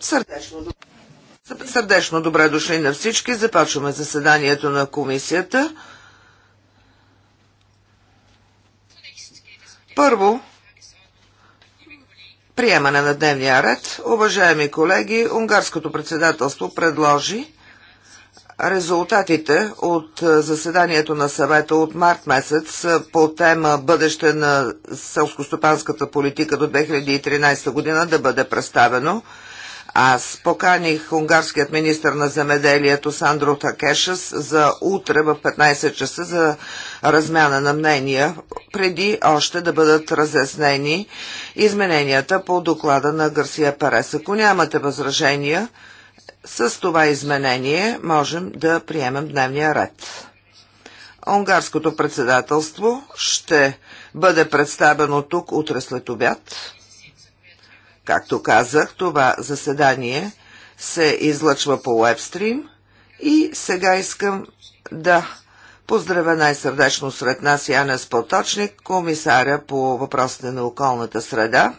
Сърдечно добре. Сърдечно добре дошли на всички. Започваме заседанието на комисията. Първо, приемане на дневния ред. Уважаеми колеги, унгарското председателство предложи резултатите от заседанието на съвета от март месец по тема Бъдеще на селскостопанската политика до 2013 година да бъде представено. Аз поканих унгарският министр на земеделието Сандро Такешес за утре в 15 часа за размяна на мнения, преди още да бъдат разяснени измененията по доклада на Гарсия Перес. Ако нямате възражения, с това изменение можем да приемем дневния ред. Унгарското председателство ще бъде представено тук утре след обяд. Както казах, това заседание се излъчва по вебстрим и сега искам да поздравя най-сърдечно сред нас Яна Поточник, комисаря по въпросите на околната среда.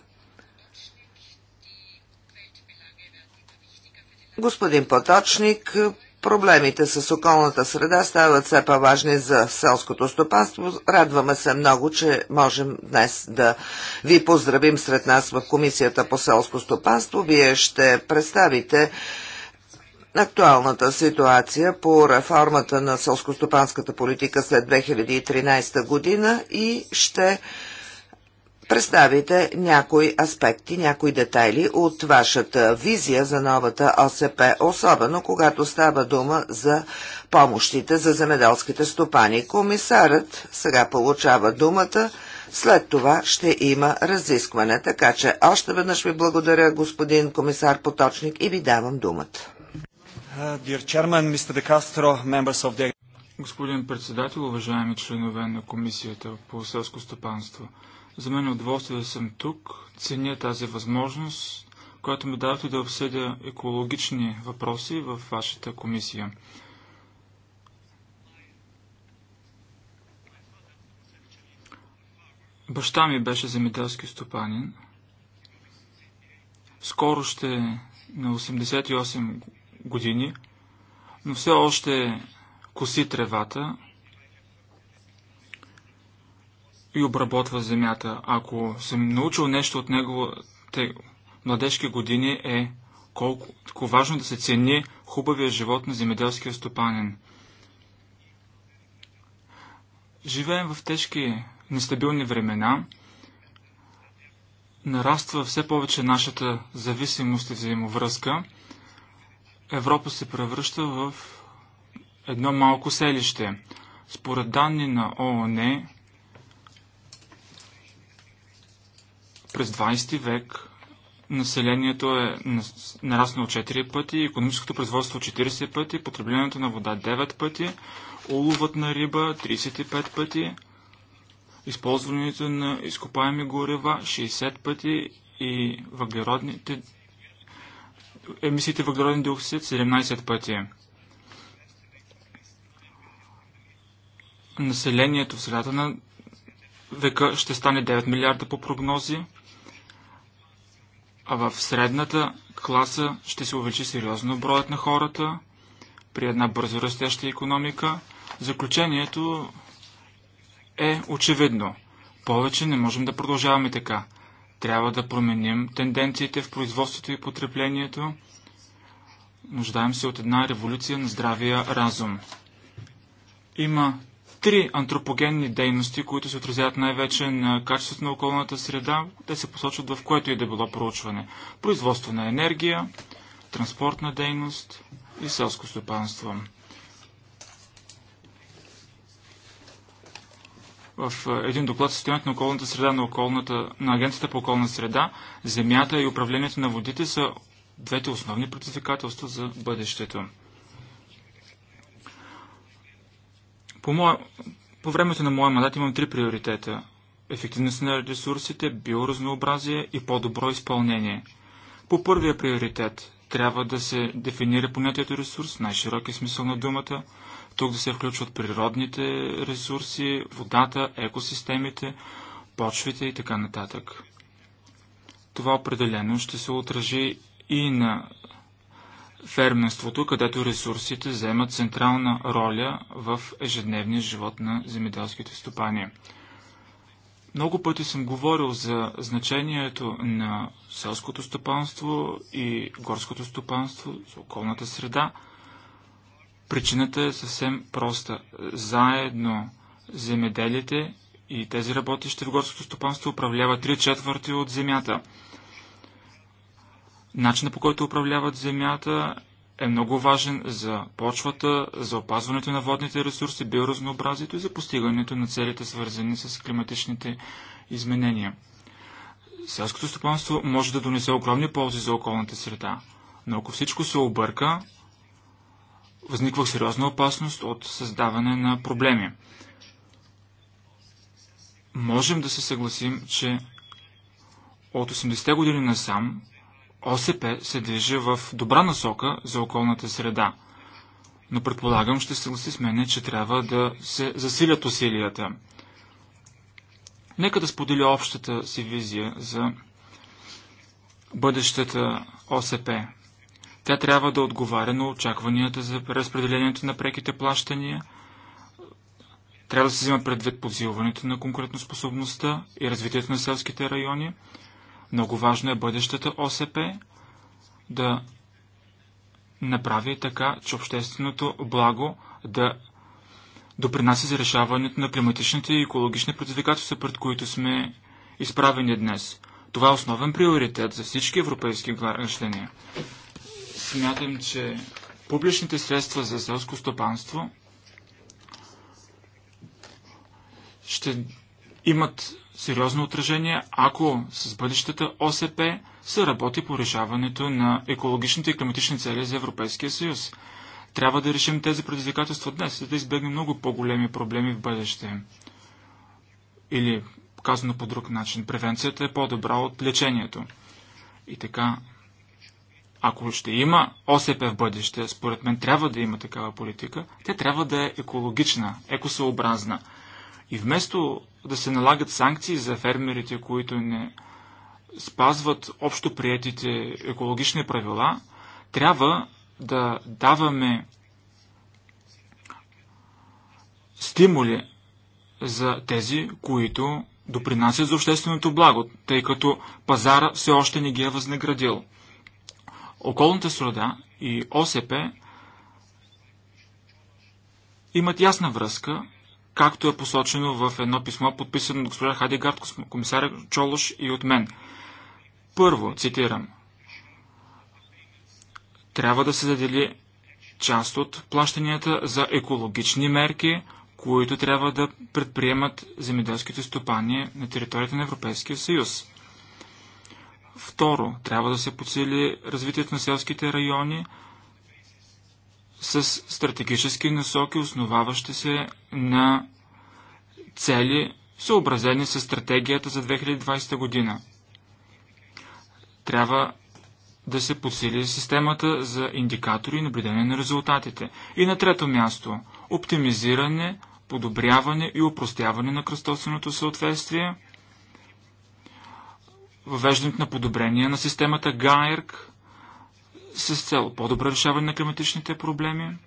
Господин Поточник Проблемите с околната среда стават все по-важни за селското стопанство. Радваме се много, че можем днес да ви поздравим сред нас в Комисията по селско стопанство. Вие ще представите актуалната ситуация по реформата на селско-стопанската политика след 2013 година и ще представите някои аспекти, някои детайли от вашата визия за новата ОСП, особено когато става дума за помощите за земеделските стопани. Комисарът сега получава думата, след това ще има разискване, така че още веднъж ви благодаря, господин комисар Поточник, и ви давам думата. Uh, господин председател, уважаеми членове на Комисията по селско стопанство, за мен е удоволствие да съм тук. Ценя тази възможност, която ми давате да обсъдя екологични въпроси в вашата комисия. Баща ми беше земеделски стопанин. Скоро ще е на 88 години, но все още коси тревата, и обработва земята. Ако съм научил нещо от неговите младежки години е колко, колко важно да се цени хубавия живот на земеделския стопанин. Живеем в тежки, нестабилни времена. Нараства все повече нашата зависимост и взаимовръзка. Европа се превръща в едно малко селище. Според данни на ООН, През 20 век населението е нараснало 4 пъти, економическото производство 40 пъти, потреблението на вода 9 пъти, уловът на риба 35 пъти, използването на изкопаеми горева 60 пъти и въглеродните емисиите въглероден диоксид 17 пъти. Населението в средата на века ще стане 9 милиарда по прогнози. А в средната класа ще се увеличи сериозно броят на хората при една бързо растеща економика. Заключението е очевидно. Повече не можем да продължаваме така. Трябва да променим тенденциите в производството и потреблението. Нуждаем се от една революция на здравия разум. Има три антропогенни дейности, които се отразяват най-вече на качеството на околната среда. Те се посочват в което и да било проучване. Производство на енергия, транспортна дейност и селско стопанство. в един доклад състоянието на околната среда на, околната, на Агенцията по околна среда, земята и управлението на водите са двете основни предизвикателства за бъдещето. По, моя, по времето на моя мандат имам три приоритета. Ефективност на ресурсите, биоразнообразие и по-добро изпълнение. По първия приоритет трябва да се дефинира понятието ресурс, най-широкия е смисъл на думата. Тук да се включват природните ресурси, водата, екосистемите, почвите и така нататък. Това определено ще се отражи и на ферменството, където ресурсите вземат централна роля в ежедневния живот на земеделските стопани. Много пъти съм говорил за значението на селското стопанство и горското стопанство за околната среда. Причината е съвсем проста. Заедно земеделите и тези работещи в горското стопанство управляват три четвърти от земята – Начинът по който управляват земята е много важен за почвата, за опазването на водните ресурси, биоразнообразието и за постигането на целите, свързани с климатичните изменения. Селското стопанство може да донесе огромни ползи за околната среда, но ако всичко се обърка, възниква сериозна опасност от създаване на проблеми. Можем да се съгласим, че от 80-те години насам ОСП се движи в добра насока за околната среда, но предполагам ще се гласи с мене, че трябва да се засилят усилията. Нека да споделя общата си визия за бъдещата ОСП. Тя трябва да отговаря на очакванията за разпределението на преките плащания, трябва да се взема предвид подзилването на конкурентоспособността и развитието на селските райони – много важно е бъдещата ОСП да направи така, че общественото благо да допринася за решаването на климатичните и екологични предизвикателства, пред които сме изправени днес. Това е основен приоритет за всички европейски граждани. Смятам, че публичните средства за селско стопанство ще имат сериозно отражение, ако с бъдещата ОСП се работи по решаването на екологичните и климатични цели за Европейския съюз. Трябва да решим тези предизвикателства днес, за да избегнем много по-големи проблеми в бъдеще. Или, казано по друг начин, превенцията е по-добра от лечението. И така, ако ще има ОСП в бъдеще, според мен трябва да има такава политика, тя трябва да е екологична, екосъобразна – и вместо да се налагат санкции за фермерите, които не спазват общо приятите екологични правила, трябва да даваме стимули за тези, които допринасят за общественото благо, тъй като пазара все още не ги е възнаградил. Околната среда и ОСП имат ясна връзка както е посочено в едно писмо, подписано от госпожа Хадигард, комисар Чолош и от мен. Първо, цитирам, трябва да се задели част от плащанията за екологични мерки, които трябва да предприемат земеделските стопани на територията на Европейския съюз. Второ, трябва да се подсили развитието на селските райони, с стратегически насоки, основаващи се на цели, съобразени с стратегията за 2020 година. Трябва да се подсили системата за индикатори и наблюдение на резултатите. И на трето място – оптимизиране, подобряване и упростяване на кръстосаното съответствие, въвеждането на подобрение на системата ГАЕРК – с цел по-добре решаване на климатичните проблеми,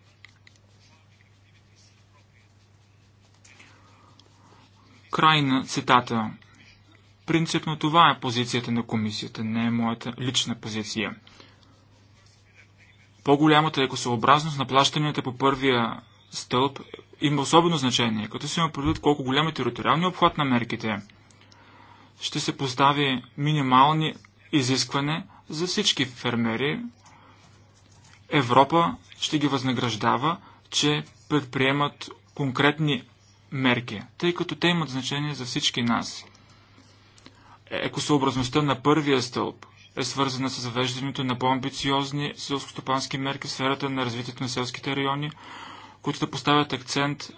Край на цитата. Принципно това е позицията на комисията, не е моята лична позиция. По-голямата екосъобразност на плащанията по първия стълб има особено значение, като се има предвид колко голям е териториалния обхват на мерките. Ще се постави минимални изискване за всички фермери Европа ще ги възнаграждава, че предприемат конкретни мерки, тъй като те имат значение за всички нас. Екосъобразността на първия стълб е свързана с завеждането на по-амбициозни селско-стопански мерки в сферата на развитието на селските райони, които да поставят акцент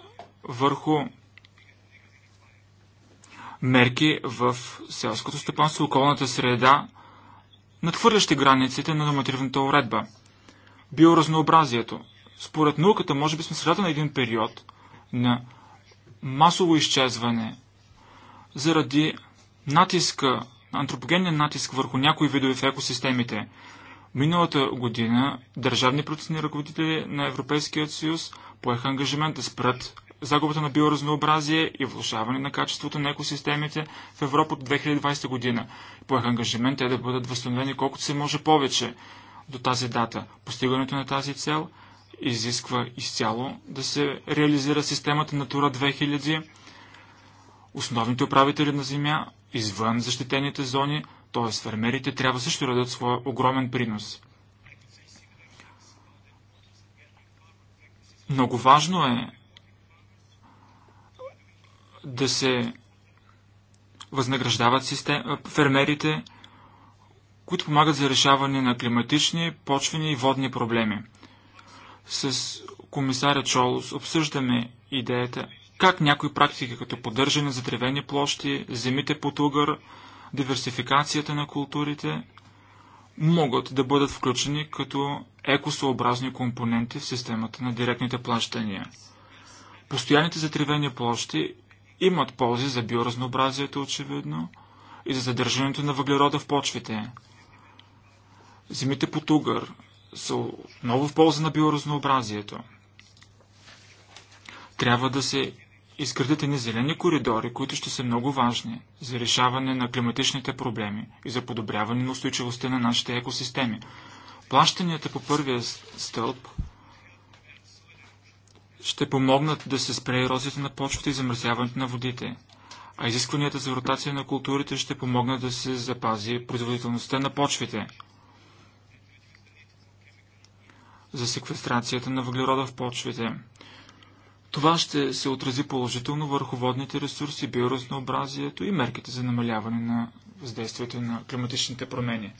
върху мерки в селското стопанство, околната среда, надхвърлящи границите на нормативната уредба – биоразнообразието. Според науката, може би сме средата на един период на масово изчезване заради натиска, антропогенен натиск върху някои видове в екосистемите. Миналата година държавни процесни ръководители на Европейския съюз поеха ангажимент да спрат загубата на биоразнообразие и влушаване на качеството на екосистемите в Европа от 2020 година. Поеха ангажимент те да бъдат възстановени колкото се може повече до тази дата. Постигането на тази цел изисква изцяло да се реализира системата Натура 2000, основните управители на земя извън защитените зони, т.е. фермерите трябва също да дадат своя огромен принос. Много важно е да се възнаграждават систем... фермерите, които помагат за решаване на климатични, почвени и водни проблеми. С комисаря Чолос обсъждаме идеята как някои практики, като поддържане за древени площи, земите под угър, диверсификацията на културите, могат да бъдат включени като екосообразни компоненти в системата на директните плащания. Постоянните затревени площи имат ползи за биоразнообразието, очевидно, и за задържането на въглерода в почвите – Земите по Тугър са отново в полза на биоразнообразието. Трябва да се изградят едни зелени коридори, които ще са много важни за решаване на климатичните проблеми и за подобряване на устойчивостта на нашите екосистеми. Плащанията по първия стълб ще помогнат да се спре ерозията на почвата и замърсяването на водите, а изискванията за ротация на културите ще помогнат да се запази производителността на почвите – за секвестрацията на въглерода в почвите. Това ще се отрази положително върху водните ресурси, биоразнообразието и мерките за намаляване на въздействието на климатичните промени.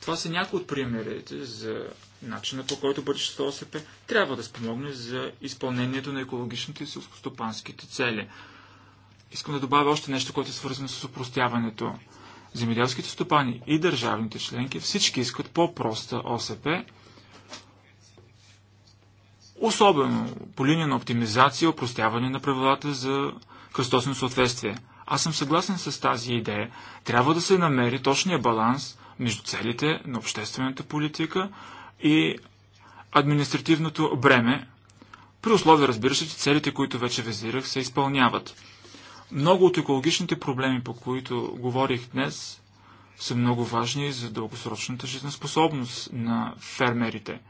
Това са някои от примерите за начина по който бъдещето ОСП трябва да спомогне за изпълнението на екологичните и селскостопанските цели. Искам да добавя още нещо, което е свързано с упростяването. Земеделските стопани и държавните членки всички искат по-проста ОСП, Особено по линия на оптимизация и опростяване на правилата за кръстосно съответствие. Аз съм съгласен с тази идея. Трябва да се намери точния баланс между целите на обществената политика и административното бреме, при условие, разбира се, че целите, които вече визирах, се изпълняват. Много от екологичните проблеми, по които говорих днес, са много важни за дългосрочната жизнеспособност на фермерите –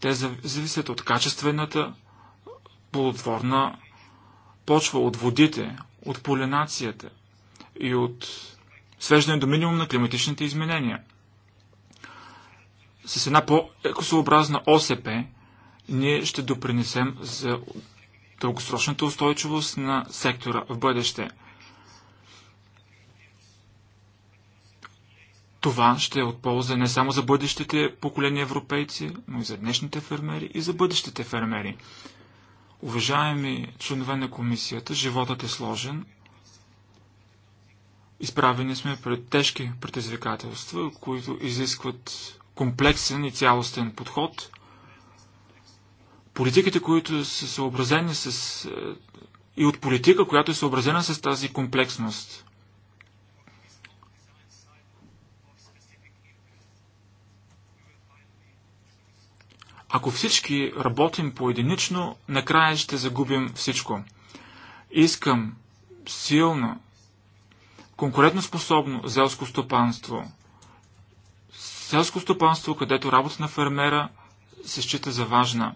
те зависят от качествената плодотворна почва, от водите, от полинацията и от свеждане до минимум на климатичните изменения. С една по-екосообразна ОСП ние ще допринесем за дългосрочната устойчивост на сектора в бъдеще – Това ще е от полза не само за бъдещите поколения европейци, но и за днешните фермери и за бъдещите фермери. Уважаеми членове на комисията, животът е сложен. Изправени сме пред тежки предизвикателства, които изискват комплексен и цялостен подход. Политиките, които са съобразени с... Е, и от политика, която е съобразена с тази комплексност – Ако всички работим поединично, накрая ще загубим всичко. Искам силно, конкурентоспособно зелско стопанство. Селско стопанство, където работа на фермера се счита за важна.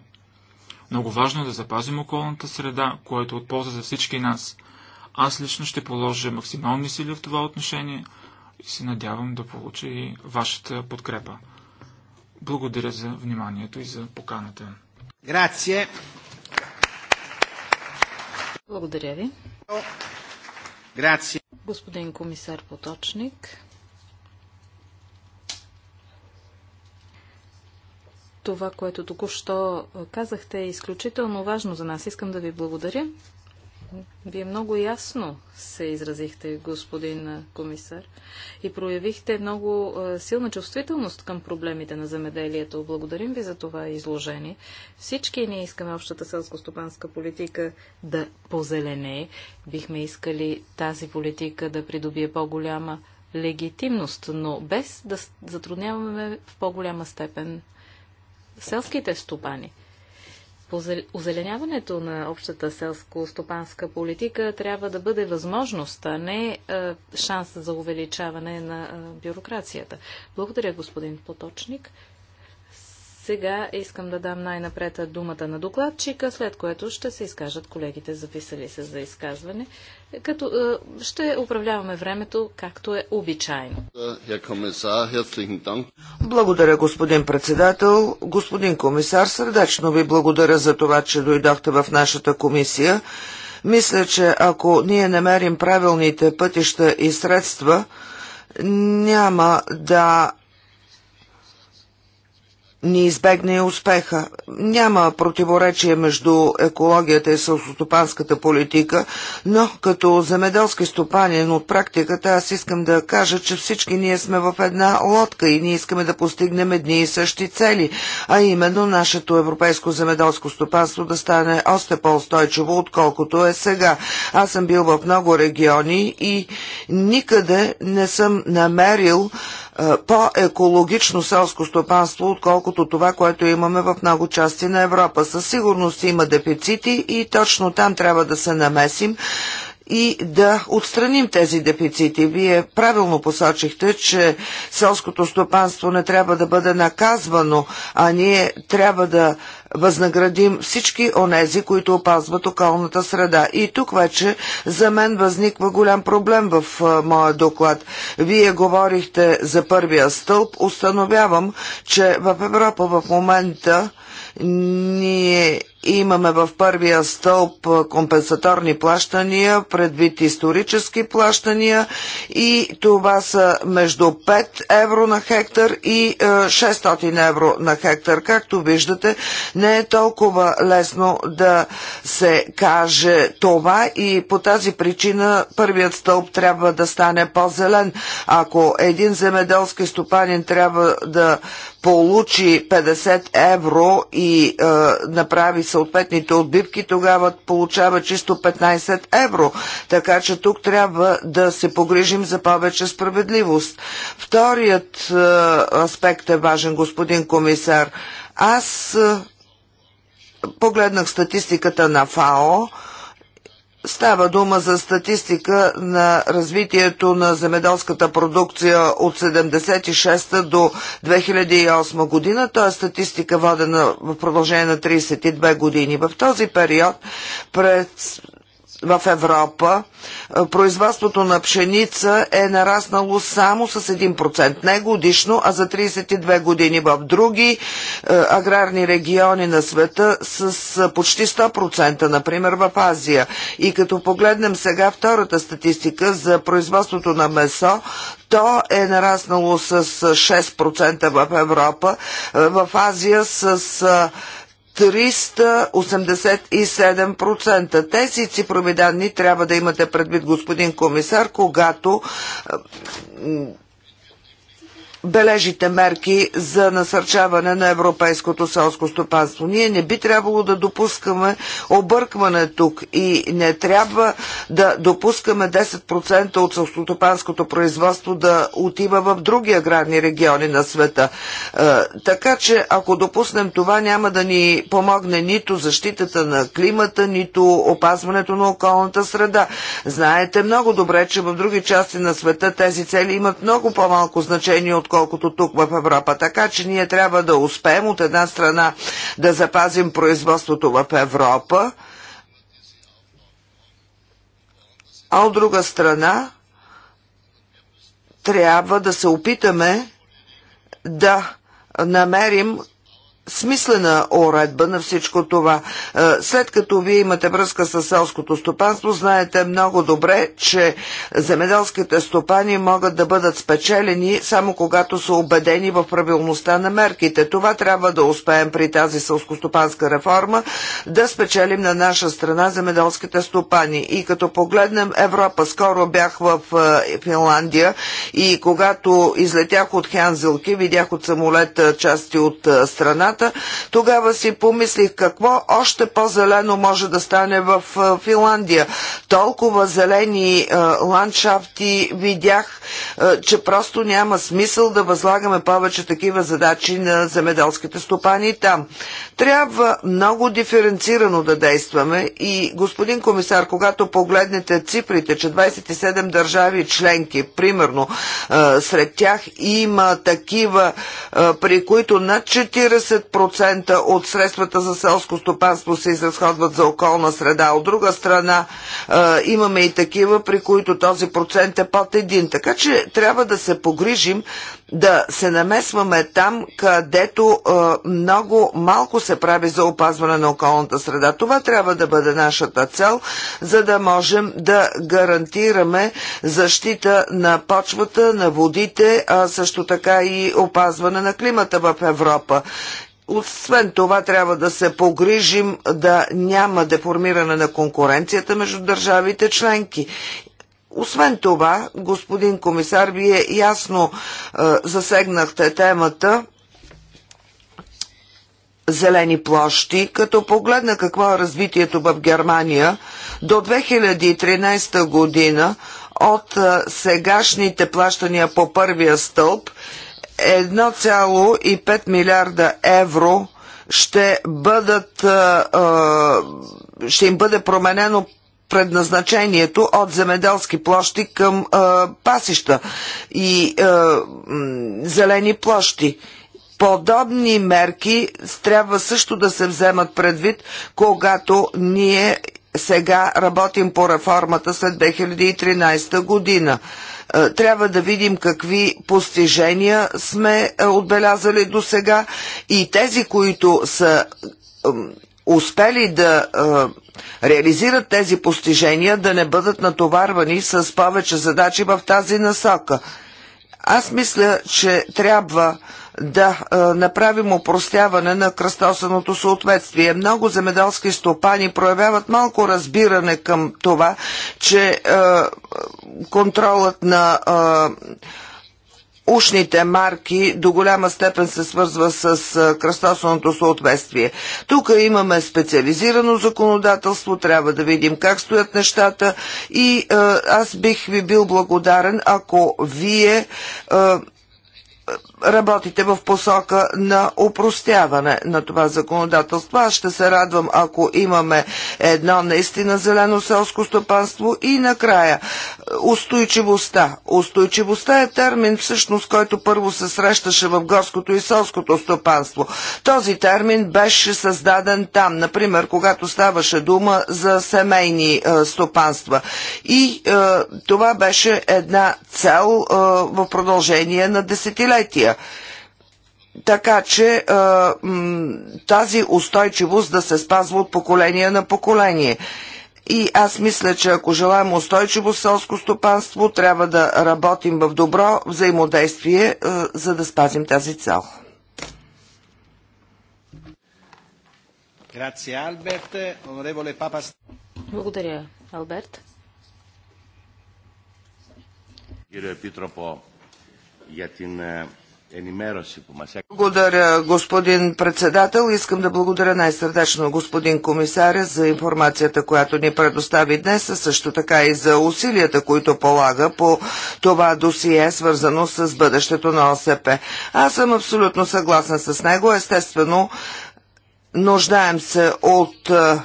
Много важно е да запазим околната среда, което е от полза за всички нас. Аз лично ще положа максимални сили в това отношение и се надявам да получа и вашата подкрепа. Благодаря за вниманието и за поканата. Грация! Благодаря ви. Грация. Господин комисар Поточник. Това, което току-що казахте, е изключително важно за нас. Искам да ви благодаря. Вие много ясно се изразихте, господин комисар, и проявихте много силна чувствителност към проблемите на земеделието. Благодарим ви за това изложение. Всички ние искаме общата селско-стопанска политика да позелене. Бихме искали тази политика да придобие по-голяма легитимност, но без да затрудняваме в по-голяма степен селските стопани – по озеленяването на общата селско-стопанска политика трябва да бъде възможност, а не е, шанс за увеличаване на е, бюрокрацията. Благодаря, господин Поточник. Сега искам да дам най-напред думата на докладчика, след което ще се изкажат колегите, записали се за изказване, като е, ще управляваме времето както е обичайно. Е, благодаря, господин председател. Господин комисар, сърдечно ви благодаря за това, че дойдохте в нашата комисия. Мисля, че ако ние намерим правилните пътища и средства, няма да ни избегне успеха. Няма противоречие между екологията и сълсотопанската политика, но като земеделски стопанин от практиката аз искам да кажа, че всички ние сме в една лодка и ние искаме да постигнем едни и същи цели, а именно нашето европейско земеделско стопанство да стане още по-устойчиво, отколкото е сега. Аз съм бил в много региони и никъде не съм намерил е, по-екологично селско стопанство, отколкото това, което имаме в много части на Европа. Със сигурност има дефицити и точно там трябва да се намесим и да отстраним тези дефицити. Вие правилно посочихте, че селското стопанство не трябва да бъде наказвано, а ние трябва да възнаградим всички онези, които опазват околната среда. И тук вече за мен възниква голям проблем в а, моя доклад. Вие говорихте за първия стълб. Установявам, че в Европа в момента ние Имаме в първия стълб компенсаторни плащания, предвид исторически плащания и това са между 5 евро на хектар и 600 евро на хектар. Както виждате, не е толкова лесно да се каже това и по тази причина първият стълб трябва да стане по-зелен. Ако един земеделски стопанин трябва да получи 50 евро и е, направи с съответните отбивки, тогава получава чисто 15 евро. Така че тук трябва да се погрижим за повече справедливост. Вторият е, аспект е важен, господин комисар. Аз е, погледнах статистиката на ФАО Става дума за статистика на развитието на земеделската продукция от 76 до 2008 година. Това е статистика водена в продължение на 32 години. В този период през в Европа е, производството на пшеница е нараснало само с 1%, не годишно, а за 32 години в други е, аграрни региони на света с е, почти 100%, например в Азия. И като погледнем сега втората статистика за производството на месо, то е нараснало с 6% в Европа, в Азия с 387%. Тези цифрови данни трябва да имате предвид, господин комисар, когато бележите мерки за насърчаване на европейското селско стопанство. Ние не би трябвало да допускаме объркване тук и не трябва да допускаме 10% от селскостопанското производство да отива в други аграрни региони на света. Е, така че ако допуснем това, няма да ни помогне нито защитата на климата, нито опазването на околната среда. Знаете много добре, че в други части на света тези цели имат много по-малко значение, от отколкото тук в Европа. Така че ние трябва да успеем от една страна да запазим производството в Европа, а от друга страна трябва да се опитаме да намерим смислена уредба на всичко това. Е, след като вие имате връзка с селското стопанство, знаете много добре, че земеделските стопани могат да бъдат спечелени само когато са убедени в правилността на мерките. Това трябва да успеем при тази селскостопанска реформа, да спечелим на наша страна земеделските стопани. И като погледнем Европа, скоро бях в е, Финландия и когато излетях от Хянзелки, видях от самолет е, части от страната, страната, тогава си помислих какво още по-зелено може да стане в Финландия. Толкова зелени ландшафти видях, че просто няма смисъл да възлагаме повече такива задачи на земеделските стопани там. Трябва много диференцирано да действаме и господин комисар, когато погледнете цифрите, че 27 държави членки, примерно, сред тях има такива, при които над 40 10% от средствата за селско стопанство се изразходват за околна среда. От друга страна имаме и такива, при които този процент е под един. Така че трябва да се погрижим да се намесваме там, където много малко се прави за опазване на околната среда. Това трябва да бъде нашата цел, за да можем да гарантираме защита на почвата, на водите, а също така и опазване на климата в Европа. Освен това, трябва да се погрижим да няма деформиране на конкуренцията между държавите членки. Освен това, господин комисар, вие ясно е, засегнахте темата зелени площи, като погледна какво е развитието в Германия до 2013 година от е, сегашните плащания по първия стълб 1,5 милиарда евро ще бъдат ще им бъде променено предназначението от земеделски площи към пасища и зелени площи. Подобни мерки трябва също да се вземат предвид, когато ние сега работим по реформата след 2013 година. Е, трябва да видим какви постижения сме е, отбелязали до сега и тези, които са успели да е, реализират тези постижения, да не бъдат натоварвани с повече задачи в тази насока. Аз мисля, че трябва да направим упростяване на кръстосаното съответствие. Много земеделски стопани проявяват малко разбиране към това, че контролът на ушните марки до голяма степен се свързва с кръстосаното съответствие. Тук имаме специализирано законодателство, трябва да видим как стоят нещата и аз бих ви бил благодарен, ако вие е, работите в посока на упростяване на това законодателство. Аз ще се радвам, ако имаме едно наистина зелено селско стопанство и накрая устойчивостта. Устойчивостта е термин всъщност, който първо се срещаше в горското и селското стопанство. Този термин беше създаден там, например, когато ставаше дума за семейни е, стопанства. И е, това беше една цел е, в продължение на десетилетия. Така че тази устойчивост да се спазва от поколение на поколение. И аз мисля, че ако желаем устойчиво селско стопанство, трябва да работим в добро взаимодействие, за да спазим тази цел. Благодаря, Алберт. Благодаря, Алберт ενημέρωση που μας έκανε. Благодаря, господин председател. Искам да благодаря най-сърдечно господин комисаря за информацията, която ни предостави днес, а също така и за усилията, които полага по това досие, свързано с бъдещето на ОСП. Аз съм абсолютно съгласен с него. Естествено, нуждаем се от е,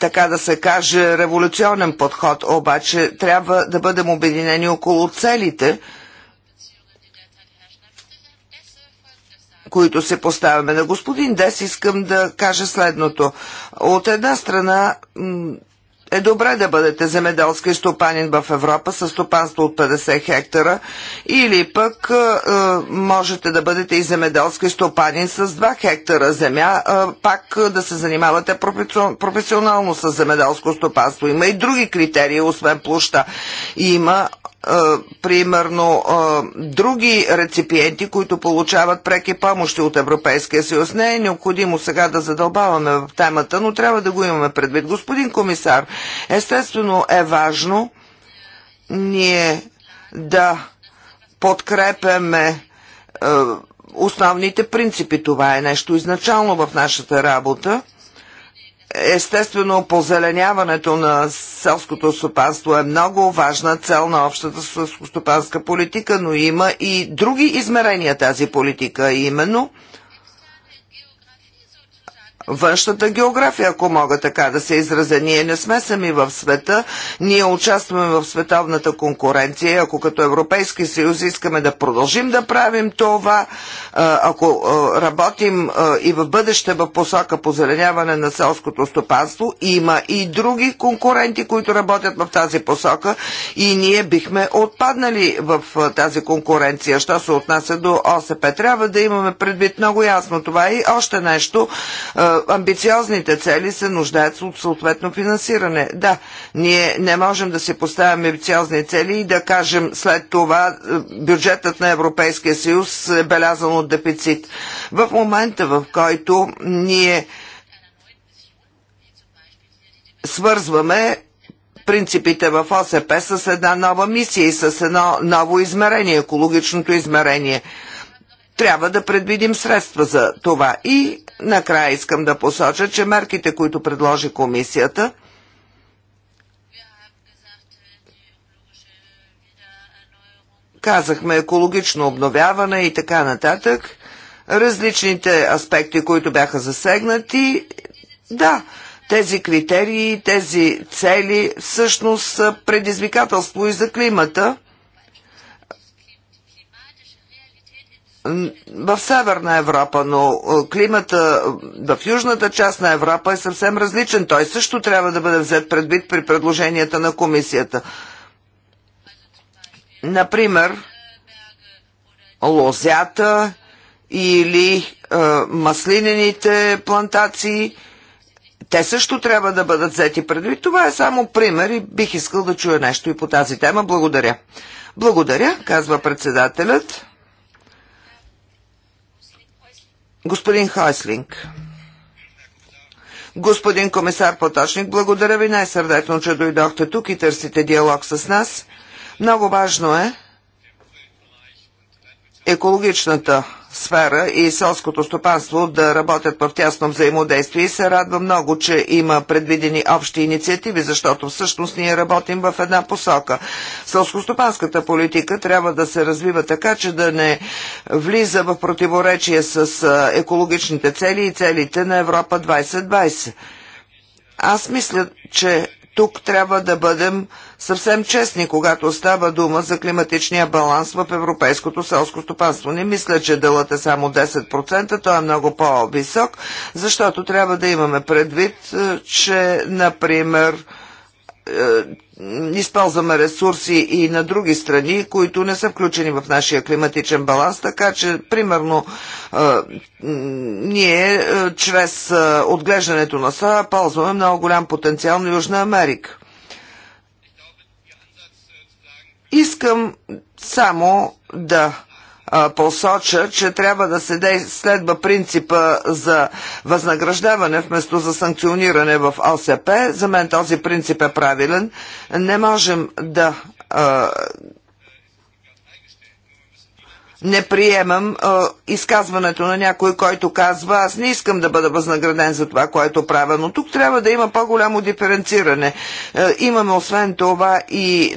така да се каже, революционен подход, обаче трябва да бъдем обединени около целите – които се поставяме. На господин Дес искам да кажа следното. От една страна е добре да бъдете земеделски стопанин в Европа с стопанство от 50 хектара или пък е, е, можете да бъдете и земеделски стопанин с 2 хектара земя, е, пак е, да се занимавате професионално с земеделско стопанство. Има и други критерии, освен площа. Има примерно други реципиенти, които получават преки помощи от Европейския съюз. Не е необходимо сега да задълбаваме в темата, но трябва да го имаме предвид. Господин комисар, естествено е важно ние да подкрепяме основните принципи. Това е нещо изначално в нашата работа. Естествено, позеленяването на селското стопанство е много важна цел на общата селскостопанска политика, но има и други измерения тази политика, именно – външната география, ако мога така да се изразя. Ние не сме сами в света, ние участваме в световната конкуренция. Ако като Европейски съюз искаме да продължим да правим това, ако работим и в бъдеще в посока позеленяване на селското стопанство, има и други конкуренти, които работят в тази посока и ние бихме отпаднали в тази конкуренция. Що се отнася до ОСП, трябва да имаме предвид много ясно това и още нещо амбициозните цели се нуждаят от съответно финансиране. Да, ние не можем да си поставяме амбициозни цели и да кажем след това е, бюджетът на Европейския съюз е белязан от дефицит. В момента, в който ние свързваме принципите в ОСП с една нова мисия и с едно ново измерение, екологичното измерение – трябва да предвидим средства за това. И накрая искам да посоча, че мерките, които предложи комисията, казахме екологично обновяване и така нататък, различните аспекти, които бяха засегнати, да, тези критерии, тези цели всъщност са предизвикателство и за климата. в Северна Европа, но климата в южната част на Европа е съвсем различен. Той също трябва да бъде взет предвид при предложенията на комисията. Например, лозята или е, маслинените плантации, те също трябва да бъдат взети предвид. Това е само пример и бих искал да чуя нещо и по тази тема. Благодаря. Благодаря, казва председателят. Господин Хайслинг, Господин комисар Поточник, благодаря ви най-сърдечно, че дойдохте тук и търсите диалог с нас. Много важно е екологичната сфера и селското стопанство да работят в тясно взаимодействие и се радва много, че има предвидени общи инициативи, защото всъщност ние работим в една посока. Селскостопанската политика трябва да се развива така, че да не влиза в противоречие с екологичните цели и целите на Европа 2020. Аз мисля, че тук трябва да бъдем съвсем честни, когато става дума за климатичния баланс в европейското селско стопанство. Не мисля, че делът е само 10%, той е много по-висок, защото трябва да имаме предвид, е, че, например, е, използваме ресурси и на други страни, които не са включени в нашия климатичен баланс, така че примерно е, ние чрез отглеждането на соя ползваме много голям потенциал на Южна Америка. Искам само да посоча, че трябва да се следва принципа за възнаграждаване вместо за санкциониране в ОСП. За мен този принцип е правилен. Не можем да а, не приемам а, изказването на някой, който казва аз не искам да бъда възнаграден за това, което правя, но тук трябва да има по-голямо диференциране. А, е, имаме освен това и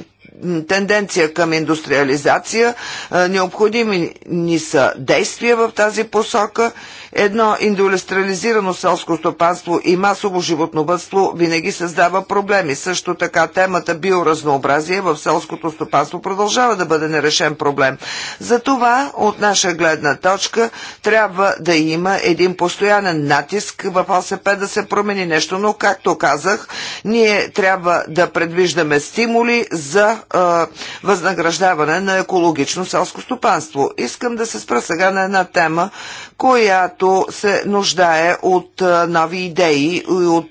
тенденция към индустриализация. Е, необходими ни са действия в тази посока Едно индустриализирано селско стопанство и масово животновътство винаги създава проблеми. Също така темата биоразнообразие в селското стопанство продължава да бъде нерешен проблем. Затова от наша гледна точка трябва да има един постоянен натиск в ОСП да се промени нещо, но както казах, ние трябва да предвиждаме стимули за е, възнаграждаване на екологично селско стопанство. Искам да се спра сега на една тема, която който се нуждае от нови идеи и от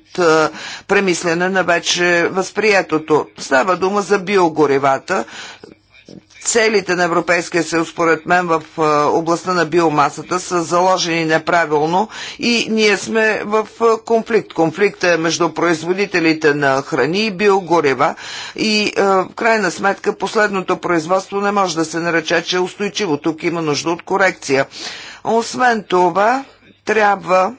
премислене на вече възприетото. Става дума за биогоревата, целите на Европейския съюз, според мен, в областта на биомасата са заложени неправилно и ние сме в конфликт. Конфликта е между производителите на храни и биогорева и в крайна сметка последното производство не може да се нарече, че е устойчиво. Тук има нужда от корекция. Освен това, трябва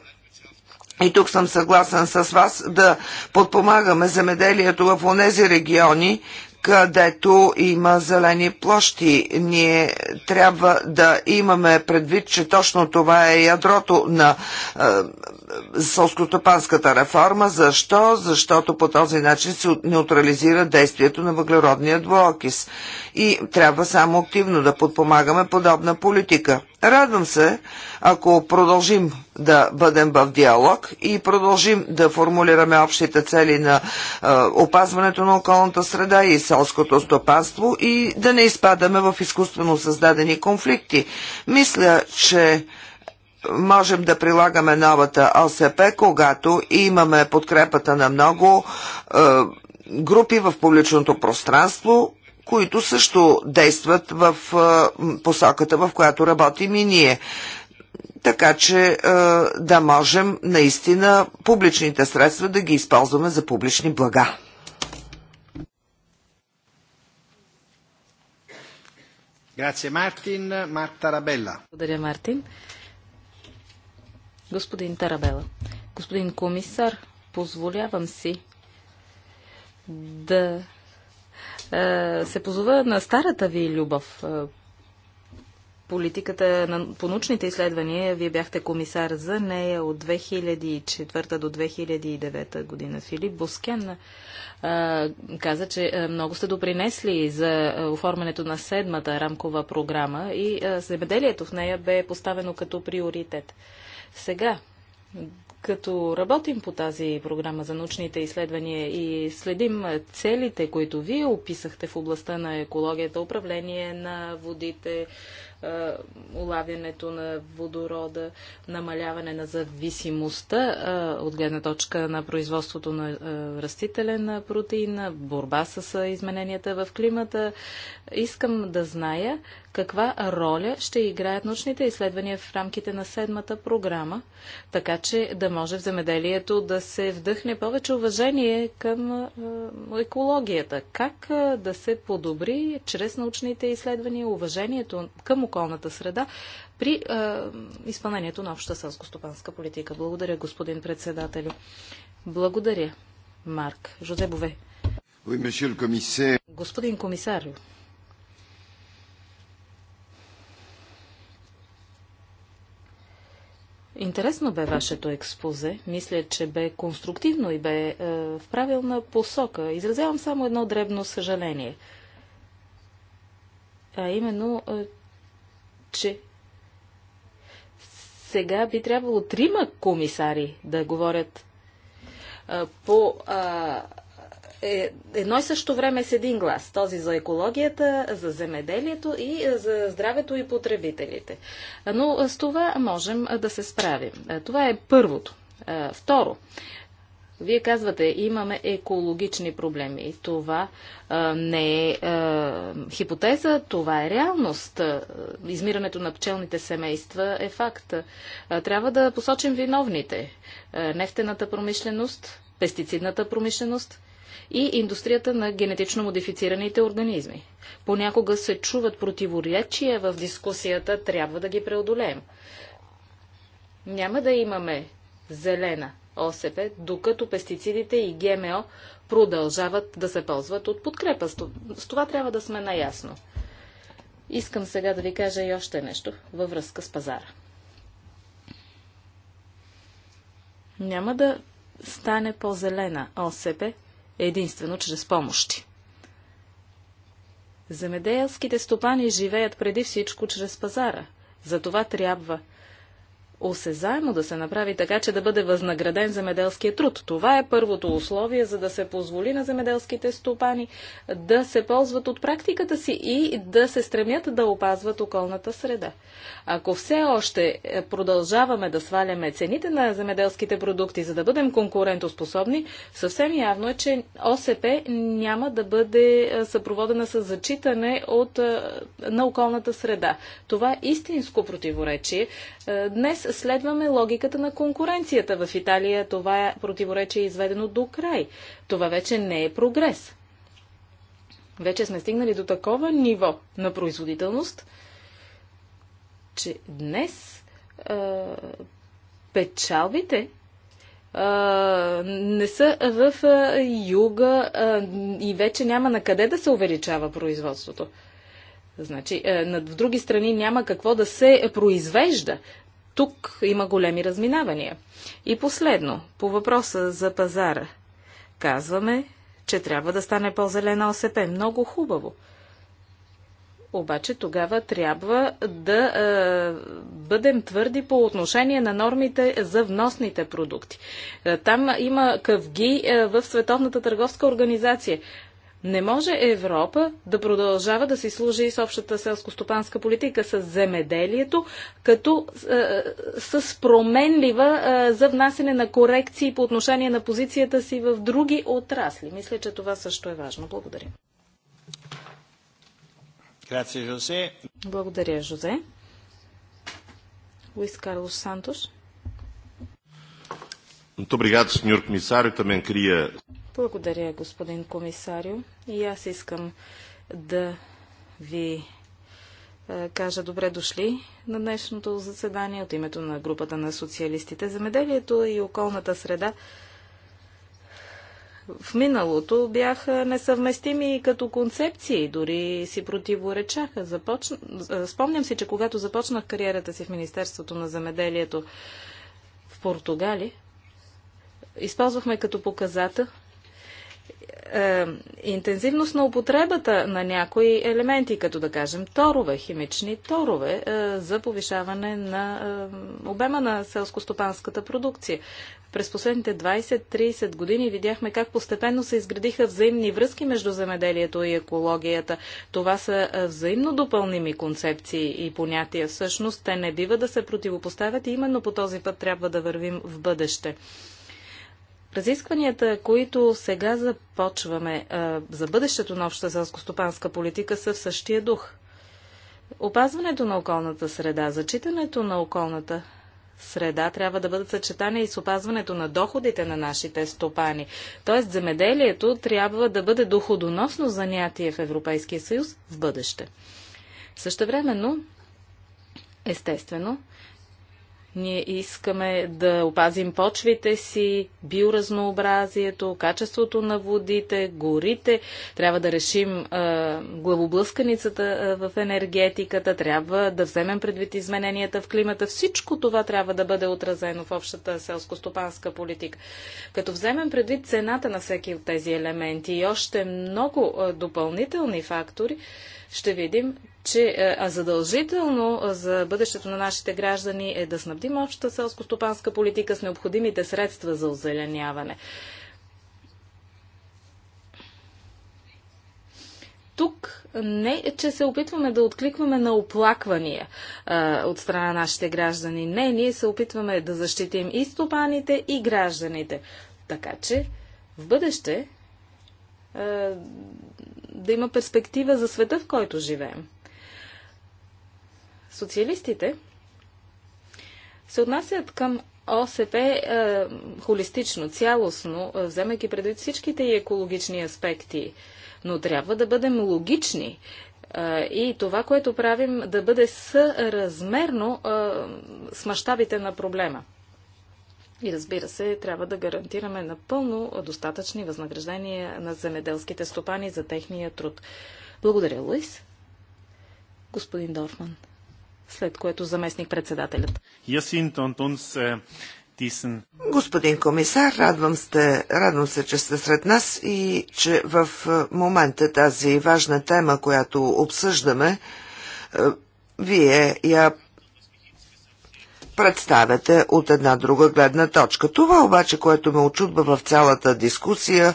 и тук съм съгласен с вас да подпомагаме земеделието в онези региони, където има зелени площи. Ние трябва да имаме предвид, че точно това е ядрото на е, сълскостопанската реформа. Защо? Защото по този начин се неутрализира действието на въглеродния двуокис. И трябва само активно да подпомагаме подобна политика. Радвам се, ако продължим да бъдем в диалог и продължим да формулираме общите цели на е, опазването на околната среда и селското стопанство и да не изпадаме в изкуствено създадени конфликти. Мисля, че можем да прилагаме новата ОСП, когато имаме подкрепата на много е, групи в публичното пространство, които също действат в е, посоката, в която работим и ние така че е, да можем наистина публичните средства да ги използваме за публични блага. Grazie Мартин. Марта Рабелла. Благодаря, Мартин. Господин Тарабела, господин комисар, позволявам си да е, се позова на старата ви любов. Е, политиката на, научните изследвания, вие бяхте комисар за нея от 2004 до 2009 година. Филип Боскен е, каза, че е, много сте допринесли за е, оформянето на седмата рамкова програма и а, земеделието в нея бе поставено като приоритет. Сега, като работим по тази програма за научните изследвания и следим целите, които вие описахте в областта на екологията, управление на водите, улавянето на водорода, намаляване на зависимостта от гледна точка на производството на растителен протеин, борба с измененията в климата. Искам да зная каква роля ще играят научните изследвания в рамките на седмата програма, така че да може в земеделието да се вдъхне повече уважение към екологията. Как да се подобри чрез научните изследвания уважението към околната среда при е, изпълнението на обща селско-стопанска политика? Благодаря, господин председателю. Благодаря, Марк. Жозебове. Господин комисар, Интересно бе вашето експозе. Мисля, че бе конструктивно и бе е, в правилна посока. Изразявам само едно дребно съжаление. А именно, е, че сега би трябвало трима комисари да говорят е, по Е, е едно и също време с един глас. Този за екологията, за земеделието и е, за здравето и потребителите. Но с това можем е, да се справим. Е, това е първото. Второ, вие казвате, имаме екологични проблеми. това а, не е а, хипотеза, това е реалност. Измирането на пчелните семейства е факт. А, трябва да посочим виновните. А, нефтената промишленост, пестицидната промишленост – и индустрията на генетично модифицираните организми. Понякога се чуват противоречия в дискусията, трябва да ги преодолеем. Няма да имаме зелена ОСП, докато пестицидите и ГМО продължават да се ползват от подкрепа. С това трябва да сме наясно. Искам сега да ви кажа и още нещо във връзка с пазара. Няма да стане по-зелена ОСП, единствено чрез помощи. Земеделските стопани живеят преди всичко чрез пазара. Затова трябва осезаемо да се направи така, че да бъде възнаграден земеделския труд. Това е първото условие, за да се позволи на земеделските стопани да се ползват от практиката си и да се стремят да опазват околната среда. Ако все още е, продължаваме да сваляме цените на земеделските продукти, за да бъдем конкурентоспособни, съвсем явно е, че ОСП няма да бъде е, съпроводена с зачитане от, е, на околната среда. Това е истинско противоречие. Днес следваме логиката на конкуренцията. В Италия това е противоречие е изведено до край. Това вече не е прогрес. Вече сме стигнали до такова ниво на производителност, че днес а, печалбите не са в юга и вече няма на къде да се увеличава производството. Значи, в други страни няма какво да се произвежда. Тук има големи разминавания. И последно, по въпроса за пазара. Казваме, че трябва да стане по-зелена ОСП. Много хубаво. Обаче тогава трябва да е, бъдем твърди по отношение на нормите за вносните продукти. Е, там има къвги е, в Световната търговска организация. Не може Европа да продължава да си служи с общата селско-стопанска политика с земеделието, като е, с променлива е, за внасене на корекции по отношение на позицията си в други отрасли. Мисля, че това също е важно. Благодаря. Грация, Жозе. Благодаря, Жозе. Луис Карлос Сантош. Muito obrigado, Sr. Comissário. тъмен крия... Благодаря, господин комисарио. И аз искам да ви е, кажа добре дошли на днешното заседание от името на групата на социалистите. замеделието и околната среда в миналото бяха несъвместими като концепции, дори си противоречаха. Започ... Е, спомням си, че когато започнах кариерата си в Министерството на земеделието в Португалия, използвахме като показател е, интензивност на употребата на някои елементи, като да кажем торове, химични торове, е, за повишаване на е, обема на селскостопанската продукция. През последните 20-30 години видяхме как постепенно се изградиха взаимни връзки между земеделието и екологията. Това са е, взаимно допълними концепции и понятия. Всъщност те не бива да се противопоставят и именно по този път трябва да вървим в бъдеще. Разискванията, които сега започваме за бъдещето на обща селско-стопанска политика са в същия дух. Опазването на околната среда, зачитането на околната среда трябва да бъдат съчетани и с опазването на доходите на нашите стопани. Тоест, земеделието трябва да бъде доходоносно занятие в Европейския съюз в бъдеще. Същевременно, естествено, ние искаме да опазим почвите си, биоразнообразието, качеството на водите, горите. Трябва да решим а, главоблъсканицата в енергетиката, трябва да вземем предвид измененията в климата. Всичко това трябва да бъде отразено в общата селско-стопанска политика. Като вземем предвид цената на всеки от тези елементи и още много допълнителни фактори, ще видим, че е, а задължително е, за бъдещето на нашите граждани е да снабдим общата селско-стопанска политика с необходимите средства за озеленяване. тук не е, че се опитваме да откликваме на оплаквания а, е, от страна на нашите граждани. Не, ние се опитваме да защитим и стопаните, и гражданите. Така че в бъдеще а, да има перспектива за света, в който живеем. Социалистите се отнасят към ОСП е, холистично, цялостно, е, вземайки предвид всичките и екологични аспекти. Но трябва да бъдем логични е, и това, което правим, да бъде съразмерно е, с мащабите на проблема. И разбира се, трябва да гарантираме напълно достатъчни възнаграждения на земеделските стопани за техния труд. Благодаря, Луис. Господин Дорфман след което заместник председателят. Господин комисар, радвам, се, радвам се, че сте сред нас и че в е, момента тази важна тема, която обсъждаме, е, вие я представяте от една друга гледна точка. Това обаче, което ме очудва в цялата дискусия,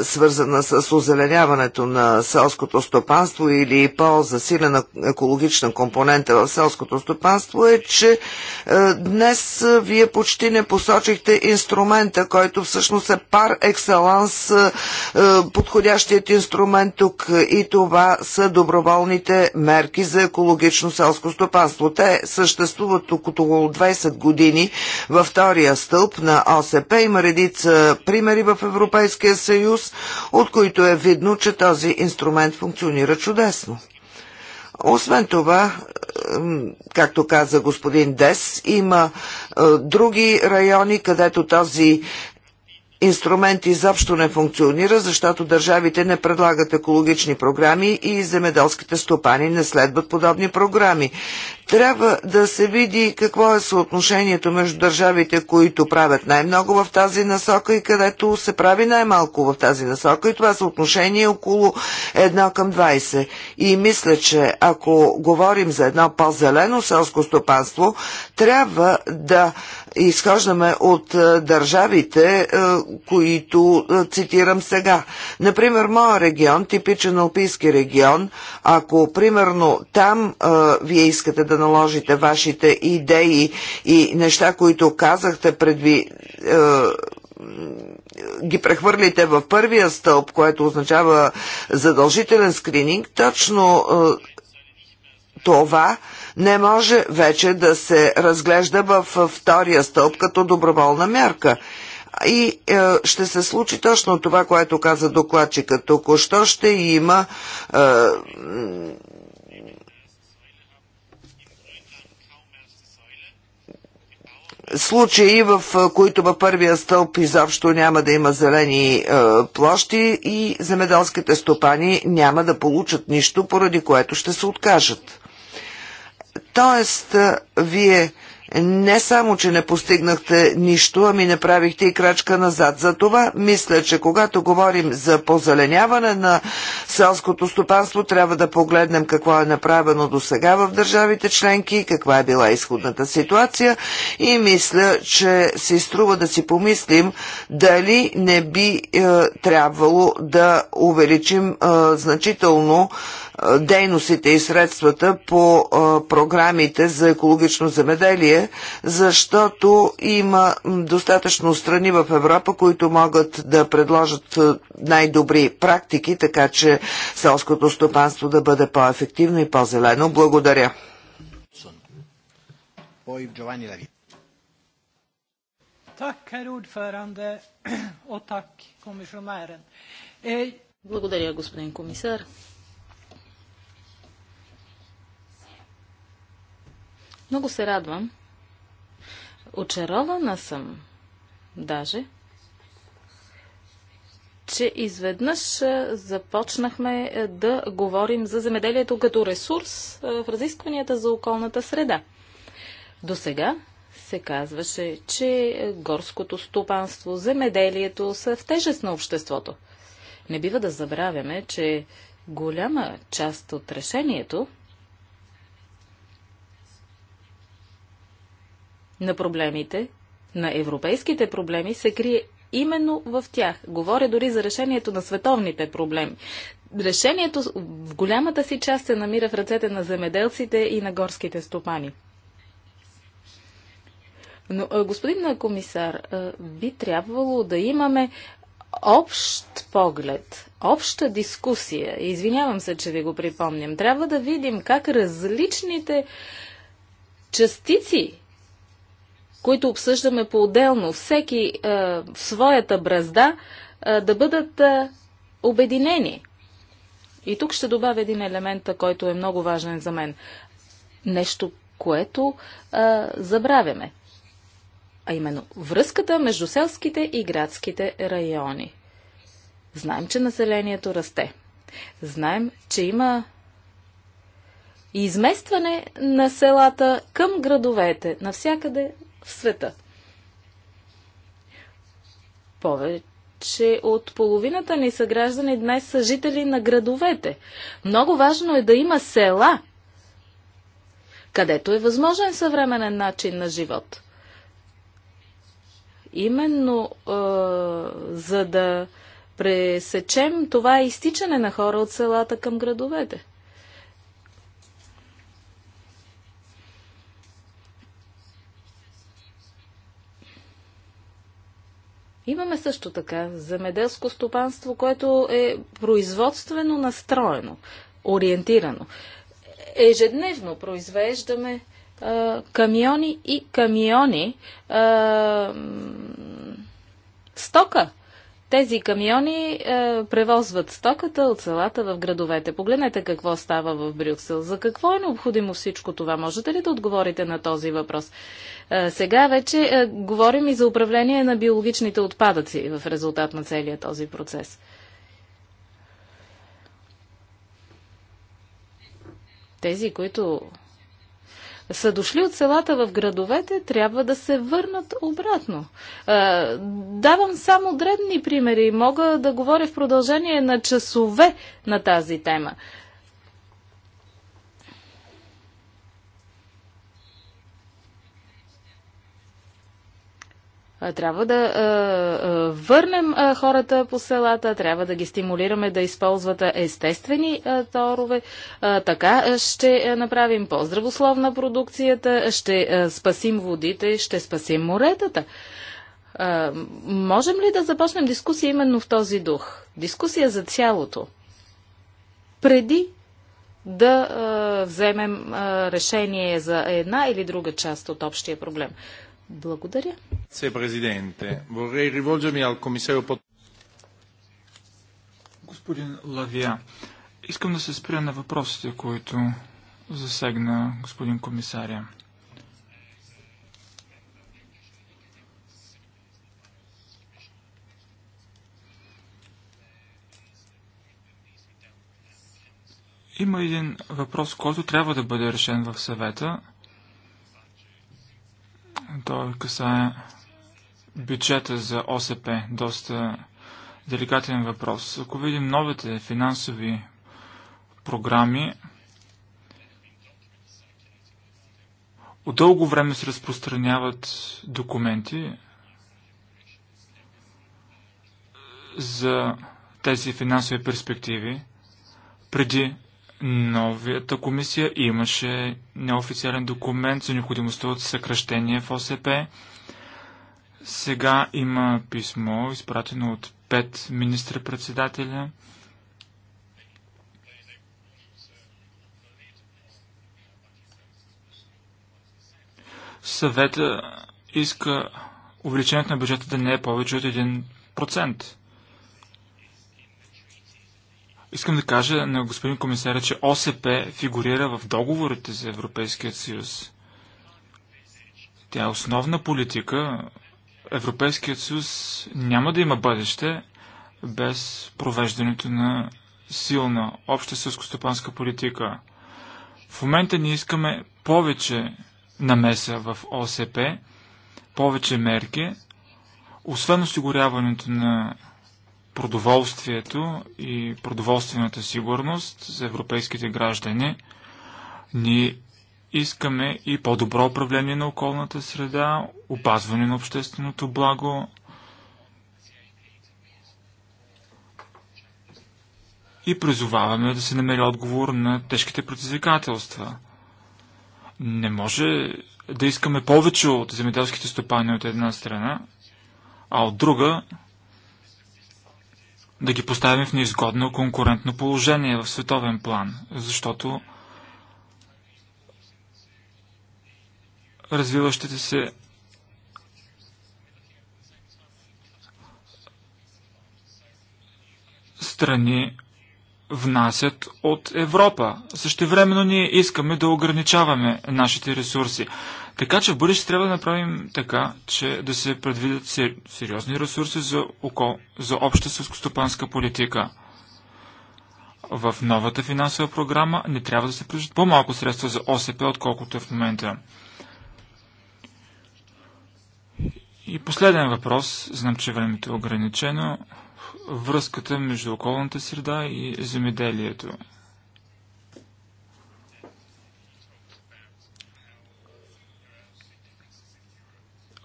е, свързана с озеленяването на селското стопанство или по-засилена екологична компонента в селското стопанство е, че е, днес е, вие почти не посочихте инструмента, който всъщност е пар екселанс подходящият инструмент тук и това са доброволните мерки за екологично селско стопанство. Те съществуват тук около 20 години във втория стълб на ОСП. Има редица примери в Европейския съюз, от които е видно, че този инструмент функционира чудесно. Освен това, както каза господин Дес, има е, други райони, където този инструмент изобщо не функционира, защото държавите не предлагат екологични програми и земеделските стопани не следват подобни програми. Трябва да се види какво е съотношението между държавите, които правят най-много в тази насока и където се прави най-малко в тази насока. И това съотношение е около 1 към 20. И мисля, че ако говорим за едно по-зелено селско стопанство, трябва да изхождаме от е, държавите, е, които е, цитирам сега. Например, моя регион, типичен алпийски регион, ако примерно там а, вие искате да наложите вашите идеи и неща, които казахте предви ги прехвърлите в първия стълб, което означава задължителен скрининг, точно това не може вече да се разглежда във втория стълб като доброволна мярка. И е, ще се случи точно това, което каза докладчика. Току-що ще има е, случаи, в които във първия стълб изобщо няма да има зелени е, площи и земеделските стопани няма да получат нищо, поради което ще се откажат. Тоест, вие не само, че не постигнахте нищо, ами не правихте и крачка назад. За това мисля, че когато говорим за позеленяване на селското стопанство, трябва да погледнем какво е направено до сега в държавите членки, каква е била изходната ситуация и мисля, че си струва да си помислим дали не би е, трябвало да увеличим е, значително дейностите и средствата по програмите за екологично земеделие, защото има достатъчно страни в Европа, които могат да предложат най-добри практики, така че селското стопанство да бъде по-ефективно и по-зелено. Благодаря. Eh, Благодаря, господин комисар. Много се радвам. Очарована съм даже, че изведнъж започнахме да говорим за земеделието като ресурс в разискванията за околната среда. До сега се казваше, че горското стопанство, земеделието са в тежест на обществото. Не бива да забравяме, че голяма част от решението на проблемите, на европейските проблеми, се крие именно в тях. Говоря дори за решението на световните проблеми. Решението в голямата си част се намира в ръцете на земеделците и на горските стопани. Но, господин комисар, би трябвало да имаме общ поглед, обща дискусия. Извинявам се, че ви го припомням. Трябва да видим как различните частици които обсъждаме по-отделно, всеки е, в своята бразда, е, да бъдат е, обединени. И тук ще добавя един елемент, който е много важен за мен. Нещо, което е, забравяме. А именно връзката между селските и градските райони. Знаем, че населението расте. Знаем, че има изместване на селата към градовете. Навсякъде в света. Повече от половината ни съграждани днес са жители на градовете. Много важно е да има села, където е възможен съвременен начин на живот. Именно е, за да пресечем това изтичане на хора от селата към градовете. Имаме също така земеделско стопанство, което е производствено настроено, ориентирано. Ежедневно произвеждаме а, камиони и камиони а, стока тези камиони е, превозват стоката от селата в градовете. Погледнете какво става в Брюксел. За какво е необходимо всичко това? Можете ли да отговорите на този въпрос? Е, сега вече е, говорим и за управление на биологичните отпадъци в резултат на целият този процес. Тези, които са дошли от селата в градовете, трябва да се върнат обратно. Давам само дребни примери. Мога да говоря в продължение на часове на тази тема. Трябва да върнем хората по селата, трябва да ги стимулираме да използват естествени торове. Така ще направим по-здравословна продукцията, ще спасим водите, ще спасим моретата. Можем ли да започнем дискусия именно в този дух? Дискусия за цялото. Преди да а, вземем а, решение за една или друга част от общия проблем. Благодаря. Господин Лавия, искам да се спря на въпросите, които засегна господин комисаря. Има един въпрос, който трябва да бъде решен в съвета – касае бюджета за ОСП, доста деликатен въпрос. Ако видим новите финансови програми, от дълго време се разпространяват документи за тези финансови перспективи, преди новията комисия имаше неофициален документ за необходимостта от съкръщение в ОСП. Сега има писмо, изпратено от пет министра председателя Съвета иска увеличението на бюджета да не е повече от 1%. Искам да кажа на господин комисаря, че ОСП фигурира в договорите за Европейския съюз. Тя е основна политика. Европейският съюз няма да има бъдеще без провеждането на силна обща сълскостопанска политика. В момента ние искаме повече намеса в ОСП, повече мерки, освен осигуряването на продоволствието и продоволствената сигурност за европейските граждани. Ние искаме и по-добро управление на околната среда, опазване на общественото благо. И призоваваме да се намери отговор на тежките предизвикателства. Не може да искаме повече от земеделските стопани от една страна, а от друга да ги поставим в неизгодно конкурентно положение в световен план, защото развиващите се страни внасят от Европа. Същевременно ние искаме да ограничаваме нашите ресурси. Така че в бъдеще трябва да направим така, че да се предвидят сериозни ресурси за, окол... за обща сълскостопанска политика. В новата финансова програма не трябва да се предвидят по-малко средства за ОСП, отколкото е в момента. И последен въпрос, знам, че времето е ограничено, връзката между околната среда и земеделието.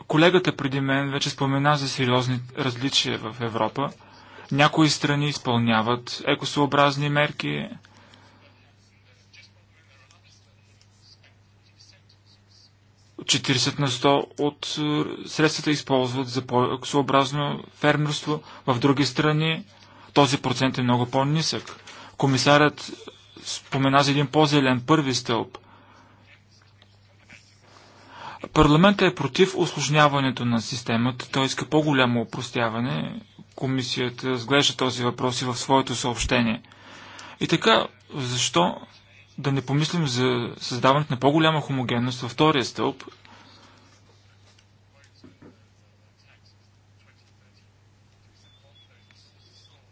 Колегата преди мен вече спомена за сериозни различия в Европа. Някои страни изпълняват екосообразни мерки. От 40 на 100 от средствата използват за по-екосообразно фермерство. В други страни този процент е много по-нисък. Комисарят спомена за един по-зелен първи стълб – Парламентът е против осложняването на системата. Той иска по-голямо опростяване. Комисията разглежда този въпрос и в своето съобщение. И така, защо да не помислим за създаването на по-голяма хомогенност във втория стълб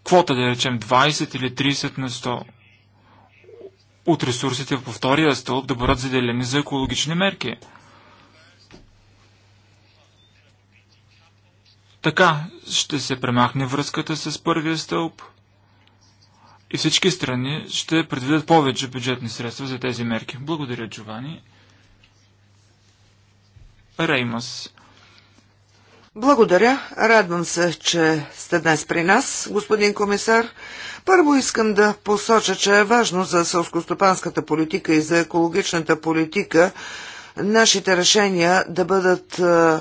квота, да речем 20 или 30 на 100 от ресурсите във втория стълб да бъдат заделени за екологични мерки – Така ще се премахне връзката с първия стълб и всички страни ще предвидят повече бюджетни средства за тези мерки. Благодаря, Джовани. Реймас. Благодаря. Радвам се, че сте днес при нас, господин комисар. Първо искам да посоча, че е важно за сълскостопанската политика и за екологичната политика нашите решения да бъдат е,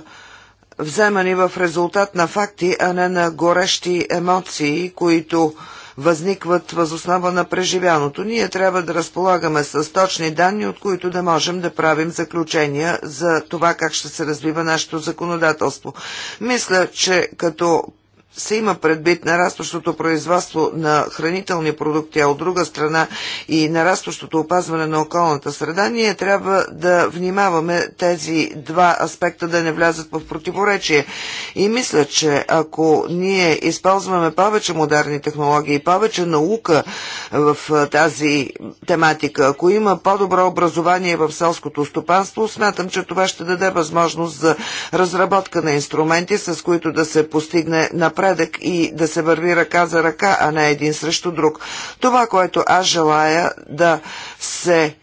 вземани в резултат на факти, а не на горещи емоции, които възникват възоснова на преживяното. Ние трябва да разполагаме с точни данни, от които да можем да правим заключения за това как ще се развива нашето законодателство. Мисля, че като се има предвид нарастващото производство на хранителни продукти, а от друга страна и нарастващото опазване на околната среда, ние трябва да внимаваме тези два аспекта да не влязат в противоречие. И мисля, че ако ние използваме повече модерни технологии, повече наука в тази тематика, ако има по-добро образование в селското стопанство, смятам, че това ще даде възможност за разработка на инструменти, с които да се постигне напред напредък и да се върви ръка за ръка, а не един срещу друг. Това, което аз желая да се е,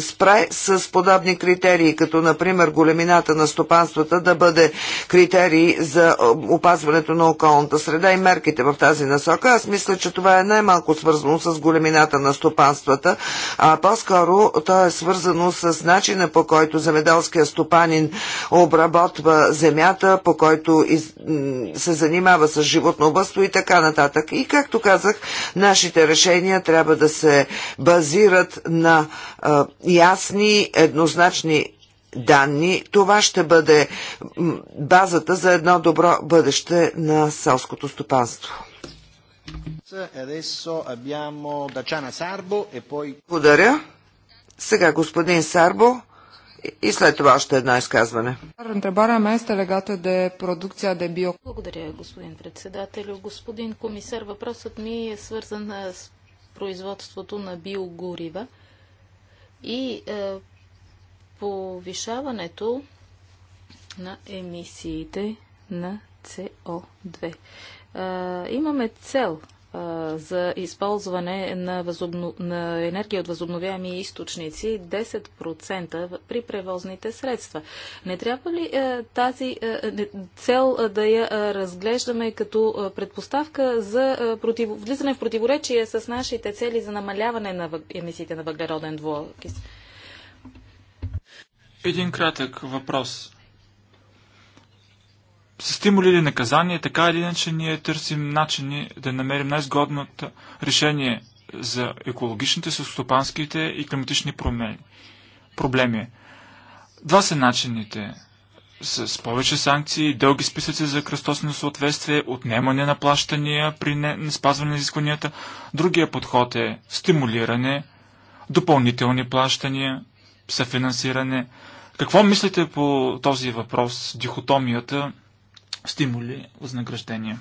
спре с подобни критерии, като например големината на стопанствата да бъде критерии за е, опазването на околната среда и мерките в тази насока. Аз мисля, че това е най-малко свързано с големината на стопанствата, а по-скоро то е свързано с начина по който земеделския стопанин обработва земята, по който из... се занимава занимава с животновътство и така нататък. И както казах, нашите решения трябва да се базират на а, ясни, еднозначни данни. Това ще бъде базата за едно добро бъдеще на селското стопанство. E Благодаря. Сега господин Сарбо и след това още едно изказване. Întrebarea mea este legată de producția de Благодаря, господин председател. Господин комисар, въпросът ми е свързан с производството на биогорива и е, повишаването на емисиите на CO2. Е, имаме цел за използване на, възобно... на енергия от възобновяеми източници 10% при превозните средства. Не трябва ли тази цел да я разглеждаме като предпоставка за против... влизане в противоречие с нашите цели за намаляване на емисиите на въглероден двуокис? Един кратък въпрос с стимули или наказания, така или иначе ние търсим начини да намерим най-сгодното решение за екологичните, сустопанските и климатични промени, проблеми. Два са начините. С повече санкции, дълги списъци за кръстосно съответствие, отнемане на плащания при не, спазване на изискванията. Другия подход е стимулиране, допълнителни плащания, съфинансиране. Какво мислите по този въпрос, дихотомията стимули, възнаграждения.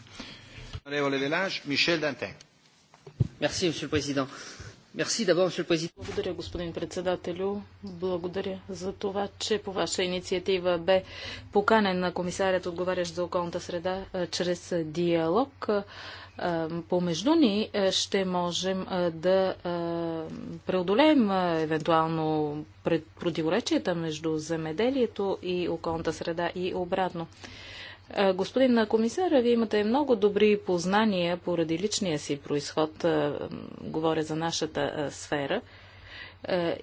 Благодаря, господин председателю. Благодаря за това, че по ваша инициатива бе поканен на комисарят, отговарящ за околната среда, чрез диалог. Помежду ни ще можем да преодолеем евентуално противоречията между земеделието и околната среда и обратно. Е, господин комисар, вие имате много добри познания поради личния си происход, е, говоря за нашата е, сфера.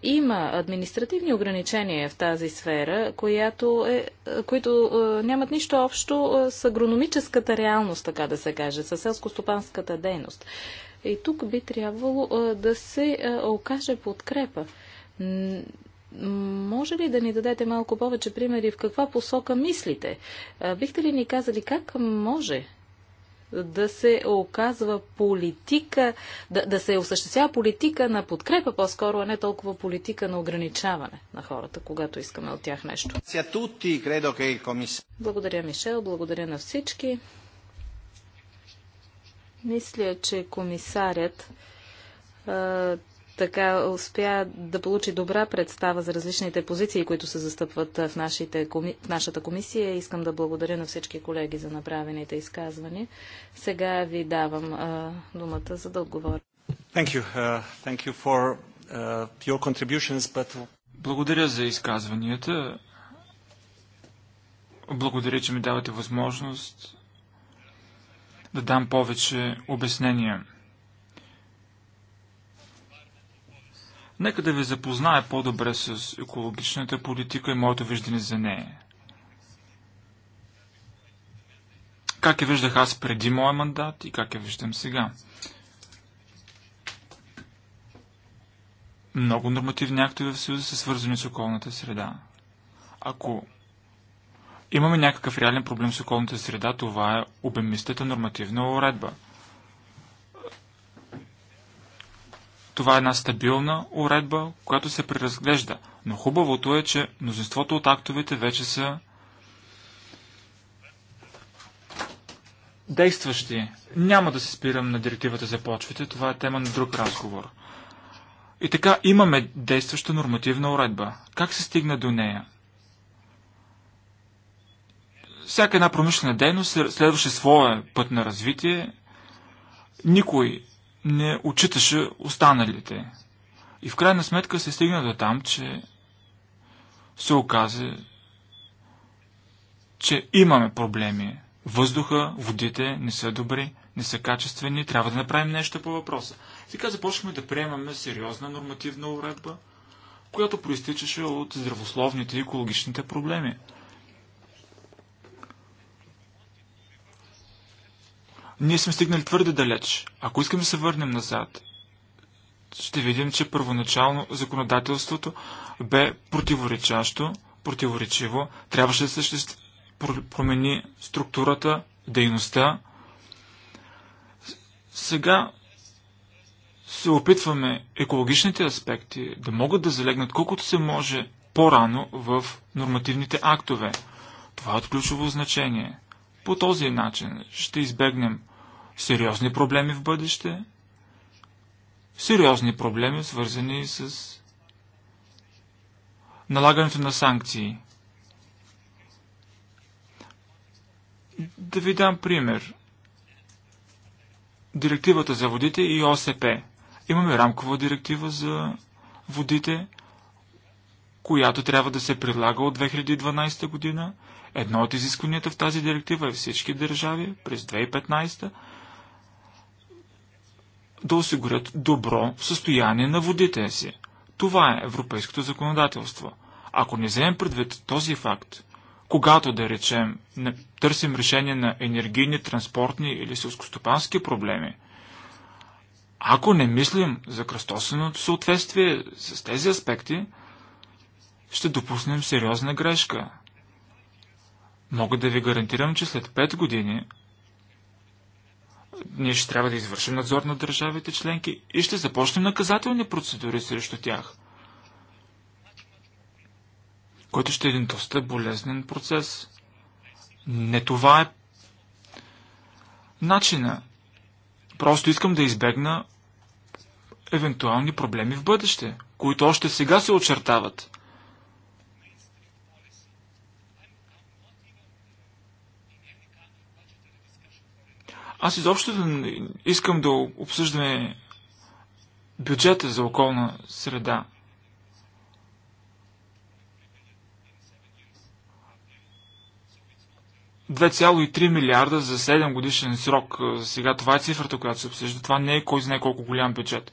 Има административни ограничения в тази сфера, която е, които нямат нищо общо с агрономическата реалност, така да се каже, с селско-стопанската дейност. И тук би трябвало да се окаже подкрепа може ли да ни дадете малко повече примери в каква посока мислите? Бихте ли ни казали как може да се оказва политика, да, да се осъществява политика на подкрепа по-скоро, а не толкова политика на ограничаване на хората, когато искаме от тях нещо. Благодаря, Мишел, благодаря на всички. Мисля, че комисарят така успя да получи добра представа за различните позиции, които се застъпват в, нашите, в нашата комисия. Искам да благодаря на всички колеги за направените изказвания. Сега ви давам а, думата, за да отговоря. You. Uh, uh but... Благодаря за изказванията. Благодаря, че ми давате възможност да дам повече обяснения. Нека да ви запозная по-добре с екологичната политика и моето виждане за нея. Как я виждах аз преди моя мандат и как я виждам сега. Много нормативни актове в Съюза са свързани с околната среда. Ако имаме някакъв реален проблем с околната среда, това е обемистата нормативна уредба – Това е една стабилна уредба, която се преразглежда. Но хубавото е, че мнозинството от актовете вече са действащи. Няма да се спирам на директивата за почвите, това е тема на друг разговор. И така имаме действаща нормативна уредба. Как се стигна до нея? Всяка една промишлена дейност следваше своя път на развитие. Никой не отчиташе останалите. И в крайна сметка се стигна до там, че се оказа, че имаме проблеми. Въздуха, водите не са добри, не са качествени, трябва да направим нещо по въпроса. Сега започваме да приемаме сериозна нормативна уредба, която проистичаше от здравословните и екологичните проблеми – ние сме стигнали твърде далеч. Ако искаме да се върнем назад, ще видим, че първоначално законодателството бе противоречащо, противоречиво, трябваше да се промени структурата, дейността. Сега се опитваме екологичните аспекти да могат да залегнат колкото се може по-рано в нормативните актове. Това е от ключово значение. По този начин ще избегнем сериозни проблеми в бъдеще, сериозни проблеми, свързани с налагането на санкции. Да ви дам пример. Директивата за водите и ОСП. Имаме рамкова директива за водите, която трябва да се прилага от 2012 година. Едно от изискванията в тази директива е всички държави през 2015 да осигурят добро състояние на водите си. Това е европейското законодателство. Ако не вземем предвид този факт, когато, да речем, не търсим решение на енергийни, транспортни или селскостопански проблеми, ако не мислим за кръстосаното съответствие с тези аспекти, ще допуснем сериозна грешка. Мога да ви гарантирам, че след 5 години ние ще трябва да извършим надзор на държавите членки и ще започнем наказателни процедури срещу тях, който ще е един доста болезнен процес. Не това е начина. Просто искам да избегна евентуални проблеми в бъдеще, които още сега се очертават. Аз изобщо искам да обсъждаме бюджета за околна среда. ,3 милиарда за 7 годишен срок. За сега това е цифрата, която се обсъжда. Това не е кой знае колко голям бюджет.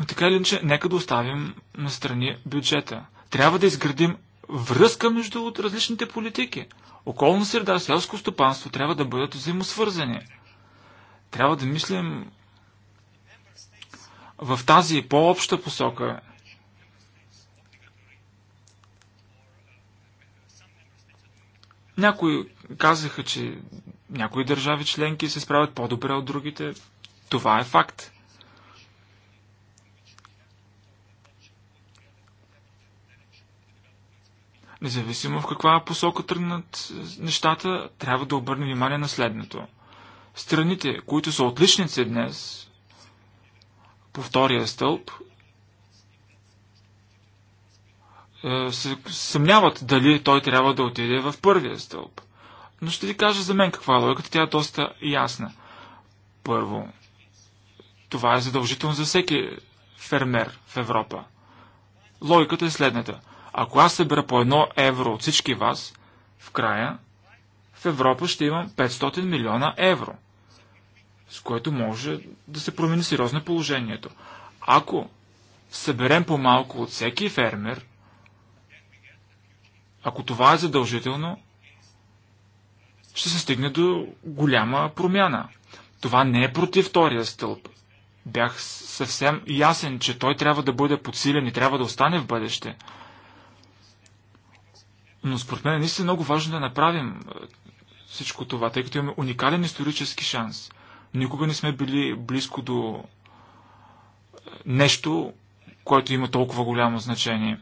Но така или иначе, нека да оставим настрани бюджета. Трябва да изградим връзка между различните политики. Околна среда, селско стопанство трябва да бъдат взаимосвързани. Трябва да мислим в тази по-обща посока. Някои казаха, че някои държави членки се справят по-добре от другите. Това е факт. Независимо в каква посока тръгнат е, нещата, трябва да обърне внимание на следното. Страните, които са отличници днес, по втория стълб, е, се съмняват дали той трябва да отиде в първия стълб. Но ще ви кажа за мен каква е логиката, тя е доста ясна. Първо, това е задължително за всеки фермер в Европа. Логиката е следната. Ако аз събера по едно евро от всички вас, в края, в Европа ще имам 500 милиона евро, с което може да се промени сериозно положението. Ако съберем по-малко от всеки фермер, ако това е задължително, ще се стигне до голяма промяна. Това не е против втория стълб. Бях съвсем ясен, че той трябва да бъде подсилен и трябва да остане в бъдеще – но според мен наистина е много важно да направим е, всичко това, тъй като имаме уникален исторически шанс. Никога не сме били близко до е, нещо, което има толкова голямо значение.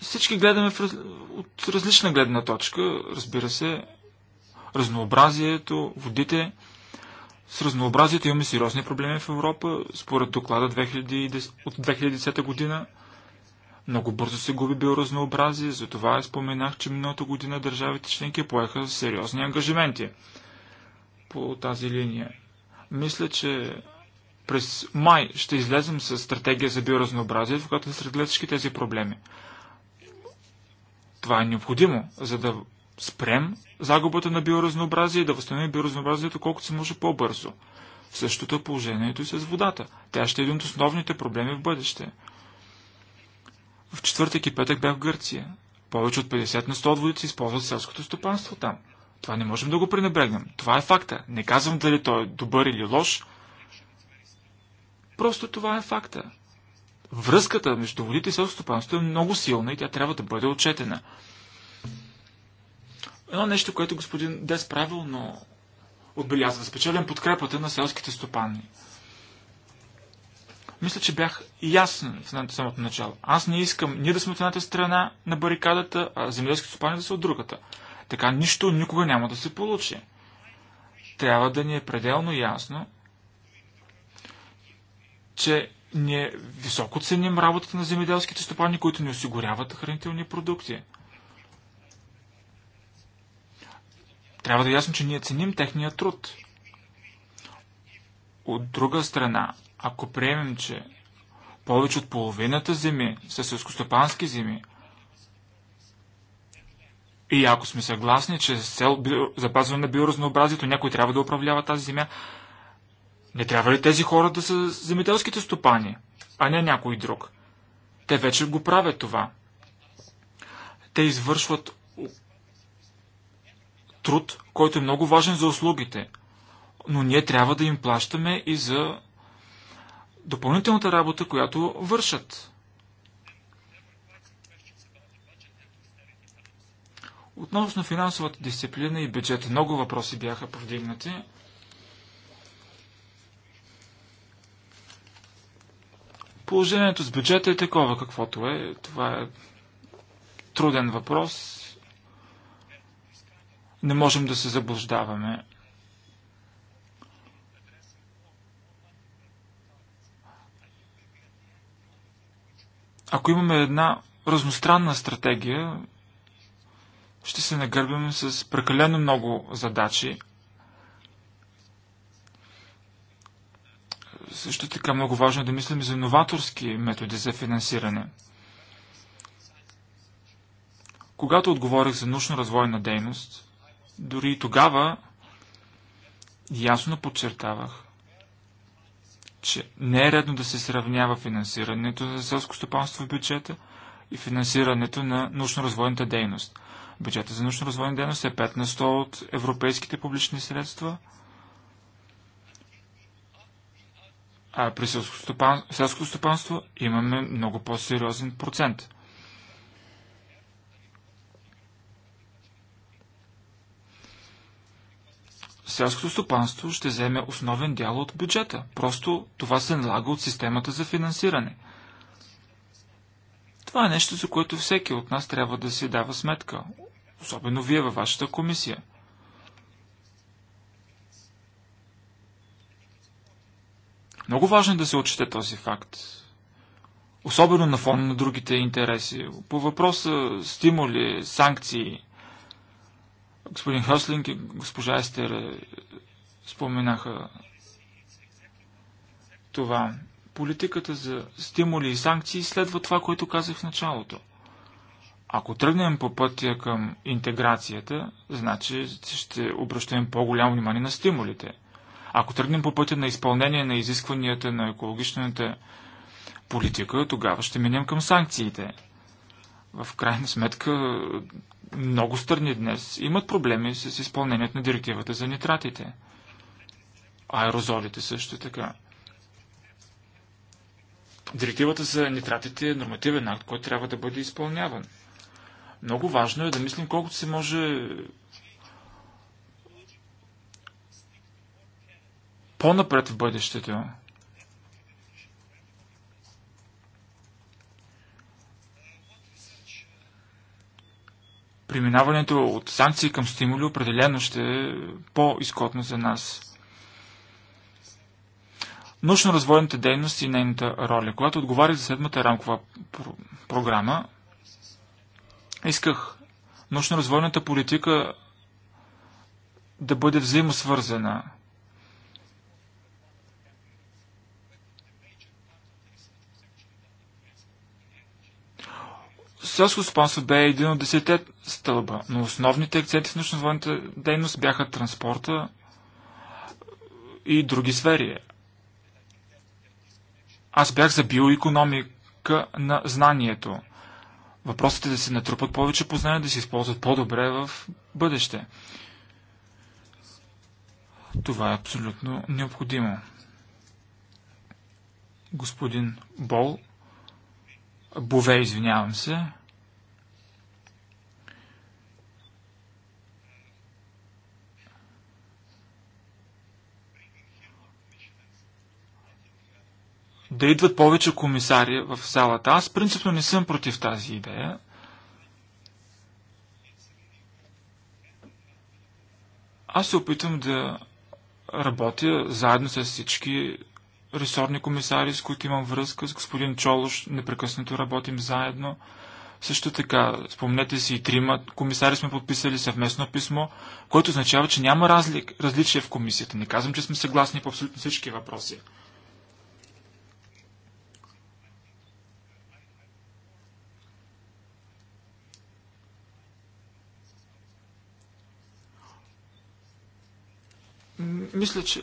Всички гледаме в, раз... от различна гледна точка, разбира се, разнообразието, водите, с разнообразието имаме сериозни проблеми в Европа. Според доклада 2010, от 2010 година много бързо се губи биоразнообразие, затова споменах, че миналата година държавите членки поеха сериозни ангажименти по тази линия. Мисля, че през май ще излезем с стратегия за биоразнообразие, в която да всички тези проблеми. Това е необходимо, за да спрем загубата на биоразнообразие и да възстановим биоразнообразието колкото се може по-бързо. Същото е положението и с водата. Тя ще е един от основните проблеми в бъдеще. В четвъртък и петък бях в Гърция. Повече от 50 на 100 от водите се използват селското стопанство там. Това не можем да го пренебрегнем. Това е факта. Не казвам дали той е добър или лош. Просто това е факта. Връзката между водите и селското стопанство е много силна и тя трябва да бъде отчетена. Едно нещо, което господин Дес правилно отбеляза, да спечелям подкрепата на селските стопани. Мисля, че бях ясен в самото начало. Аз не искам ние да сме от едната страна на барикадата, а земеделските стопани да са от другата. Така нищо никога няма да се получи. Трябва да ни е пределно ясно, че ние високо ценим работата на земеделските стопани, които ни осигуряват хранителни продукти – Трябва да е ясно, че ние ценим техния труд. От друга страна, ако приемем, че повече от половината земи са селскостопански земи, и ако сме съгласни, че с цел запазване на биоразнообразието някой трябва да управлява тази земя, не трябва ли тези хора да са земеделските стопани, а не някой друг? Те вече го правят това. Те извършват труд, който е много важен за услугите. Но ние трябва да им плащаме и за допълнителната работа, която вършат. Относно финансовата дисциплина и бюджет, много въпроси бяха повдигнати. Положението с бюджета е такова, каквото е. Това е труден въпрос не можем да се заблуждаваме. Ако имаме една разностранна стратегия, ще се нагърбим с прекалено много задачи. Също така много важно е да мислим за новаторски методи за финансиране. Когато отговорих за научно-развойна дейност, дори и тогава ясно подчертавах, че не е редно да се сравнява финансирането за селско стопанство в бюджета и финансирането на научно-развойната дейност. Бюджета за научно-развойна дейност е 5 на 100 от европейските публични средства, а при селското стопанство имаме много по-сериозен процент. селското стопанство ще вземе основен дял от бюджета. Просто това се налага от системата за финансиране. Това е нещо, за което всеки от нас трябва да си дава сметка, особено вие във вашата комисия. Много важно е да се отчете този факт. Особено на фона на другите интереси. По въпроса стимули, санкции – Господин Хослинг и госпожа Естер е, споменаха това. Политиката за стимули и санкции следва това, което казах в началото. Ако тръгнем по пътя към интеграцията, значи ще обръщаме по-голямо внимание на стимулите. Ако тръгнем по пътя на изпълнение на изискванията на екологичната политика, тогава ще минем към санкциите. В крайна сметка много страни днес имат проблеми с изпълнението на директивата за нитратите. Аерозолите също така. Директивата за нитратите е нормативен акт, който трябва да бъде изпълняван. Много важно е да мислим колкото се може по-напред в бъдещето. преминаването от санкции към стимули определено ще е по-изкотно за нас. Научно-развойната дейност и нейната роля. Когато отговарях за седмата рамкова програма, исках научно-развойната политика да бъде взаимосвързана – Селско спонсор бе един от десете стълба, но основните акценти в научно-развойната дейност бяха транспорта и други сфери. Аз бях за биоекономика на знанието. Въпросът е да се натрупат повече познания, да се използват по-добре в бъдеще. Това е абсолютно необходимо. Господин Бол, Бове, извинявам се, да идват повече комисари в залата. Аз принципно не съм против тази идея. Аз се опитвам да работя заедно с всички ресорни комисари, с които имам връзка. С господин Чолош непрекъснато работим заедно. Също така, спомнете си, и трима комисари сме подписали съвместно писмо, което означава, че няма разлик, различие в комисията. Не казвам, че сме съгласни по абсолютно всички въпроси. Мисля, че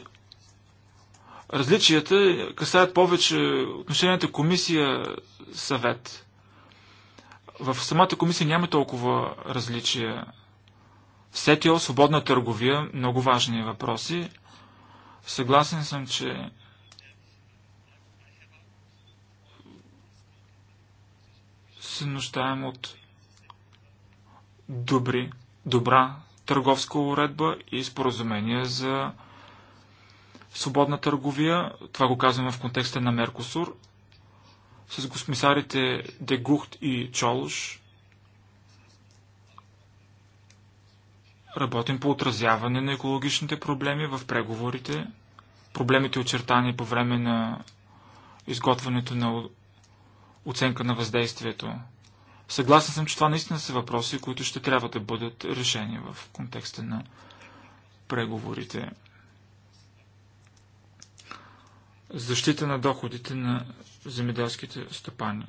различията касаят повече отношенията комисия-съвет. В самата комисия няма толкова различия. Сетио, свободна търговия, много важни въпроси. Съгласен съм, че се нуждаем от добри, добра търговска уредба и споразумение за свободна търговия. Това го казваме в контекста на Меркосур. С госмисарите Дегухт и Чолуш. работим по отразяване на екологичните проблеми в преговорите, проблемите очертани по време на изготвянето на оценка на въздействието. Съгласен съм, че това наистина са въпроси, които ще трябва да бъдат решени в контекста на преговорите. Защита на доходите на земеделските стопани.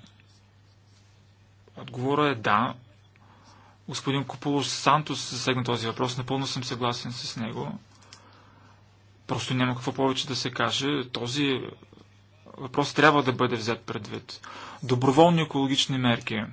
Отговора е да. Господин Кополос Сантос засегна този въпрос. Напълно съм съгласен с него. Просто няма какво повече да се каже. Този въпрос трябва да бъде взет предвид. Доброволни екологични мерки –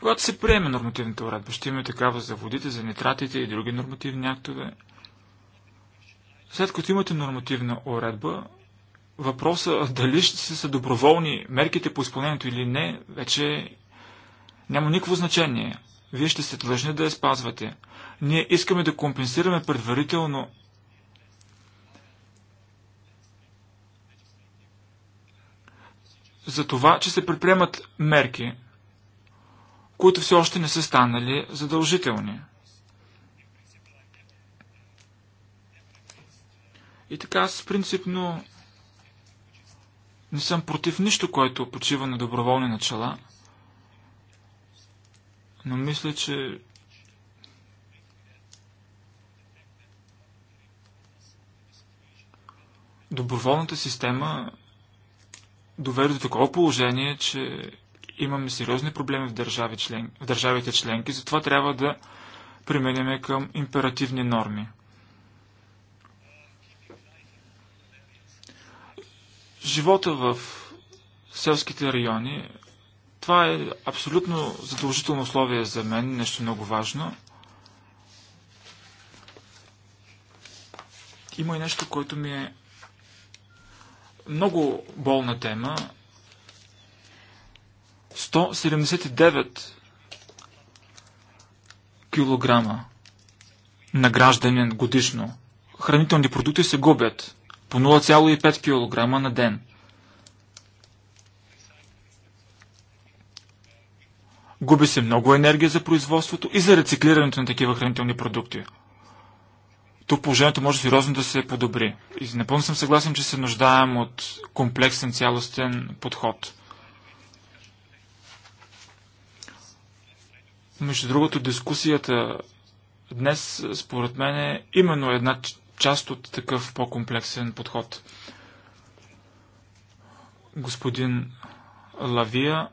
Когато се приеме нормативната уредба, ще има такава за водите, за нитратите и други нормативни актове. След като имате нормативна уредба, въпроса е дали ще са доброволни мерките по изпълнението или не, вече няма никакво значение. Вие ще сте длъжни да я спазвате. Ние искаме да компенсираме предварително за това, че се предприемат мерки които все още не са станали задължителни. И така аз принципно не съм против нищо, което почива на доброволни начала, но мисля, че доброволната система доведе до такова положение, че Имаме сериозни проблеми в, държави член... в държавите членки, затова трябва да применяме към императивни норми. Живота в селските райони, това е абсолютно задължително условие за мен, нещо много важно. Има и нещо, което ми е много болна тема. 179 килограма на гражданин годишно. Хранителни продукти се губят по 0,5 кг на ден. Губи се много енергия за производството и за рециклирането на такива хранителни продукти. Тук положението може сериозно да се подобри. И напълно съм съгласен, че се нуждаем от комплексен цялостен подход. Между другото, дискусията днес, според мен, е именно една част от такъв по-комплексен подход. Господин Лавия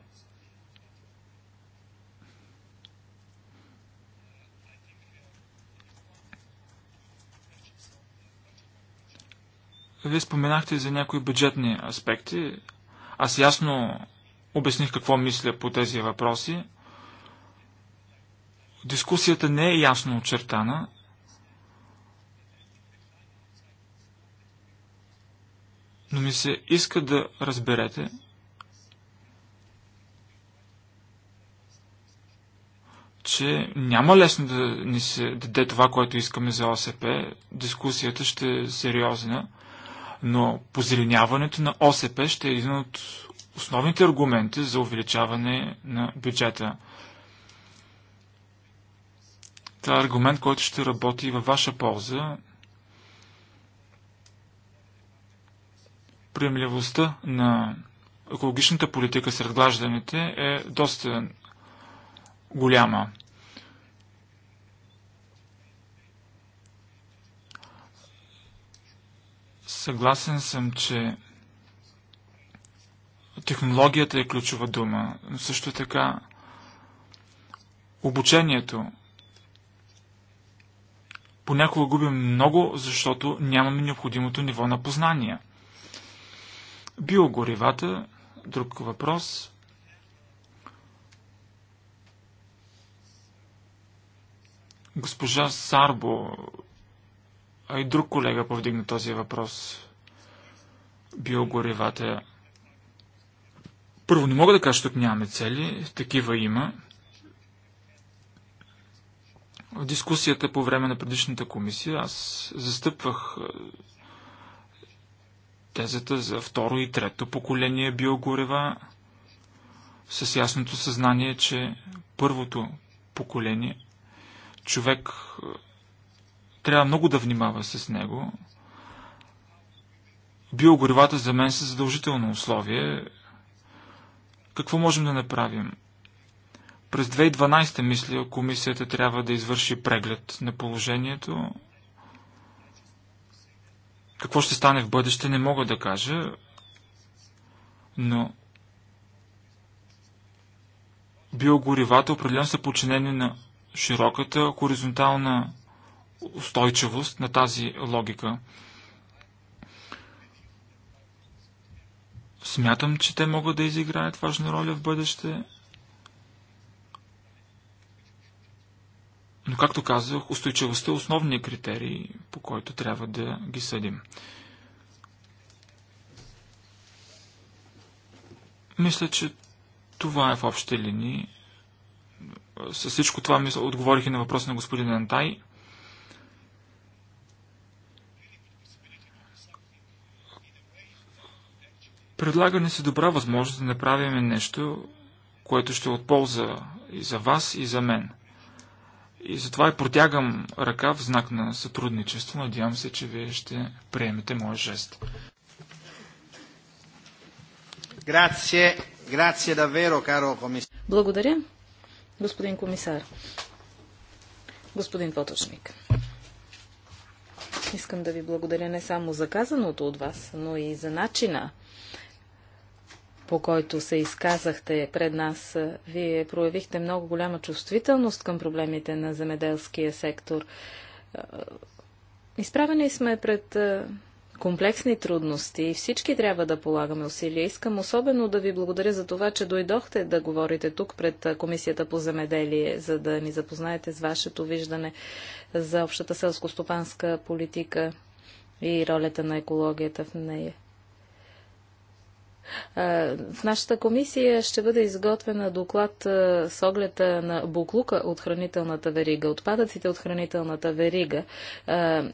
Вие споменахте за някои бюджетни аспекти. Аз ясно обясних какво мисля по тези въпроси. Дискусията не е ясно очертана. Но ми се иска да разберете, че няма лесно да ни се даде това, което искаме за ОСП. Дискусията ще е сериозна, но позеленяването на ОСП ще е един от основните аргументи за увеличаване на бюджета. Това е аргумент, който ще работи във ваша полза. Приемливостта на екологичната политика сред гражданите е доста голяма. Съгласен съм, че технологията е ключова дума, но също така обучението, Понякога губим много, защото нямаме необходимото ниво на познания. Биогоривата, друг въпрос. Госпожа Сарбо, а и друг колега повдигна този въпрос. Биогоривата. Първо, не мога да кажа, че тук нямаме цели. Такива има. В дискусията по време на предишната комисия аз застъпвах е, тезата за второ и трето поколение биогорева с ясното съзнание, че първото поколение човек е, трябва много да внимава с него. Биогоревата за мен са задължително условие. Какво можем да направим? През 2012, мисля, комисията трябва да извърши преглед на положението. Какво ще стане в бъдеще, не мога да кажа, но биогоривата определено са подчинени на широката хоризонтална устойчивост на тази логика. Смятам, че те могат да изиграят важна роля в бъдеще. Но, както казах, устойчивостта е основният критерий, по който трябва да ги съдим. Мисля, че това е в общи линии. С всичко това мисля, отговорих и на въпроса на господин Антай. Предлага ни се добра възможност да направим нещо, което ще е от полза и за вас, и за мен – и затова и протягам ръка в знак на сътрудничество. Надявам се, че вие ще приемете моя жест. Благодаря, господин комисар. Господин Поточник. Искам да ви благодаря не само за казаното от вас, но и за начина, по който се изказахте пред нас. Вие проявихте много голяма чувствителност към проблемите на земеделския сектор. Изправени сме пред комплексни трудности и всички трябва да полагаме усилия. Искам особено да ви благодаря за това, че дойдохте да говорите тук пред Комисията по земеделие, за да ни запознаете с вашето виждане за общата селско-стопанска политика и ролята на екологията в нея. Е, в нашата комисия ще бъде изготвена доклад е, с оглед е, на буклука от хранителната верига, отпадъците от хранителната верига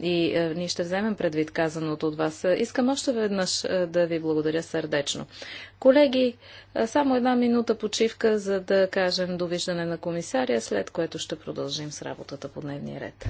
и ние ще вземем предвид казаното от вас. Искам още веднъж да ви благодаря сърдечно. Колеги, само една минута почивка, за да кажем довиждане на комисария, след което ще продължим с работата по дневния ред.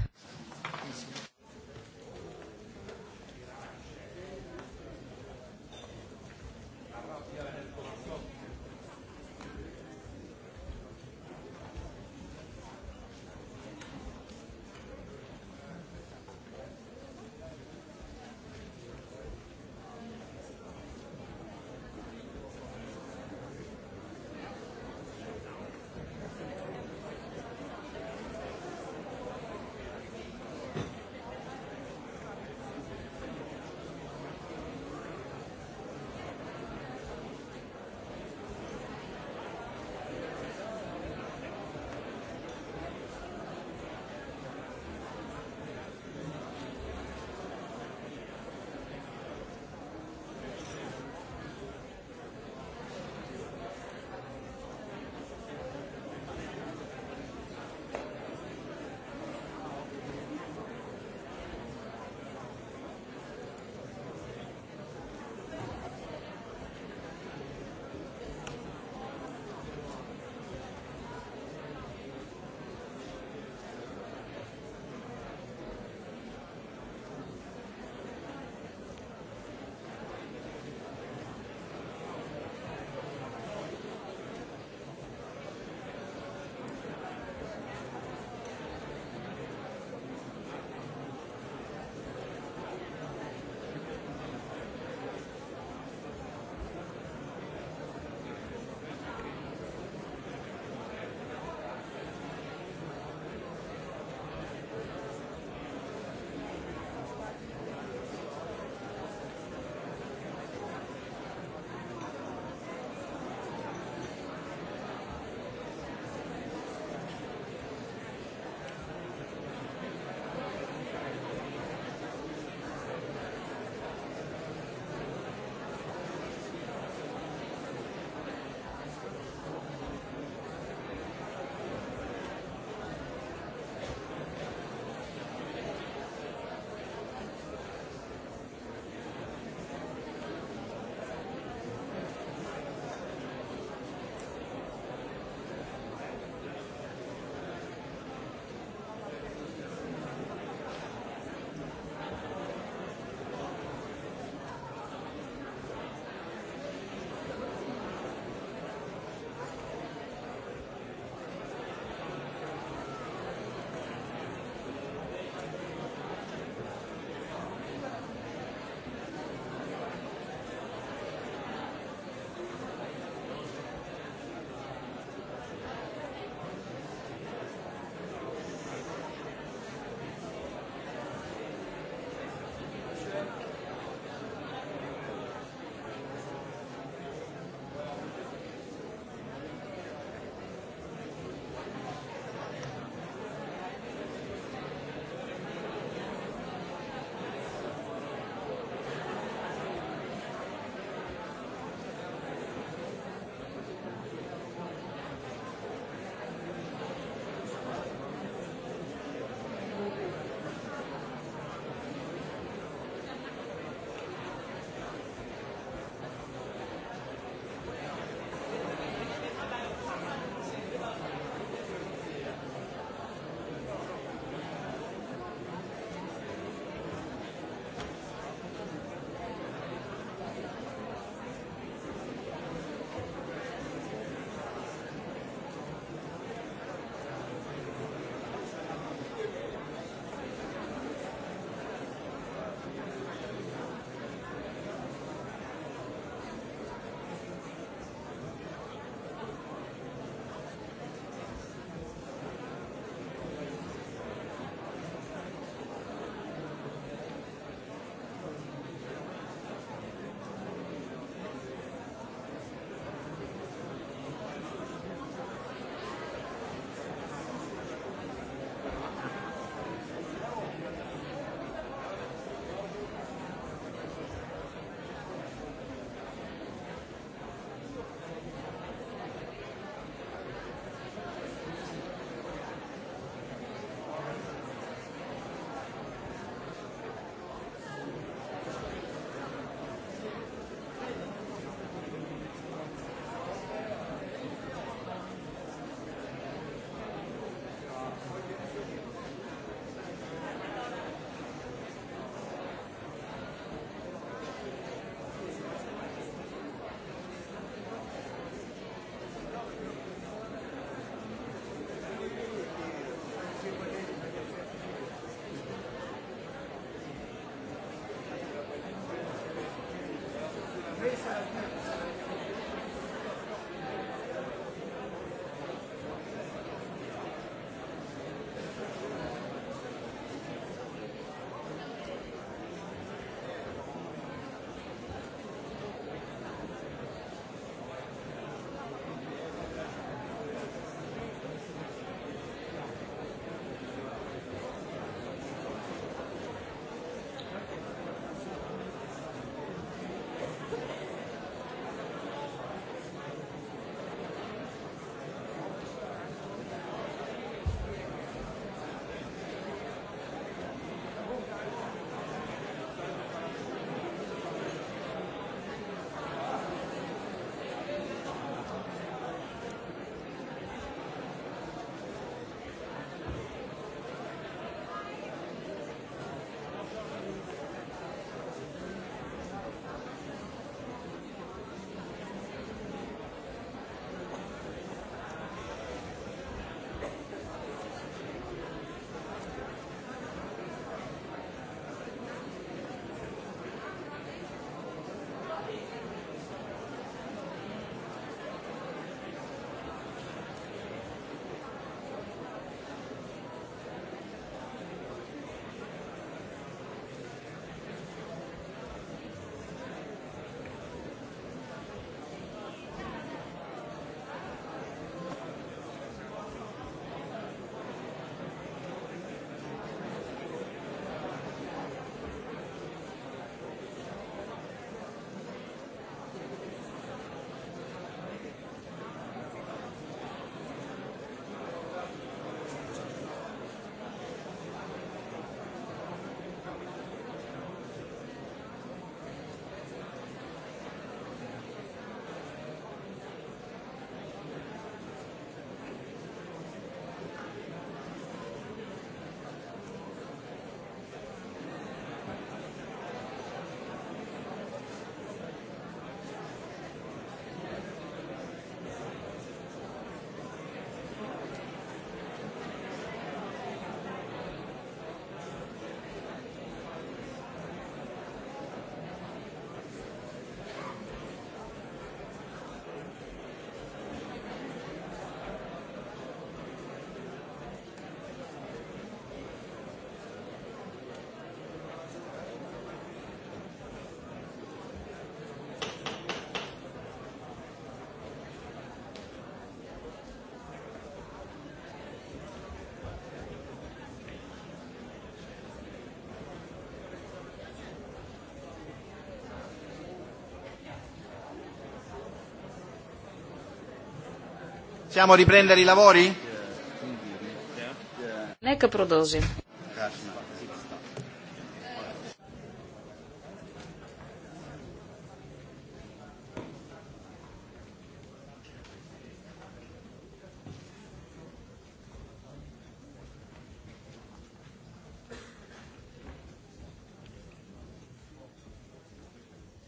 Possiamo riprendere i lavori? Нека продължим.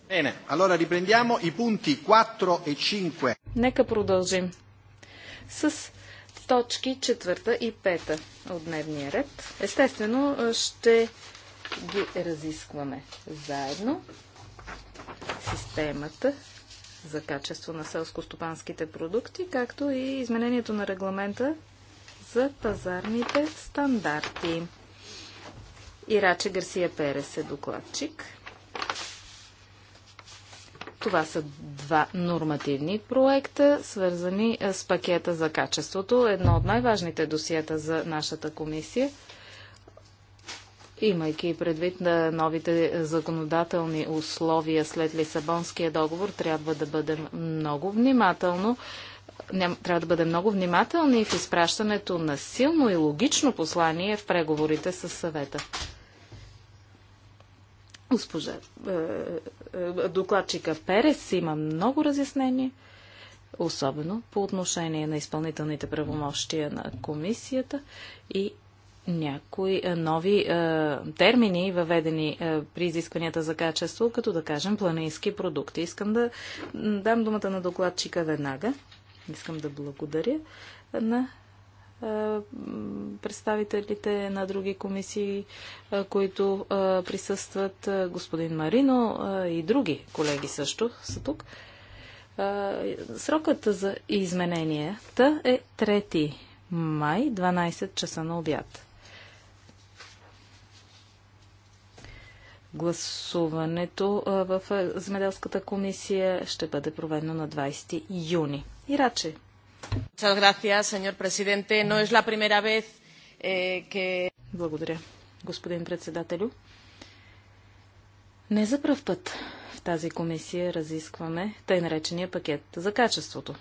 Bene, allora riprendiamo i punti 4 e 5. Нека продължим с точки четвърта и пета от дневния ред. Естествено, ще ги разискваме заедно. Системата за качество на селско-стопанските продукти, както и изменението на регламента за пазарните стандарти. Ираче Гарсия Перес е докладчик. Това са два нормативни проекта, свързани е, с пакета за качеството. Едно от най-важните досиета за нашата комисия имайки предвид на е, новите законодателни условия след Лисабонския договор, трябва да бъдем много внимателно трябва да бъдем много внимателни в изпращането на силно и логично послание в преговорите с съвета. Госпожа е, е, докладчика Перес има много разяснение, особено по отношение на изпълнителните правомощия на комисията и някои е, нови е, термини, въведени е, при изискванията за качество, като да кажем планински продукти. Искам да дам думата на докладчика веднага. Искам да благодаря на представителите на други комисии, които присъстват. Господин Марино и други колеги също са тук. Срокът за измененията е 3 май, 12 часа на обяд. Гласуването в Земеделската комисия ще бъде проведено на 20 юни. Ираче, Eh, Благодаря, господин председателю. Не за пръв път в тази комисия разискваме тъй наречения пакет за качеството.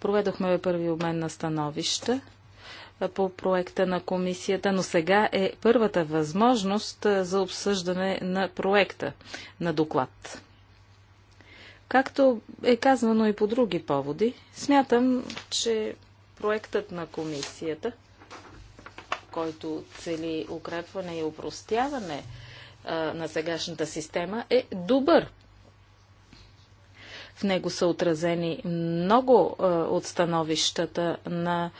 Проведохме първи обмен на становища по проекта на комисията, но сега е първата възможност за обсъждане на проекта на доклад. Както е казвано и по други поводи, смятам, че проектът на комисията, който цели укрепване и упростяване а, на сегашната система, е добър. В него са отразени много а, от становищата на а,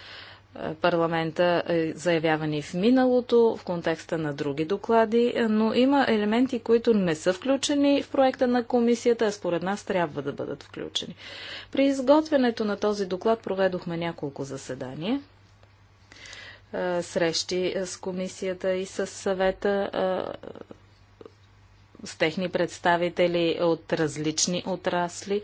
парламента, е, заявявани в миналото, в контекста на други доклади, е, но има елементи, които не са включени в проекта на комисията, а според нас трябва да бъдат включени. При изготвянето на този доклад проведохме няколко заседания е, срещи с комисията и с съвета с техни представители от различни отрасли.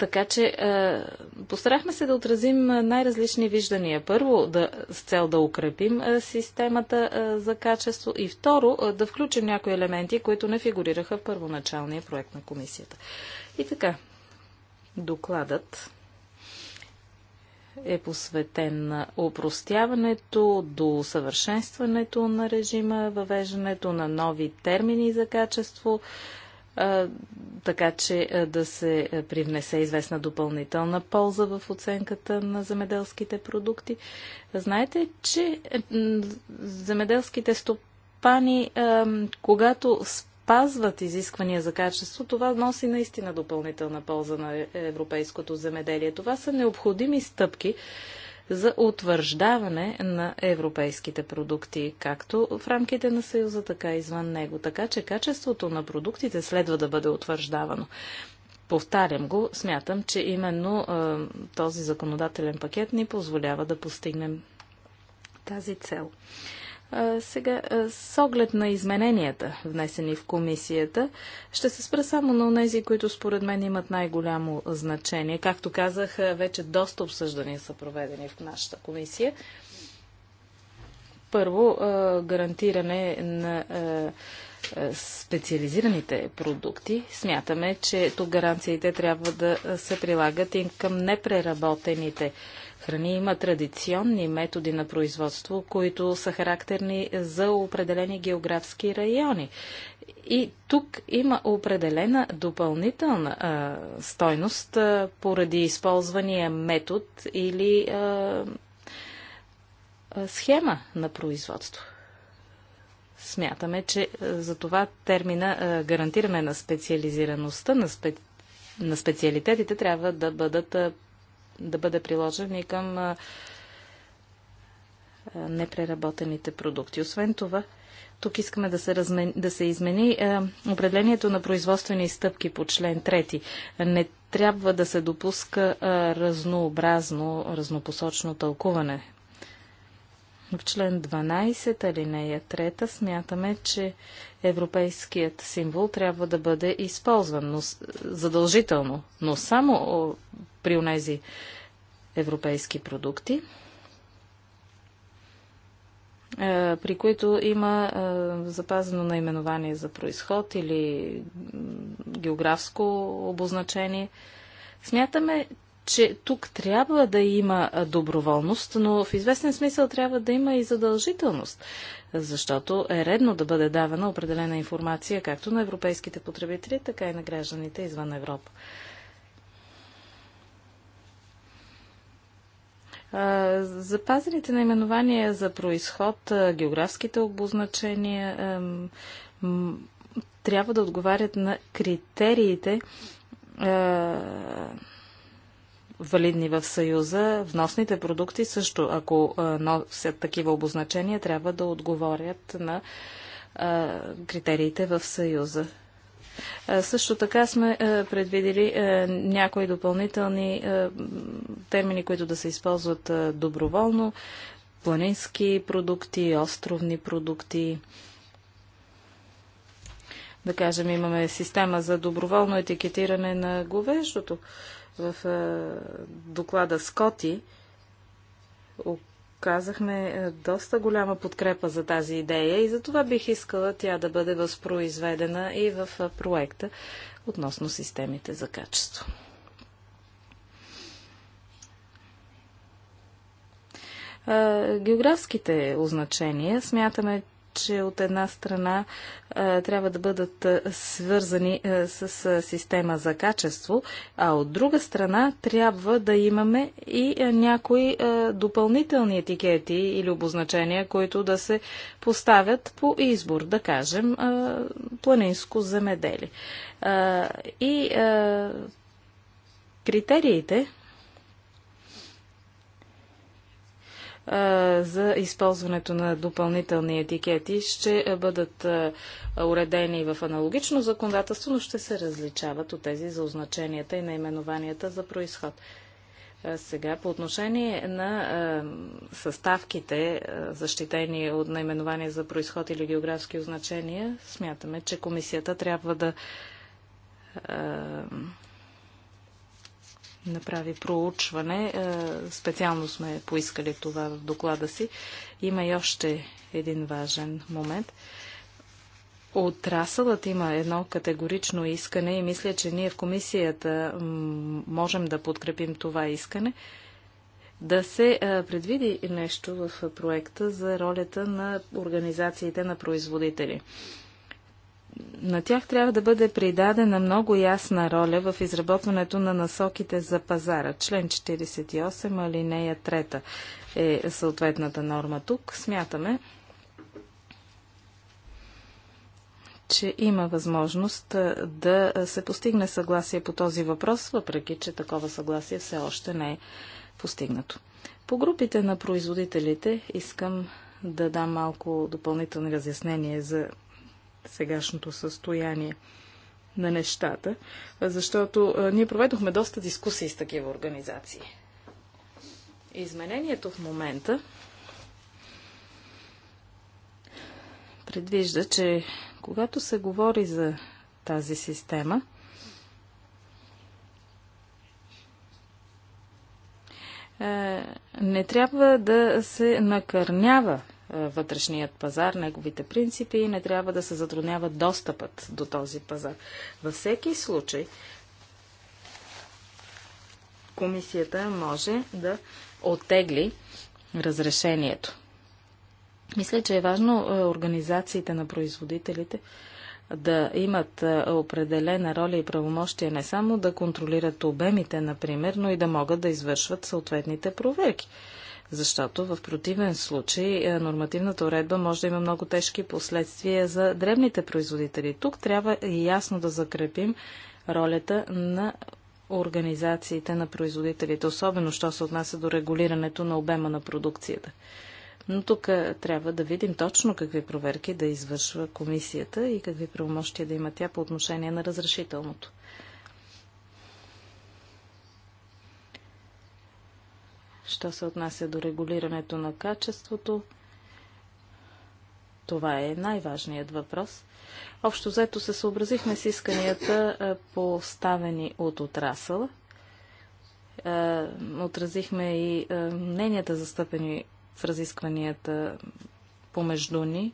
Така че е, постарахме се да отразим е, най-различни виждания. Първо, да, с цел да укрепим е, системата за качество и второ, да включим някои елементи, които не фигурираха в първоначалния проект на комисията. И така, докладът е посветен на упростяването, до усъвършенстването на режима, въвеждането на нови термини за качество, така че да се привнесе известна допълнителна полза в оценката на земеделските продукти. Знаете, че земеделските стопани, когато спазват изисквания за качество, това носи наистина допълнителна полза на е, европейското земеделие. Това са необходими стъпки, за утвърждаване на европейските продукти, както в рамките на Съюза, така и извън него. Така че качеството на продуктите следва да бъде утвърждавано. Повтарям го, смятам, че именно е, този законодателен пакет ни позволява да постигнем тази цел. Сега, с оглед на измененията, внесени в комисията, ще се спра само на тези, които според мен имат най-голямо значение. Както казах, вече доста обсъждания са проведени в нашата комисия. Първо, гарантиране на специализираните продукти. Смятаме, че тук гаранциите трябва да се прилагат и към непреработените продукти страни има традиционни методи на производство, които са характерни за определени географски райони. И тук има определена допълнителна а, стойност а, поради използвания метод или а, а, схема на производство. Смятаме, че а, за това термина а, гарантиране на специализираността на, спе... на специалитетите трябва да бъдат а, да бъде приложен и към непреработените продукти. Освен това, тук искаме да се, размен... да се измени е, определението на производствени стъпки по член 3. Не трябва да се допуска е, разнообразно, разнопосочно тълкуване в член 12, алинея 3, смятаме, че европейският символ трябва да бъде използван но, задължително, но само при онези европейски продукти, е, при които има е, запазено наименование за происход или географско обозначение. Смятаме, че тук трябва да има доброволност, но в известен смисъл трябва да има и задължителност, защото е редно да бъде давана определена информация както на европейските потребители, така и на гражданите извън Европа. Запазените наименования за происход, географските обозначения трябва да отговарят на критериите валидни в Съюза. Вносните продукти също, ако носят такива обозначения, трябва да отговорят на критериите в Съюза. Също така сме предвидели някои допълнителни термини, които да се използват доброволно. Планински продукти, островни продукти, да кажем, имаме система за доброволно етикетиране на говеждото. В е, доклада Скоти оказахме е, доста голяма подкрепа за тази идея и за това бих искала тя да бъде възпроизведена и в е, проекта относно системите за качество. Географските означения смятаме, че от една страна трябва да бъдат свързани с система за качество, а от друга страна трябва да имаме и някои допълнителни етикети или обозначения, които да се поставят по избор, да кажем, планинско земеделие. И критериите, за използването на допълнителни етикети ще бъдат уредени в аналогично законодателство, но ще се различават от тези за означенията и наименованията за происход. Сега по отношение на съставките, защитени от наименование за происход или географски означения, смятаме, че комисията трябва да направи проучване. Е, специално сме поискали това в доклада си. Има и още един важен момент. Отрасълът има едно категорично искане и мисля, че ние в комисията можем да подкрепим това искане. Да се е, предвиди нещо в проекта за ролята на организациите на производители на тях трябва да бъде придадена много ясна роля в изработването на насоките за пазара. Член 48, алинея 3 е съответната норма тук. Смятаме, че има възможност да се постигне съгласие по този въпрос, въпреки че такова съгласие все още не е постигнато. По групите на производителите искам да дам малко допълнителни разяснения за сегашното състояние на нещата, защото ние проведохме доста дискусии с такива организации. Изменението в момента предвижда, че когато се говори за тази система, не трябва да се накърнява вътрешният пазар, неговите принципи и не трябва да се затруднява достъпът до този пазар. Във всеки случай, комисията може да оттегли разрешението. Мисля, че е важно организациите на производителите да имат определена роля и правомощия не само да контролират обемите, например, но и да могат да извършват съответните проверки. Защото в противен случай е, нормативната уредба може да има много тежки последствия за дребните производители. Тук трябва ясно да закрепим ролята на организациите на производителите, особено що се отнася до регулирането на обема на продукцията. Но тук е, трябва да видим точно какви проверки да извършва комисията и какви правомощия да има тя по отношение на разрешителното. Що се отнася до регулирането на качеството, това е най-важният въпрос. Общо взето се съобразихме с исканията поставени от отрасъл. Отразихме и мненията застъпени в разискванията помежду ни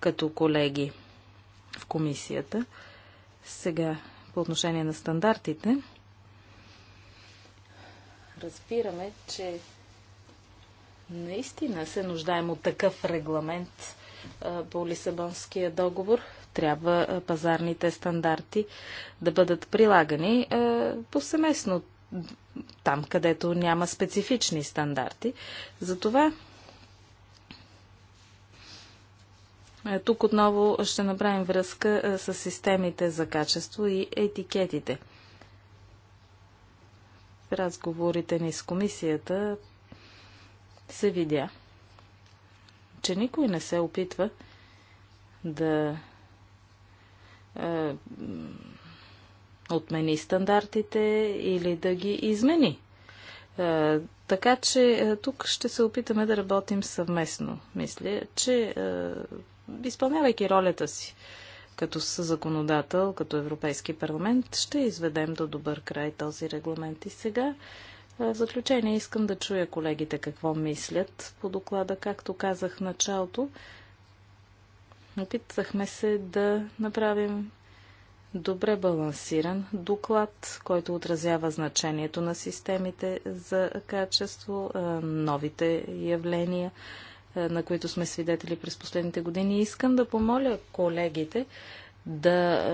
като колеги в комисията. Сега по отношение на стандартите разбираме, че Наистина се нуждаем от такъв регламент по Лисабонския договор. Трябва пазарните стандарти да бъдат прилагани повсеместно там, където няма специфични стандарти. Затова тук отново ще направим връзка с системите за качество и етикетите. В разговорите ни с комисията се видя, че никой не се опитва да е, отмени стандартите или да ги измени. Е, така че е, тук ще се опитаме да работим съвместно. Мисля, че е, изпълнявайки ролята си като законодател, като Европейски парламент, ще изведем до добър край този регламент. И сега в заключение искам да чуя колегите какво мислят по доклада. Както казах в началото, опитахме се да направим добре балансиран доклад, който отразява значението на системите за качество, новите явления, на които сме свидетели през последните години. Искам да помоля колегите да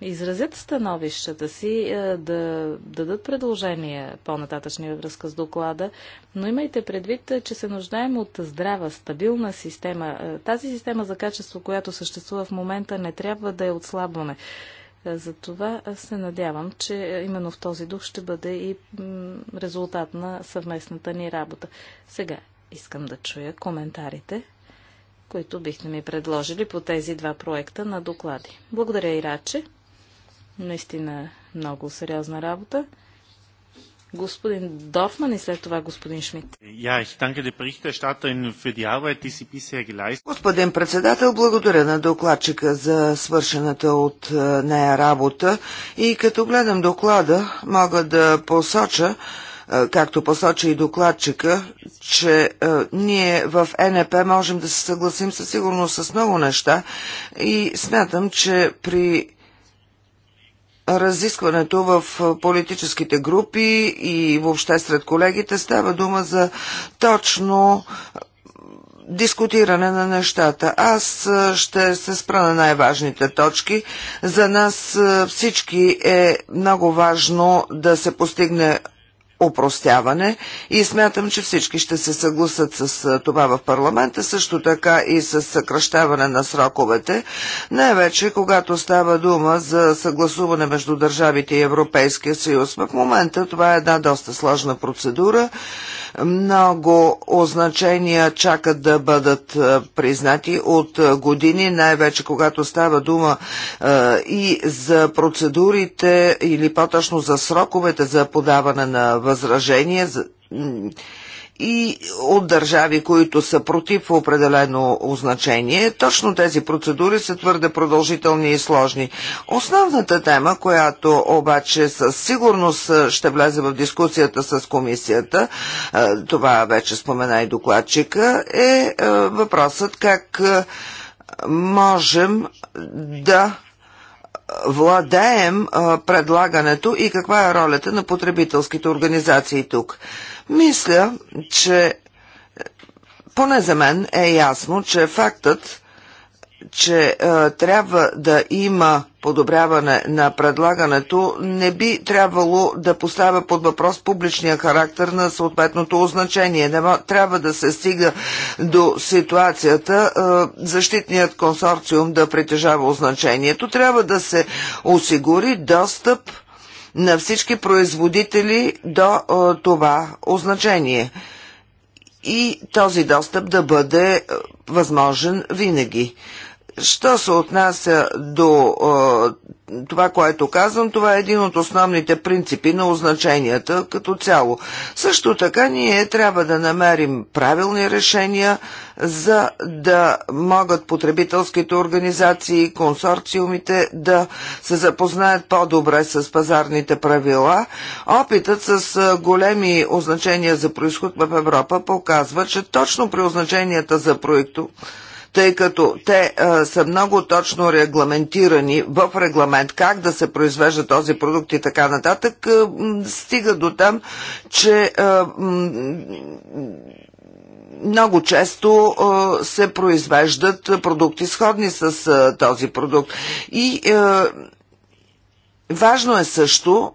изразят становищата си, е, да дадат предложения по-нататъчни във връзка с доклада, но имайте предвид, е, че се нуждаем от здрава, стабилна система. Е, тази система за качество, която съществува в момента, не трябва да я отслабваме. Затова се надявам, че именно в този дух ще бъде и резултат на съвместната ни работа. Сега искам да чуя коментарите които бихте ми предложили по тези два проекта на доклади. Благодаря, Ираче. Наистина много сериозна работа. Господин Дорфман и след това господин Шмидт. Господин председател, благодаря на докладчика за свършената от е, нея работа и като гледам доклада мога да посоча, както посочи и докладчика, че ние в НП можем да се съгласим със сигурност с много неща и смятам, че при разискването в политическите групи и въобще сред колегите става дума за точно дискутиране на нещата. Аз ще се спра на най-важните точки. За нас всички е много важно да се постигне упростяване и смятам, че всички ще се съгласат с това в парламента, също така и с съкръщаване на сроковете, най-вече когато става дума за съгласуване между държавите и Европейския съюз. В момента това е една доста сложна процедура. Много означения чакат да бъдат е, признати от е, години, най-вече когато става дума е, и за процедурите или по-точно за сроковете за подаване на възражения, и от държави, които са против определено означение. Точно тези процедури са твърде продължителни и сложни. Основната тема, която обаче със сигурност ще влезе в дискусията с комисията, е, това вече спомена и докладчика, е, е въпросът как е, можем да владеем предлагането и каква е ролята на потребителските организации тук. Мисля, че поне за мен е ясно, че фактът, че е, трябва да има подобряване на предлагането, не би трябвало да поставя под въпрос публичния характер на съответното означение. Не трябва да се стига до ситуацията е, защитният консорциум да притежава означението. Трябва да се осигури достъп на всички производители до това означение и този достъп да бъде възможен винаги. Що се отнася до е, това, което казвам, това е един от основните принципи на означенията като цяло. Също така ние трябва да намерим правилни решения, за да могат потребителските организации, консорциумите да се запознаят по-добре с пазарните правила. Опитът с големи означения за происход в Европа показва, че точно при означенията за проекто тъй като те а, са много точно регламентирани в регламент как да се произвежда този продукт и така нататък, а, стига до там, че а, много често се произвеждат продукти сходни с този продукт. И важно е също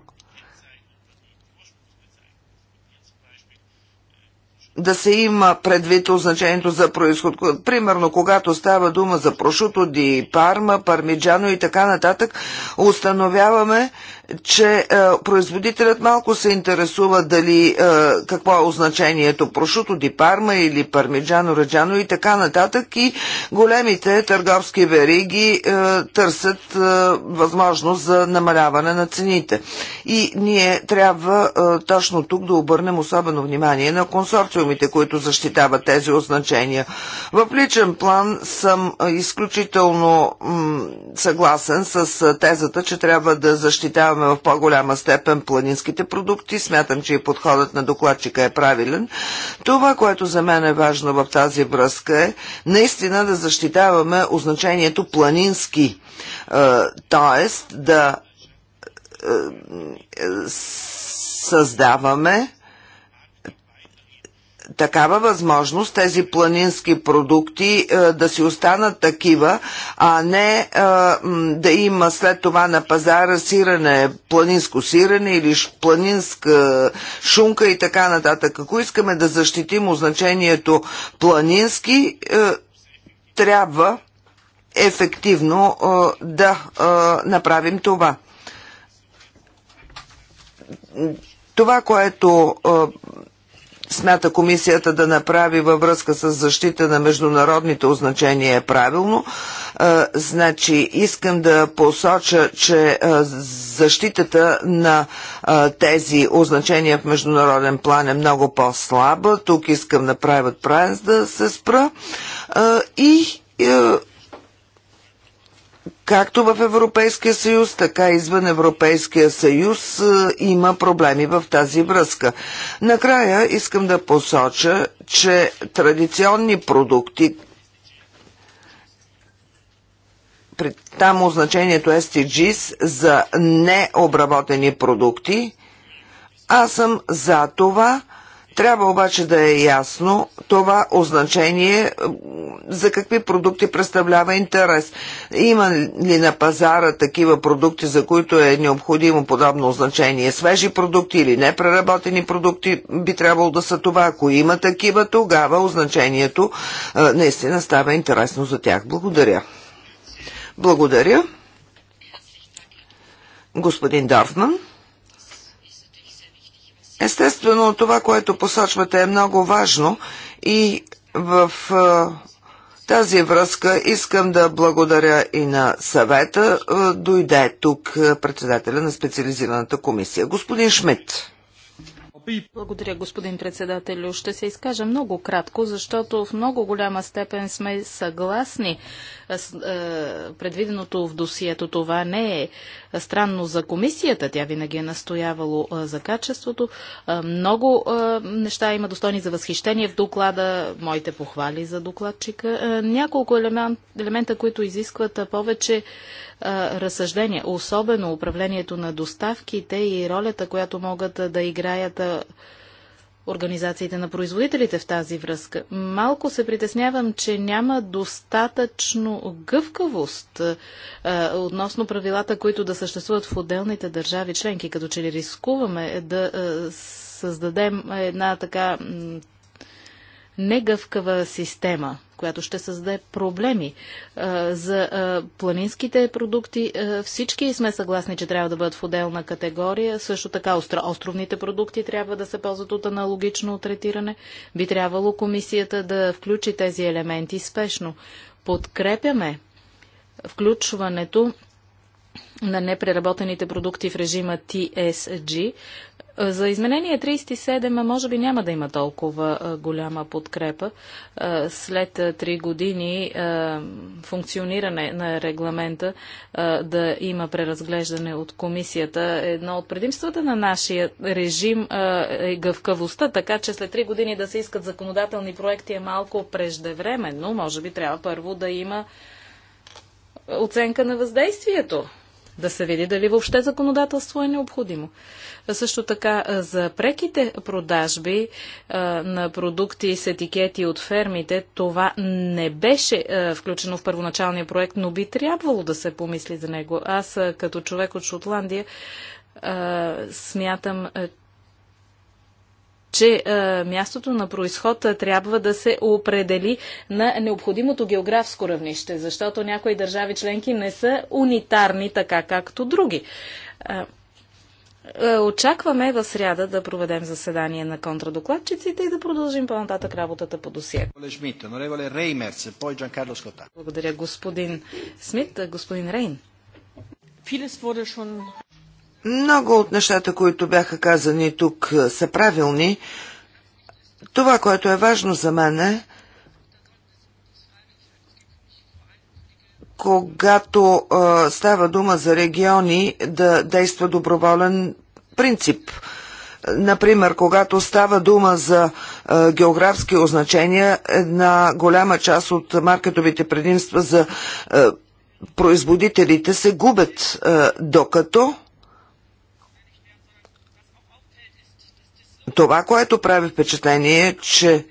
да се има предвид означението за происход. Примерно, когато става дума за прошуто ди парма, пармиджано и така нататък, установяваме, че е, производителят малко се интересува дали е, какво е означението прошуто ди парма или пармиджано раджано и така нататък и големите търговски вериги е, търсят е, възможност за намаляване на цените. И ние трябва е, точно тук да обърнем особено внимание на консорциумите, които защитават тези означения. В личен план съм изключително съгласен с е, тезата, че трябва да защитаваме насърчаваме в по-голяма степен планинските продукти. Смятам, че и подходът на докладчика е правилен. Това, което за мен е важно в тази връзка е наистина да защитаваме означението планински, т.е. да е, е, създаваме такава възможност тези планински продукти е, да си останат такива, а не е, да има след това на пазара сирене, планинско сирене или планинска шунка и така нататък. Ако искаме да защитим означението планински, е, трябва ефективно да направим това. Това, което смята комисията да направи във връзка с защита на международните означения е правилно. Значи, искам да посоча, че е, защитата на е, тези означения в международен план е много по-слаба. Тук искам да правят правен да се спра. Е, и Както в Европейския съюз, така и извън Европейския съюз е, има проблеми в тази връзка. Накрая искам да посоча, че традиционни продукти, там означението STGs за необработени продукти, аз съм за това трябва обаче да е ясно това означение за какви продукти представлява интерес. Има ли на пазара такива продукти, за които е необходимо подобно означение? Свежи продукти или непреработени продукти би трябвало да са това. Ако има такива, тогава означението наистина става интересно за тях. Благодаря. Благодаря. Господин Дорфман. Естествено, това, което посочвате е много важно и в тази връзка искам да благодаря и на съвета. Дойде тук председателя на специализираната комисия, господин Шмидт. Благодаря, господин председателю. Ще се изкажа много кратко, защото в много голяма степен сме съгласни с е, предвиденото в досието. Това не е странно за комисията. Тя винаги е настоявало е, за качеството. Е, много е, неща има достойни за възхищение в доклада. Моите похвали за докладчика. Е, няколко елемент, елемента, които изискват е, повече разсъждения, особено управлението на доставките и ролята, която могат да играят организациите на производителите в тази връзка. Малко се притеснявам, че няма достатъчно гъвкавост а, относно правилата, които да съществуват в отделните държави членки, като че ли рискуваме да а, създадем една така негъвкава система, която ще създаде проблеми. За планинските продукти всички сме съгласни, че трябва да бъдат в отделна категория. Също така островните продукти трябва да се ползват от аналогично третиране. Би трябвало комисията да включи тези елементи спешно. Подкрепяме включването на непреработените продукти в режима TSG, за изменение 37 може би няма да има толкова голяма подкрепа. След 3 години функциониране на регламента да има преразглеждане от комисията. Едно от предимствата на нашия режим е гъвкавостта, така че след 3 години да се искат законодателни проекти е малко преждевременно. Може би трябва първо да има оценка на въздействието да се види дали въобще законодателство е необходимо. Също така за преките продажби на продукти с етикети от фермите, това не беше включено в първоначалния проект, но би трябвало да се помисли за него. Аз като човек от Шотландия смятам, че е, мястото на происход трябва да се определи на необходимото географско равнище, защото някои държави членки не са унитарни така както други. Е, е, очакваме в сряда да проведем заседание на контрадокладчиците и да продължим по-нататък работата по досие. Благодаря господин Смит, е, господин Рейн. Много от нещата, които бяха казани тук, е, са правилни. Това, което е важно за мен е, когато а, става дума за региони, да действа доброволен принцип. Например, когато става дума за а, географски означения, една голяма част от маркетовите предимства за а, производителите се губят, а, докато това, което прави впечатление е, че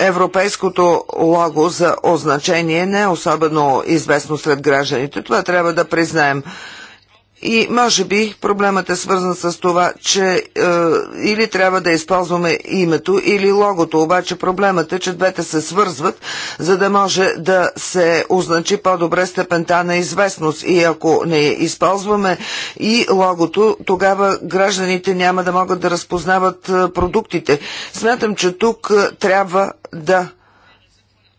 европейското лого за означение не е особено известно сред гражданите. Това трябва да признаем. И може би проблемът е свързан с това, че е, или трябва да използваме името или логото, обаче проблемът е, че двете се свързват, за да може да се означи по-добре степента на известност. И ако не използваме и логото, тогава гражданите няма да могат да разпознават е, продуктите. Смятам, че тук е, трябва да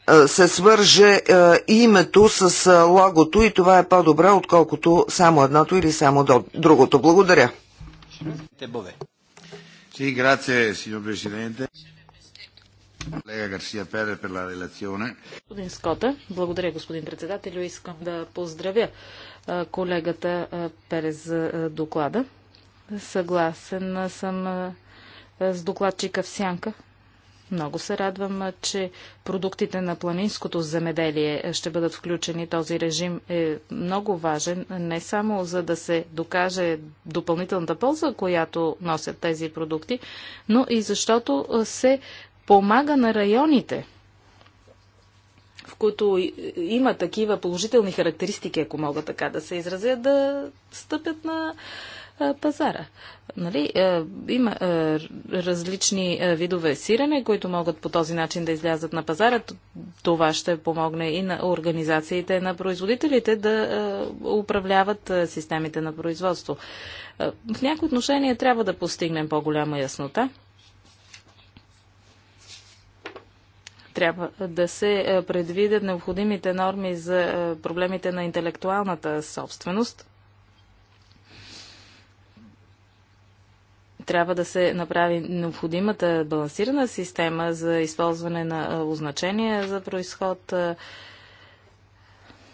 е, се свърже е, името с е, логото и това е по-добре, отколкото само едното или само другото. Благодаря. Господин Скота, благодаря господин председател, Искам да поздравя колегата Перес за доклада. Съгласен съм с докладчика в Сянка много се радвам, че продуктите на планинското земеделие ще бъдат включени. Този режим е много важен, не само за да се докаже допълнителната полза, която носят тези продукти, но и защото се помага на районите, в които има такива положителни характеристики, ако мога така да се изразя, да стъпят на пазара. Нали? Има различни видове сирене, които могат по този начин да излязат на пазара. Това ще помогне и на организациите на производителите да управляват системите на производство. В някои отношения трябва да постигнем по-голяма яснота. трябва да се предвидят необходимите норми за проблемите на интелектуалната собственост. трябва да се направи необходимата балансирана система за използване на означения за происход,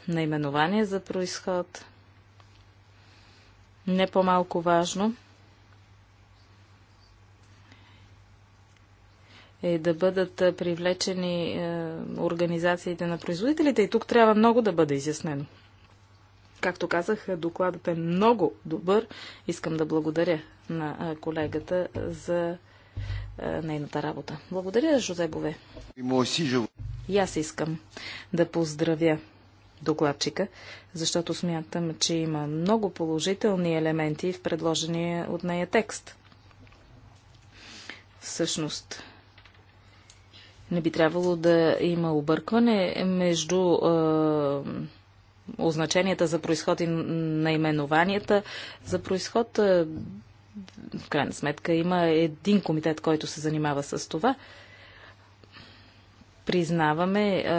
наименование за происход. Не по-малко важно е да бъдат привлечени организациите на производителите и тук трябва много да бъде изяснено. Както казах, докладът е много добър. Искам да благодаря на колегата за нейната работа. Благодаря, Жозе Бове. И аз искам да поздравя докладчика, защото смятам, че има много положителни елементи в предложения от нея текст. Всъщност, не би трябвало да има объркване между е, означенията за происход и наименованията за происход. Е, в крайна сметка има един комитет, който се занимава с това. Признаваме а, е,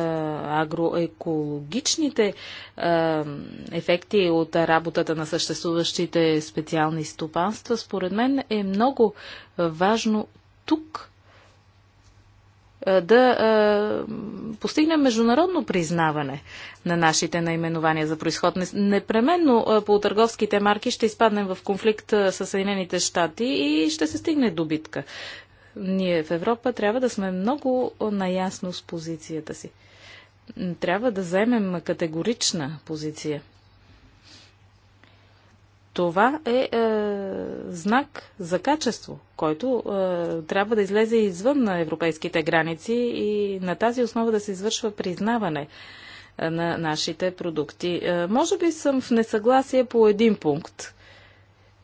агроекологичните а, е, ефекти от работата на съществуващите специални стопанства. Според мен е много важно тук е, да е, постигнем международно признаване на нашите наименования за происход. Непременно е, по търговските марки ще изпаднем в конфликт с Съединените щати и ще се стигне до битка. Ние в Европа трябва да сме много наясно с позицията си. Трябва да заемем категорична позиция. Това е, е знак за качество, който е, трябва да излезе извън на европейските граници и на тази основа да се извършва признаване е, на нашите продукти. Е, може би съм в несъгласие по един пункт,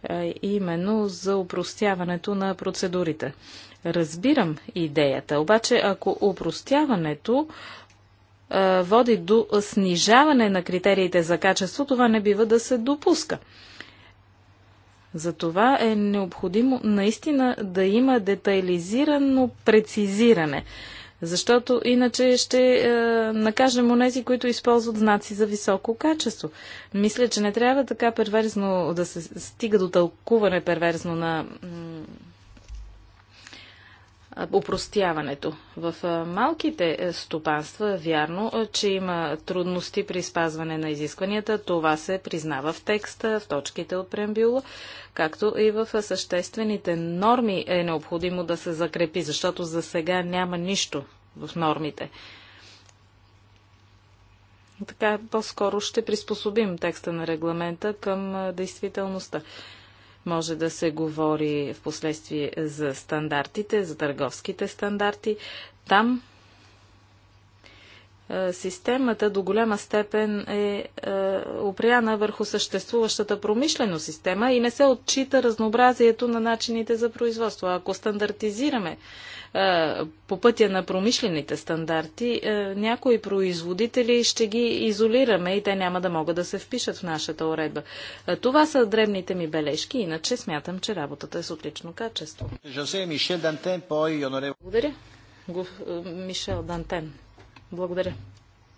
е, именно за упростяването на процедурите. Разбирам идеята, обаче ако упростяването е, води до снижаване на критериите за качество, това не бива да се допуска. Затова е необходимо наистина да има детайлизирано прецизиране, защото иначе ще е, накажем онези, които използват знаци за високо качество. Мисля, че не трябва така перверзно да се стига до тълкуване перверзно на Опростяването. В малките е, стопанства, вярно, е, че има трудности при спазване на изискванията, това се признава в текста, в точките от прембюла, както и в съществените норми е необходимо да се закрепи, защото за сега няма нищо в нормите. Така по-скоро ще приспособим текста на регламента към действителността. Може да се говори в последствие за стандартите, за търговските стандарти. Там е, системата до голяма степен е, е опряна върху съществуващата промишлено система и не се отчита разнообразието на начините за производство. Ако стандартизираме е, по пътя на промишлените стандарти, някои производители ще ги изолираме и те няма да могат да се впишат в нашата уредба. Това са дребните ми бележки, иначе смятам, че работата е с отлично качество. Благодаря. Мишел Дантен. Благодаря.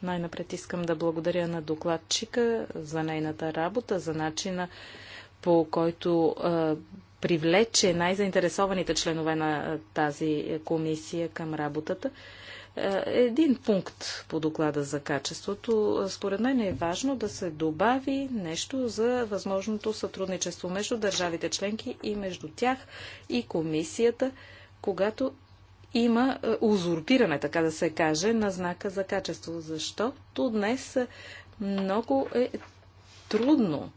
Най-напред искам да благодаря на докладчика за нейната работа, за начина по който а, привлече най-заинтересованите членове на а, тази комисия към работата. А, един пункт по доклада за качеството. Според мен е важно да се добави нещо за възможното сътрудничество между държавите членки и между тях и комисията, когато има е, узурпиране, така да се каже, на знака за качество, защото днес е, много е трудно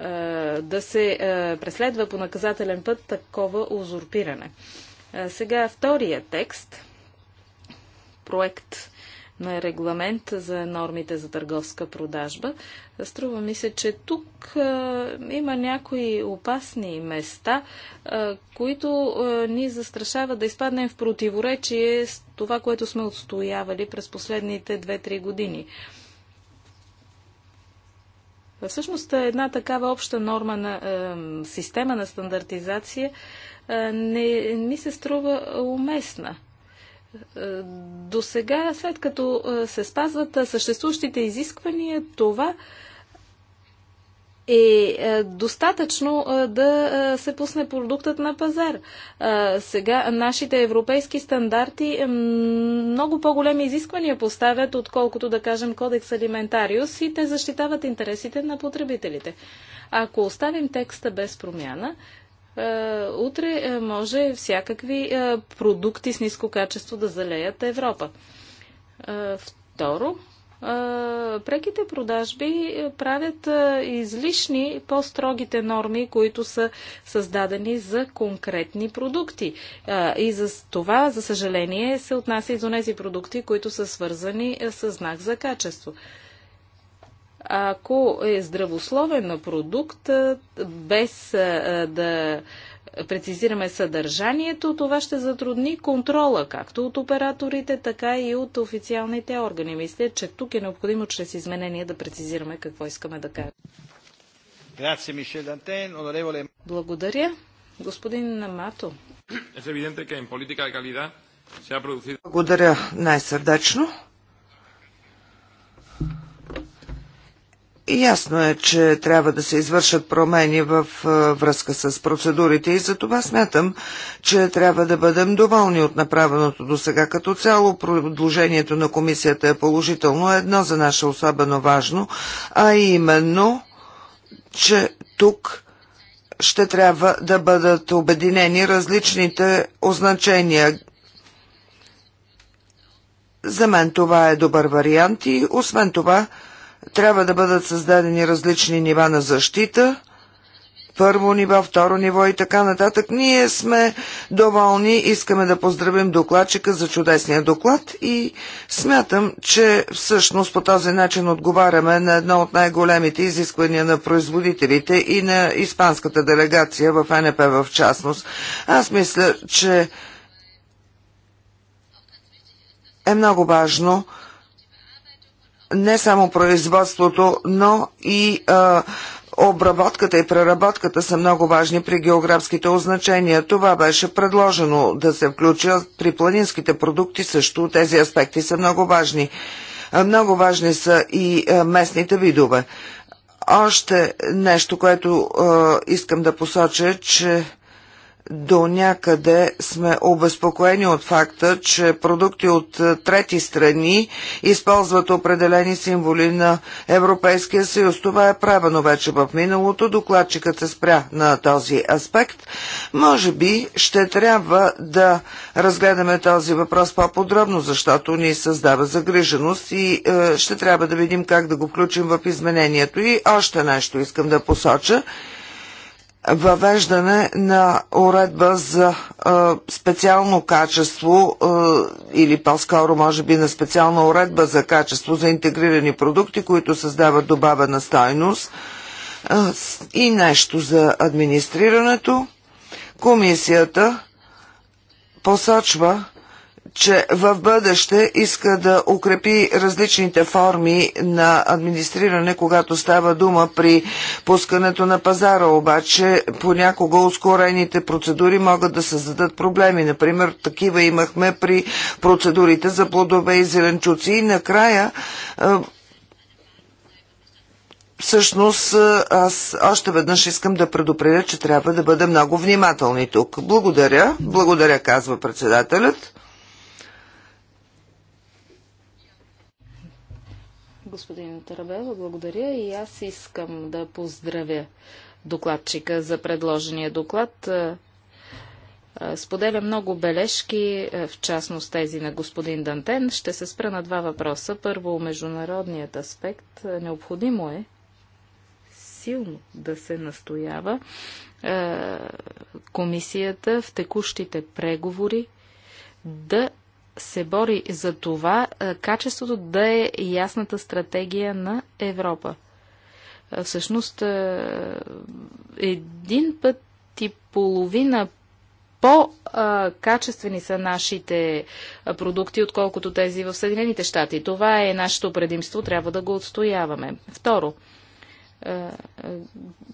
е, да се е, преследва по наказателен път такова узурпиране. Е, сега втория текст, проект на регламент за нормите за търговска продажба. Струва ми се, че тук има някои опасни места, които ни застрашава да изпаднем в противоречие с това, което сме отстоявали през последните 2-3 години. Всъщност една такава обща норма на е, система на стандартизация е, не ми се струва уместна. Е, до сега, след като е, се спазват е, съществуващите изисквания, това е достатъчно да се пусне продуктът на пазар. Сега нашите европейски стандарти много по-големи изисквания поставят, отколкото да кажем кодекс алиментариус и те защитават интересите на потребителите. Ако оставим текста без промяна, е, утре е, може всякакви е, продукти с ниско качество да залеят Европа. Второ, преките продажби правят излишни по-строгите норми, които са създадени за конкретни продукти. И за това, за съжаление, се отнася и до тези продукти, които са свързани с знак за качество ако е здравословен продукт, без да прецизираме съдържанието, това ще затрудни контрола, както от операторите, така и от официалните органи. Мисля, че тук е необходимо чрез изменение да прецизираме какво искаме да кажем. Благодаря. Господин Намато. Благодаря най-сърдечно. Ясно е, че трябва да се извършат промени в връзка с процедурите и за това смятам, че трябва да бъдем доволни от направеното до сега. Като цяло предложението на комисията е положително, едно за наше особено важно, а именно, че тук ще трябва да бъдат обединени различните означения за мен това е добър вариант и освен това трябва да бъдат създадени различни нива на защита – първо ниво, второ ниво и така нататък. Ние сме доволни, искаме да поздравим докладчика за чудесния доклад и смятам, че всъщност по този начин отговаряме на едно от най-големите изисквания на производителите и на испанската делегация в НП в частност. Аз мисля, че е много важно не само производството, но и а, Обработката и преработката са много важни при географските означения. Това беше предложено да се включат при планинските продукти също. Тези аспекти са много важни. Много важни са и местните видове. Още нещо, което е, искам да посоча, че до някъде сме обезпокоени от факта, че продукти от е, трети страни използват определени символи на Европейския съюз. Това е правено вече в миналото. Докладчикът се спря на този аспект. Може би ще трябва да разгледаме този въпрос по-подробно, защото ни създава загриженост и е, ще трябва да видим как да го включим в изменението. И още нещо искам да посоча въвеждане на уредба за а, специално качество а, или по-скоро може би на специална уредба за качество за интегрирани продукти, които създават добавена стойност а, и нещо за администрирането. Комисията посочва, че в бъдеще иска да укрепи различните форми на администриране, когато става дума при пускането на пазара. Обаче понякога ускорените процедури могат да създадат проблеми. Например, такива имахме при процедурите за плодове и зеленчуци. И накрая Всъщност, аз още веднъж искам да предупредя, че трябва да бъдем много внимателни тук. Благодаря, благодаря, казва председателят. Господин Тарабело, благодаря и аз искам да поздравя докладчика за предложения доклад. Споделя много бележки, в частност тези на господин Дантен. Ще се спра на два въпроса. Първо, международният аспект. Необходимо е силно да се настоява комисията в текущите преговори да се бори за това е, качеството да е ясната стратегия на Европа. Е, всъщност, е, един път и половина по-качествени са нашите продукти, отколкото тези в Съединените щати. Това е нашето предимство, трябва да го отстояваме. Второ, е, е,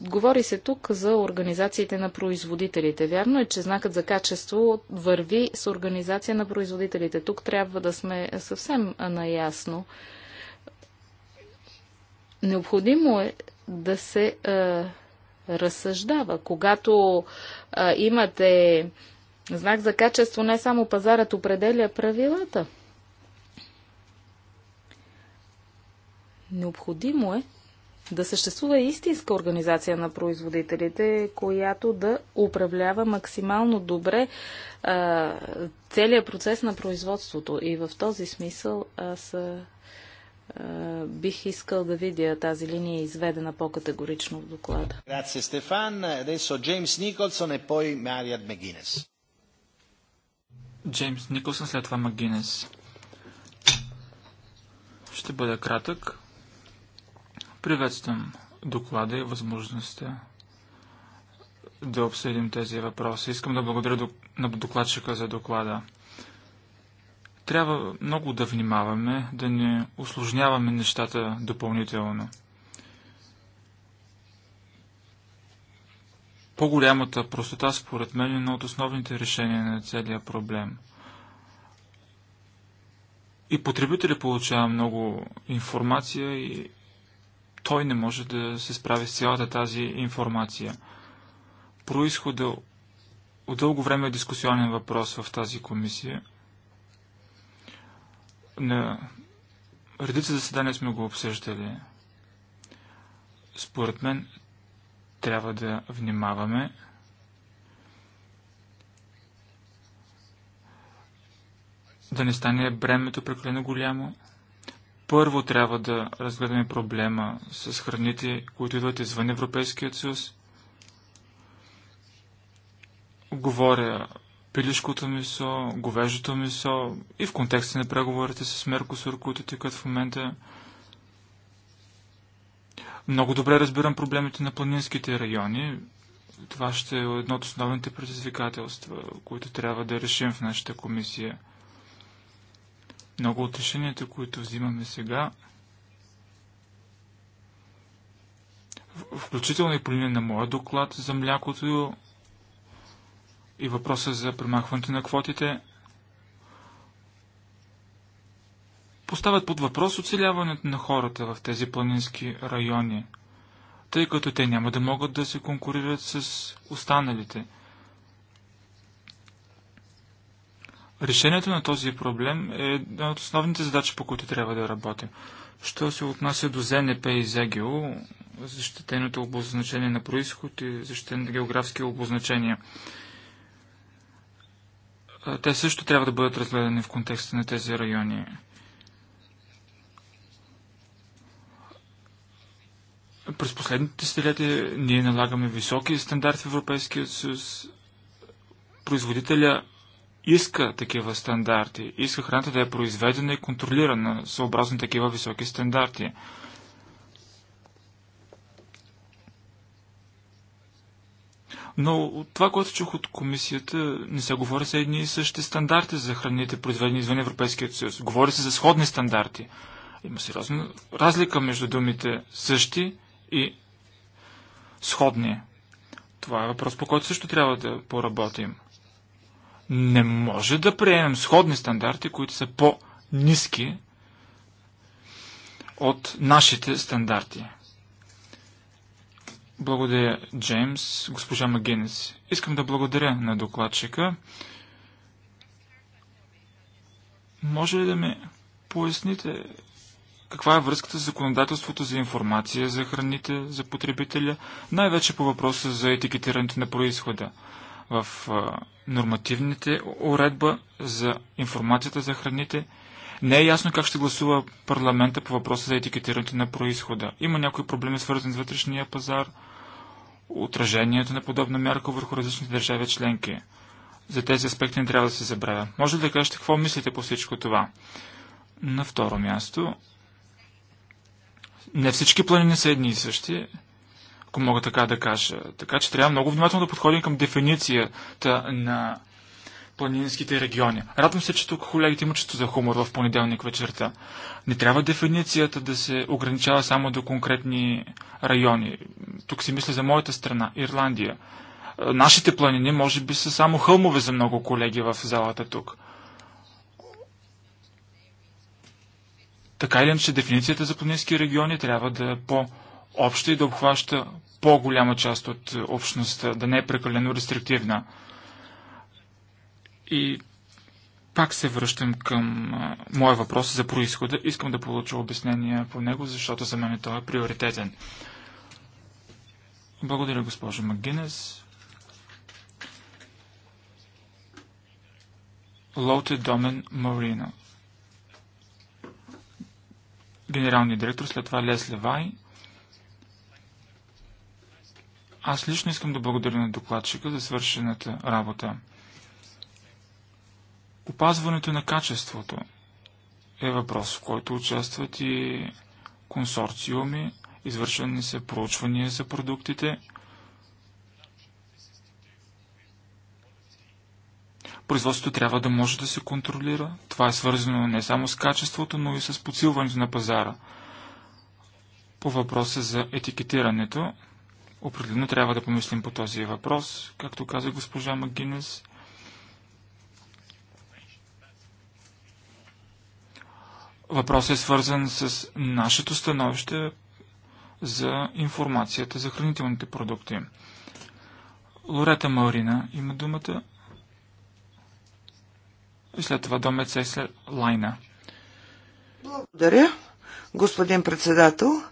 говори се тук за организациите на производителите. Вярно е, че знакът за качество върви с организация на производителите. Тук трябва да сме съвсем наясно. Необходимо е да се а, е, разсъждава. Когато а, имате знак за качество, не само пазарът определя правилата. Необходимо е да съществува истинска организация на производителите, която да управлява максимално добре а, целият процес на производството. И в този смисъл аз а, бих искал да видя тази линия изведена по-категорично в доклада. Грация, Стефан. Адесо Джеймс Николсон и пой Мариад Мегинес. Джеймс Николсън, след това Магинес. Ще бъда кратък. Приветствам доклада и възможността да обсъдим тези въпроси. Искам да благодаря на докладчика за доклада. Трябва много да внимаваме, да не осложняваме нещата допълнително. По-голямата простота, според мен, е едно от основните решения на целия проблем. И потребителя получава много информация и той не може да се справи с цялата тази информация. Происхода от дълго време е дискусионен въпрос в тази комисия. На редица заседания сме го обсъждали. Според мен трябва да внимаваме. Да не стане бремето прекалено голямо. Първо трябва да разгледаме проблема с храните, които идват извън Европейският съюз. Говоря пилишкото месо, говеждото месо и в контекста на преговорите с Меркосур, които текат в момента. Много добре разбирам проблемите на планинските райони. Това ще е едно от основните предизвикателства, които трябва да решим в нашата комисия – много от решенията, които взимаме сега, включително и по линия на моя доклад за млякото и въпроса за премахването на квотите, поставят под въпрос оцеляването на хората в тези планински райони, тъй като те няма да могат да се конкурират с останалите – Решението на този проблем е една от основните задачи, по които трябва да работим. Що се отнася до ЗНП и ЗГО, защитеното обозначение на происход и защитените географски обозначения. Те също трябва да бъдат разгледани в контекста на тези райони. През последните десетилетия ние налагаме високи стандарти в Европейския съюз. Производителя иска такива стандарти, иска храната да е произведена и контролирана съобразно такива високи стандарти. Но от това, което чух от комисията, не се говори за едни и същи стандарти за храните, произведени извън Европейския съюз. Говори се за сходни стандарти. Има сериозна разлика между думите същи и сходни. Това е въпрос, по който също трябва да поработим. Не може да приемем сходни стандарти, които са по-низки от нашите стандарти. Благодаря, Джеймс, госпожа Магинес. Искам да благодаря на докладчика. Може ли да ми поясните каква е връзката с законодателството за информация за храните за потребителя, най-вече по въпроса за етикетирането на происхода? В нормативните уредба за информацията за храните. Не е ясно как ще гласува парламента по въпроса за етикетирането на происхода. Има някои проблеми свързани с вътрешния пазар, отражението на подобна мярка върху различните държави членки. За тези аспекти не трябва да се забравя. Може ли да кажете какво мислите по всичко това? На второ място, не всички планини са едни и същи ако мога така да кажа. Така че трябва много внимателно да подходим към дефиницията на планинските региони. Радвам се, че тук колегите имат чувство за хумор в понеделник вечерта. Не трябва дефиницията да се ограничава само до конкретни райони. Тук си мисля за моята страна, Ирландия. Нашите планини може би са само хълмове за много колеги в залата тук. Така или иначе, дефиницията за планински региони трябва да е по- обща и да обхваща по-голяма част от общността, да не е прекалено рестриктивна. И пак се връщам към а, моя въпрос за происхода. Искам да получа обяснение по него, защото за мен той е приоритетен. Благодаря, госпожо Магинес. Лоте Домен Марина. Генералният директор, след това Лес Левай. Аз лично искам да благодаря на докладчика за свършената работа. Опазването на качеството е въпрос, в който участват и консорциуми, извършвани са проучвания за продуктите. Производството трябва да може да се контролира. Това е свързано не само с качеството, но и с подсилването на пазара. По въпроса за етикетирането, Определено трябва да помислим по този въпрос, както каза госпожа Магинес. Въпросът е свързан с нашето становище за информацията за хранителните продукти. Лорета Маурина има думата. И след това Домец Еслер Лайна. Благодаря, господин председател.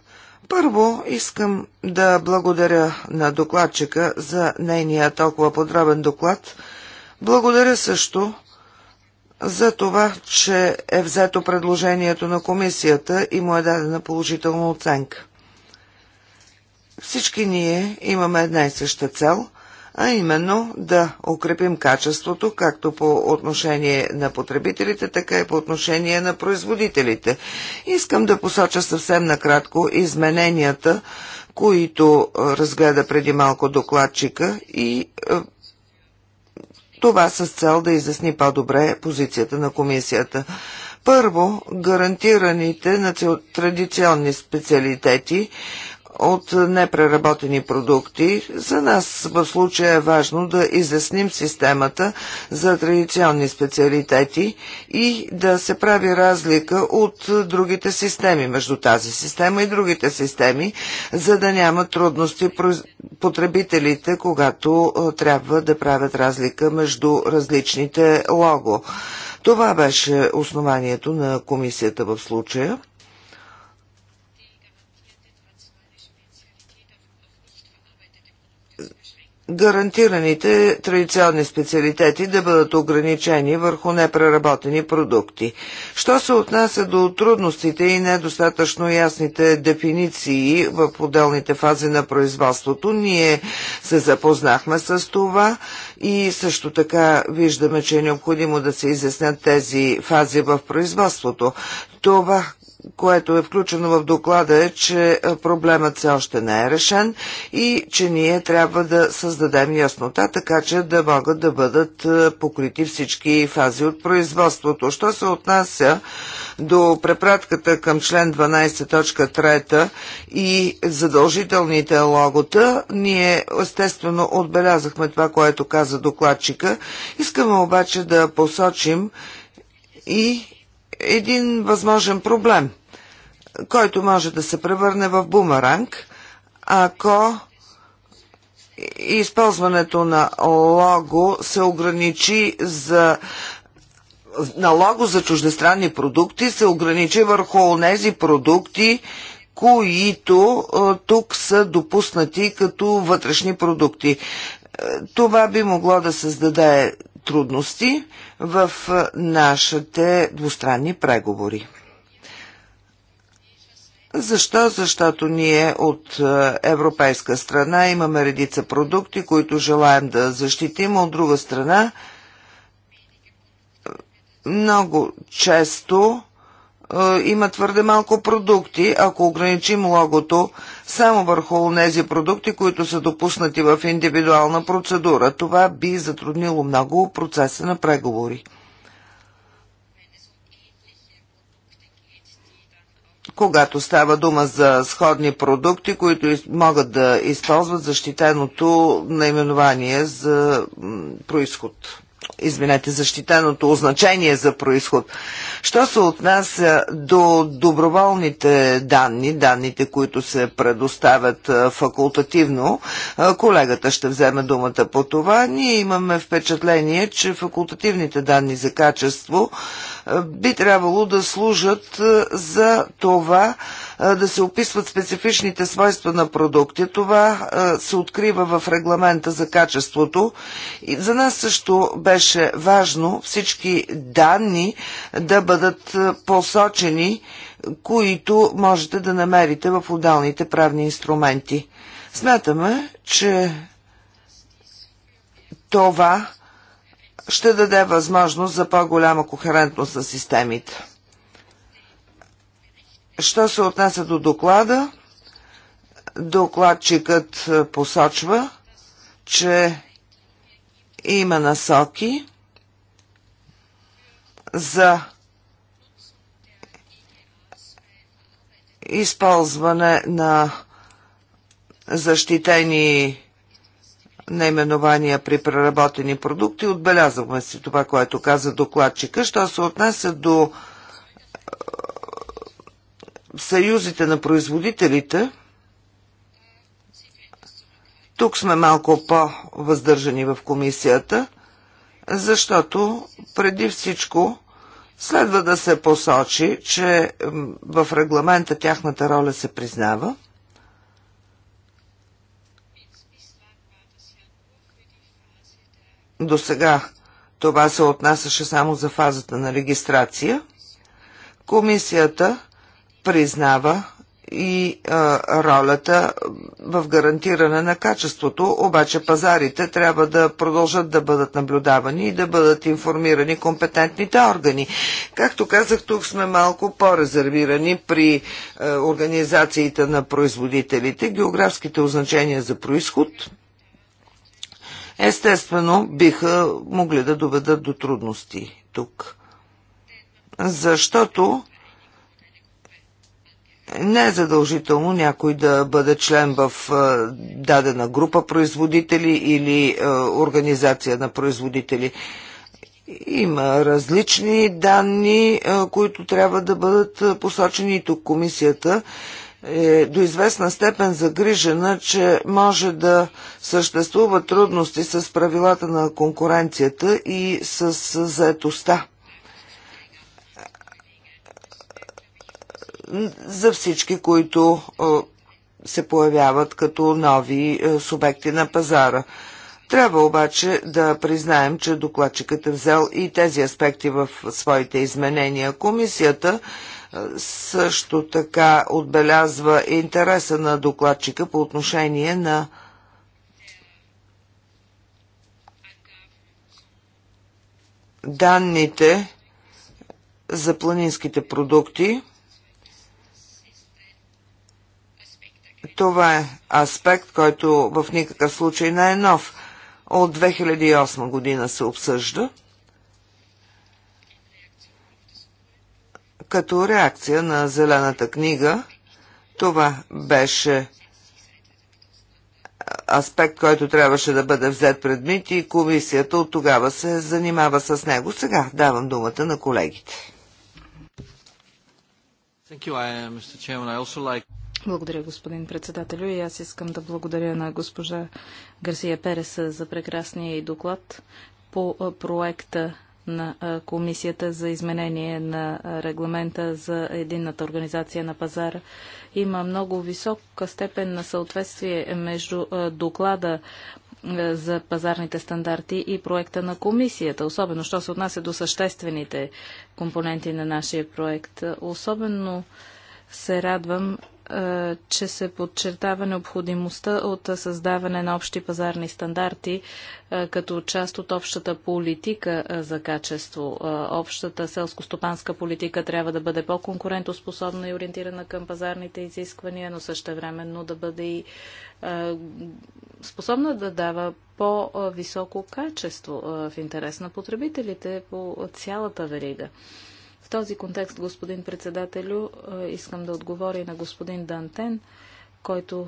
Първо искам да благодаря на докладчика за нейния толкова подробен доклад. Благодаря също за това, че е взето предложението на комисията и му е дадена положителна оценка. Всички ние имаме една и съща цел а именно да укрепим качеството както по отношение на потребителите, така и по отношение на производителите. Искам да посоча съвсем накратко измененията, които разгледа преди малко докладчика и това с цел да изясни по-добре позицията на комисията. Първо, гарантираните на традиционни специалитети – от непреработени продукти. За нас в случая е важно да изясним системата за традиционни специалитети и да се прави разлика от другите системи, между тази система и другите системи, за да няма трудности потребителите, когато трябва да правят разлика между различните лого. Това беше основанието на комисията в случая. гарантираните традиционни специалитети да бъдат ограничени върху непреработени продукти. Що се отнася до трудностите и недостатъчно ясните дефиниции в отделните фази на производството, ние се запознахме с това и също така виждаме, че е необходимо да се изяснят тези фази в производството. Това, което е включено в доклада е, че е, проблемът все още не е решен и че ние трябва да създадем яснота, така че да могат да бъдат е, покрити всички фази от производството. Що се отнася до препратката към член 12.3 и задължителните логота, ние естествено отбелязахме това, което каза докладчика. Искаме обаче да посочим и един възможен проблем, който може да се превърне в бумеранг, ако използването на лого се ограничи за налого за чуждестранни продукти се ограничи върху тези продукти, които е, тук са допуснати като вътрешни продукти. Е, това би могло да създаде трудности в нашите двустранни преговори. Защо? Защото ние от европейска страна имаме редица продукти, които желаем да защитим, от друга страна много често има твърде малко продукти. Ако ограничим логото само върху тези продукти, които са допуснати в индивидуална процедура. Това би затруднило много процеса на преговори. когато става дума за сходни продукти, които могат да използват защитеното наименование за происход извинете, защитеното означение за происход. Що се отнася до доброволните данни, данните, които се предоставят факултативно, колегата ще вземе думата по това. Ние имаме впечатление, че факултативните данни за качество би трябвало да служат за това, да се описват специфичните свойства на продукти. Това се открива в регламента за качеството. И за нас също беше важно всички данни да бъдат посочени, които можете да намерите в отдалните правни инструменти. Смятаме, че това ще даде възможност за по-голяма кохерентност на системите. Що се отнася до доклада, докладчикът е, посочва, че има насоки за използване на защитени наименования при преработени продукти. Отбелязваме си това, което каза докладчика. Що се отнася до съюзите на производителите, тук сме малко по-въздържани в комисията, защото преди всичко следва да се посочи, че в регламента тяхната роля се признава. До сега това се отнасяше само за фазата на регистрация. Комисията признава и а, ролята в гарантиране на качеството, обаче пазарите трябва да продължат да бъдат наблюдавани и да бъдат информирани компетентните органи. Както казах, тук сме малко по-резервирани при а, е, организациите на производителите, географските означения за происход естествено биха могли да доведат до трудности тук. Защото не е задължително някой да бъде член в дадена група производители или организация на производители. Има различни данни, които трябва да бъдат посочени и тук комисията е до известна степен загрижена, че може да съществуват трудности с правилата на конкуренцията и с заетостта. за всички, които се появяват като нови субекти на пазара. Трябва обаче да признаем, че докладчикът е взел и тези аспекти в своите изменения. Комисията също така отбелязва интереса на докладчика по отношение на данните за планинските продукти – Това е аспект, който в никакъв случай не е нов. От 2008 година се обсъжда като реакция на Зелената книга. Това беше аспект, който трябваше да бъде взет предмет и комисията от тогава се занимава с него. Сега давам думата на колегите. Благодаря, господин председателю. И аз искам да благодаря на госпожа Гарсия Перес за прекрасния и доклад по проекта на Комисията за изменение на регламента за единната организация на пазара. Има много висока степен на съответствие между доклада за пазарните стандарти и проекта на комисията, особено що се отнася до съществените компоненти на нашия проект. Особено се радвам, е, че се подчертава необходимостта от създаване на общи пазарни стандарти е, като част от общата политика е, за качество. Общата селско-стопанска политика трябва да бъде по-конкурентоспособна и ориентирана към пазарните изисквания, но същевременно да бъде и способна да дава по-високо качество в интерес на потребителите по цялата верига. В този контекст, господин председателю, е, искам да отговоря на господин Дантен, който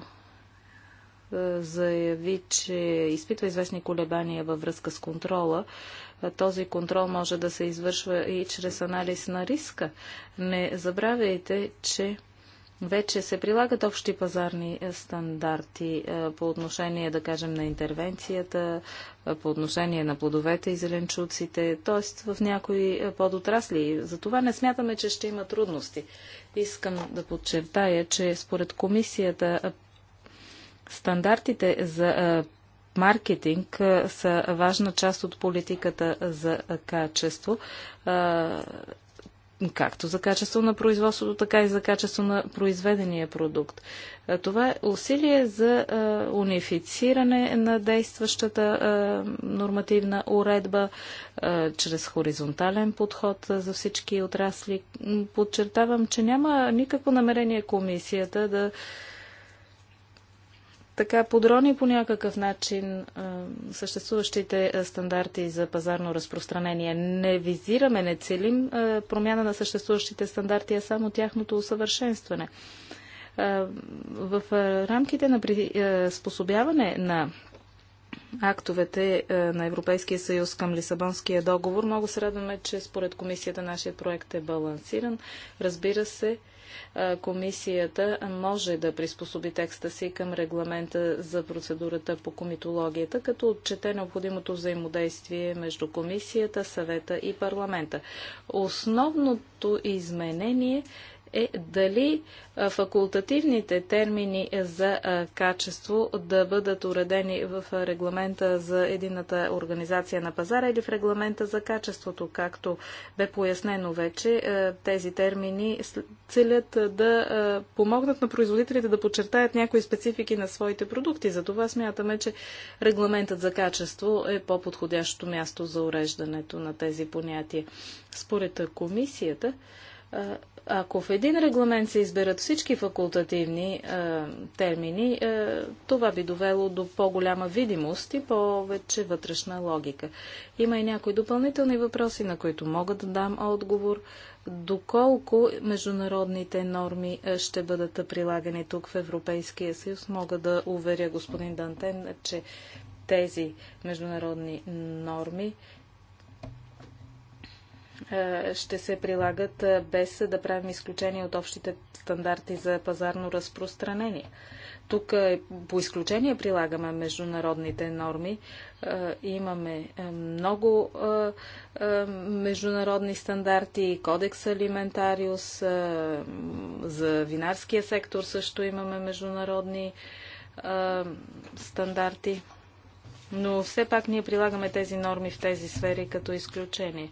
е, заяви, че изпитва известни колебания във връзка с контрола. Е, този контрол може да се извършва и чрез анализ на риска. Не забравяйте, че вече се прилагат общи пазарни е, стандарти е, по отношение, да кажем, на интервенцията, е, по отношение на плодовете и зеленчуците, т.е. в някои подотрасли. Затова не смятаме, че ще има трудности. Искам да подчертая, че според комисията стандартите за маркетинг са важна част от политиката за качество както за качество на производството, така и за качество на произведения продукт. Това е усилие за унифициране на действащата нормативна уредба чрез хоризонтален подход за всички отрасли. Подчертавам, че няма никакво намерение комисията да така подрони по някакъв начин съществуващите стандарти за пазарно разпространение. Не визираме, не целим промяна на съществуващите стандарти, а само тяхното усъвършенстване. В рамките на приспособяване на актовете на Европейския съюз към Лисабонския договор. Много се радваме, че според комисията нашия проект е балансиран. Разбира се, комисията може да приспособи текста си към регламента за процедурата по комитологията, като отчете необходимото взаимодействие между комисията, съвета и парламента. Основното изменение е дали факултативните термини за качество да бъдат уредени в регламента за едината организация на пазара или в регламента за качеството. Както бе пояснено вече, тези термини целят да помогнат на производителите да подчертаят някои специфики на своите продукти. Затова смятаме, че регламентът за качество е по-подходящото място за уреждането на тези понятия. Според комисията, ако в един регламент се изберат всички факултативни е, термини, е, това би довело до по-голяма видимост и повече вътрешна логика. Има и някои допълнителни въпроси, на които мога да дам отговор. Доколко международните норми ще бъдат прилагани тук в Европейския съюз, мога да уверя господин Дантен, че тези международни норми е, ще се прилагат е, без да правим изключение от общите стандарти за пазарно разпространение. Тук е, по изключение прилагаме международните норми. Имаме много международни стандарти, кодекс алиментариус, за винарския сектор също имаме международни стандарти. Но все пак ние прилагаме тези норми в тези сфери като изключение.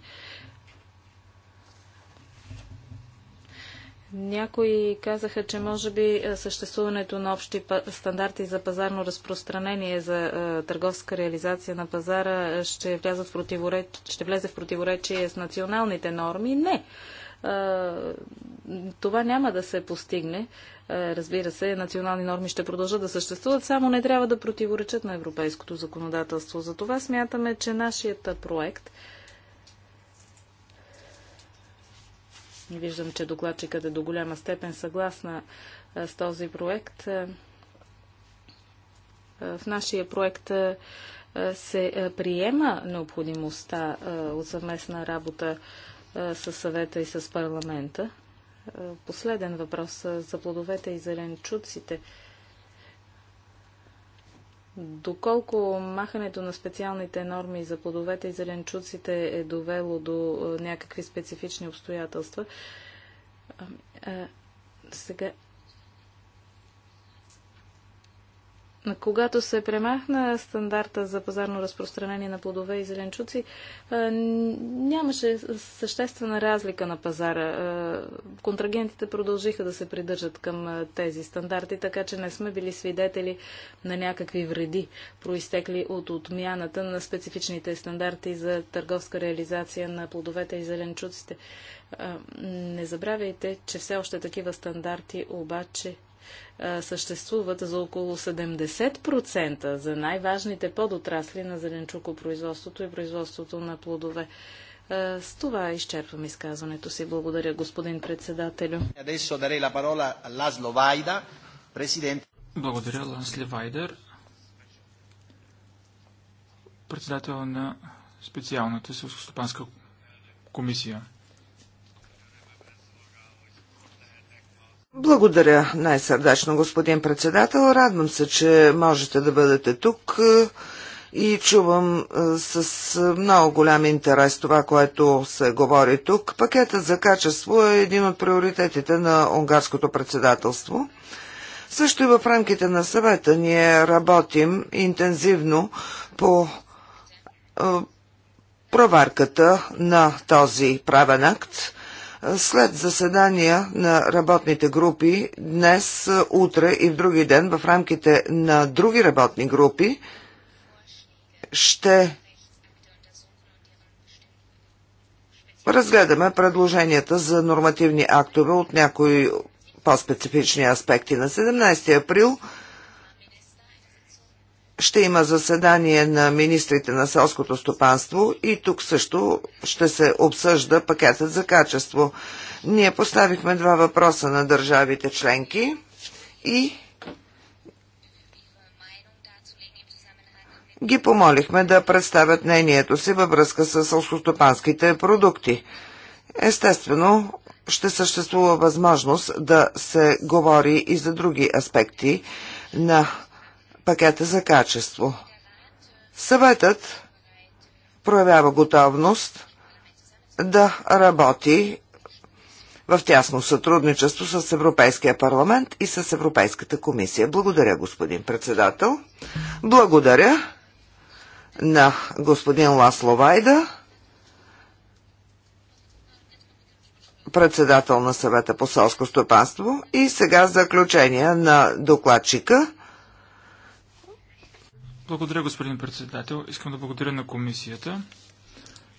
Някои казаха, че може би е, съществуването на общи стандарти за пазарно разпространение за е, търговска реализация на пазара е, ще, в противореч... ще влезе в противоречие с националните норми. Не. Това няма да се постигне. Разбира се, национални норми ще продължат да съществуват, само не трябва да противоречат на европейското законодателство. Затова смятаме, че нашият проект Виждам, че докладчикът е до голяма степен съгласна с този проект. В нашия проект се приема необходимостта от съвместна работа с съвета и с парламента. Последен въпрос за плодовете и зеленчуците – Доколко махането на специалните норми за плодовете и зеленчуците е довело до е, някакви специфични обстоятелства, е, сега Когато се премахна стандарта за пазарно разпространение на плодове и зеленчуци, нямаше съществена разлика на пазара. Контрагентите продължиха да се придържат към тези стандарти, така че не сме били свидетели на някакви вреди, проистекли от отмяната на специфичните стандарти за търговска реализация на плодовете и зеленчуците. Не забравяйте, че все още такива стандарти обаче съществуват за около 70% за най-важните подотрасли на зеленчукопроизводството и производството на плодове. с това изчерпвам изказването си. Благодаря, господин председателю. Благодаря, Лансли Вайдер, председател на специалната селскостопанска комисия. Благодаря най-сърдечно, господин председател. Радвам се, че можете да бъдете тук е, и чувам е, с е, много голям интерес това, което се говори тук. Пакетът за качество е един от приоритетите на унгарското председателство. Също и в рамките на съвета ние работим интензивно по проварката на този правен акт. След заседания на работните групи днес, е, утре и в други ден в рамките на други работни групи ще разгледаме предложенията за нормативни актове от някои по-специфични аспекти. На 17 април ще има заседание на министрите на селското стопанство и тук също ще се обсъжда пакетът за качество. Ние поставихме два въпроса на държавите членки и ги помолихме да представят мнението си във връзка с селскостопанските продукти. Естествено, ще съществува възможност да се говори и за други аспекти на пакета за качество. Съветът проявява готовност да работи в тясно сътрудничество с Европейския парламент и с Европейската комисия. Благодаря, господин председател. Благодаря на господин Ласло Вайда, председател на съвета по селско стопанство и сега заключение на докладчика благодаря, господин председател. Искам да благодаря на комисията,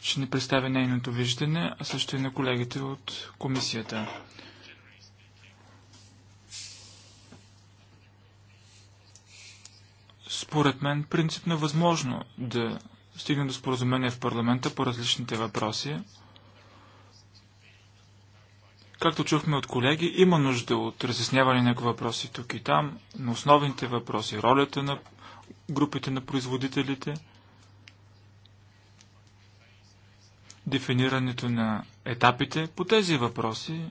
че ни представя нейното виждане, а също и на колегите от комисията. Според мен, принципно е възможно да стигне до споразумение в парламента по различните въпроси. Както чухме от колеги, има нужда от разясняване на въпроси тук и там, на основните въпроси, ролята на групите на производителите, дефинирането на етапите. По тези въпроси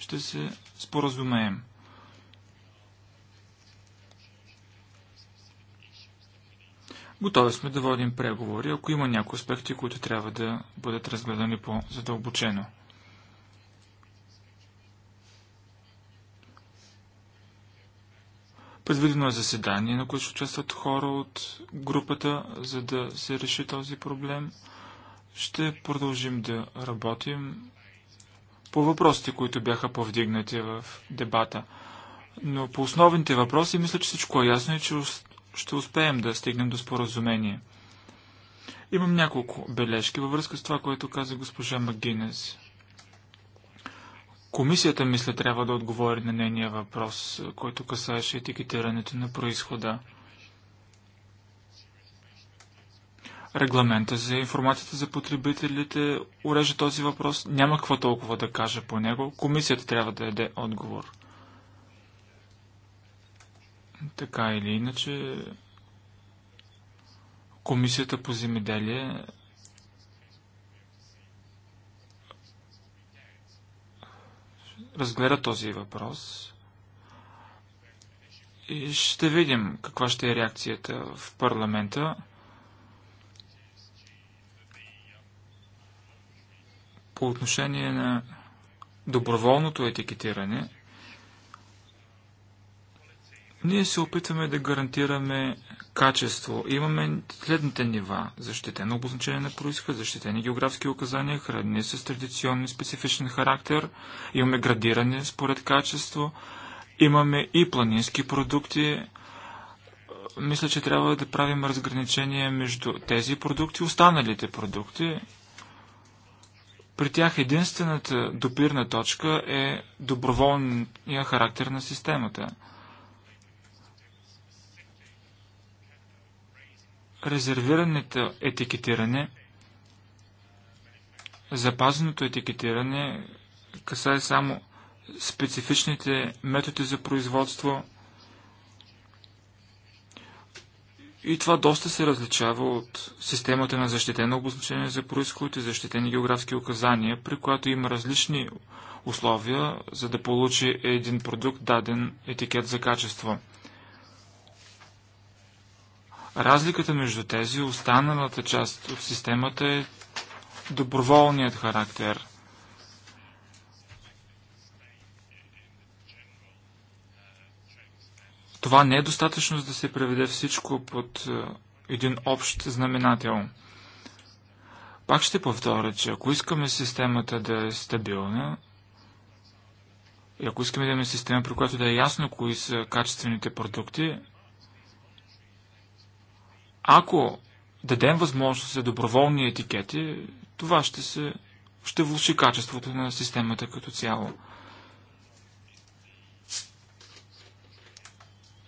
ще се споразумеем. Готови сме да водим преговори, ако има някои аспекти, които трябва да бъдат разгледани по-задълбочено. Предвидено е заседание, на което ще участват хора от групата, за да се реши този проблем. Ще продължим да работим по въпросите, които бяха повдигнати в дебата. Но по основните въпроси мисля, че всичко е ясно и че ще успеем да стигнем до споразумение. Имам няколко бележки във връзка с това, което каза госпожа Магинес. Комисията, мисля, трябва да отговори на нейния въпрос, който касаеше етикетирането на происхода. Регламента за информацията за потребителите урежда този въпрос. Няма какво толкова да кажа по него. Комисията трябва да даде отговор. Така или иначе, Комисията по земеделие разгледа този въпрос и ще видим каква ще е реакцията в парламента. По отношение на доброволното етикетиране, ние се опитваме да гарантираме качество. Имаме следните нива. Защитено обозначение на происход, защитени географски указания, храни с традиционни специфичен характер, имаме градиране според качество, имаме и планински продукти. Мисля, че трябва да правим разграничение между тези продукти и останалите продукти. При тях единствената допирна точка е доброволния характер на системата – резервираното етикетиране, запазеното етикетиране касае само специфичните методи за производство и това доста се различава от системата на защитено обозначение за происход и защитени географски указания, при която има различни условия, за да получи един продукт даден етикет за качество – Разликата между тези останалата част от системата е доброволният характер. Това не е достатъчно, за да се преведе всичко под е, един общ знаменател. Пак ще повторя, че ако искаме системата да е стабилна, и ако искаме да имаме система, при която да е ясно кои са качествените продукти, ако дадем възможност за доброволни етикети, това ще, се, ще влуши качеството на системата като цяло.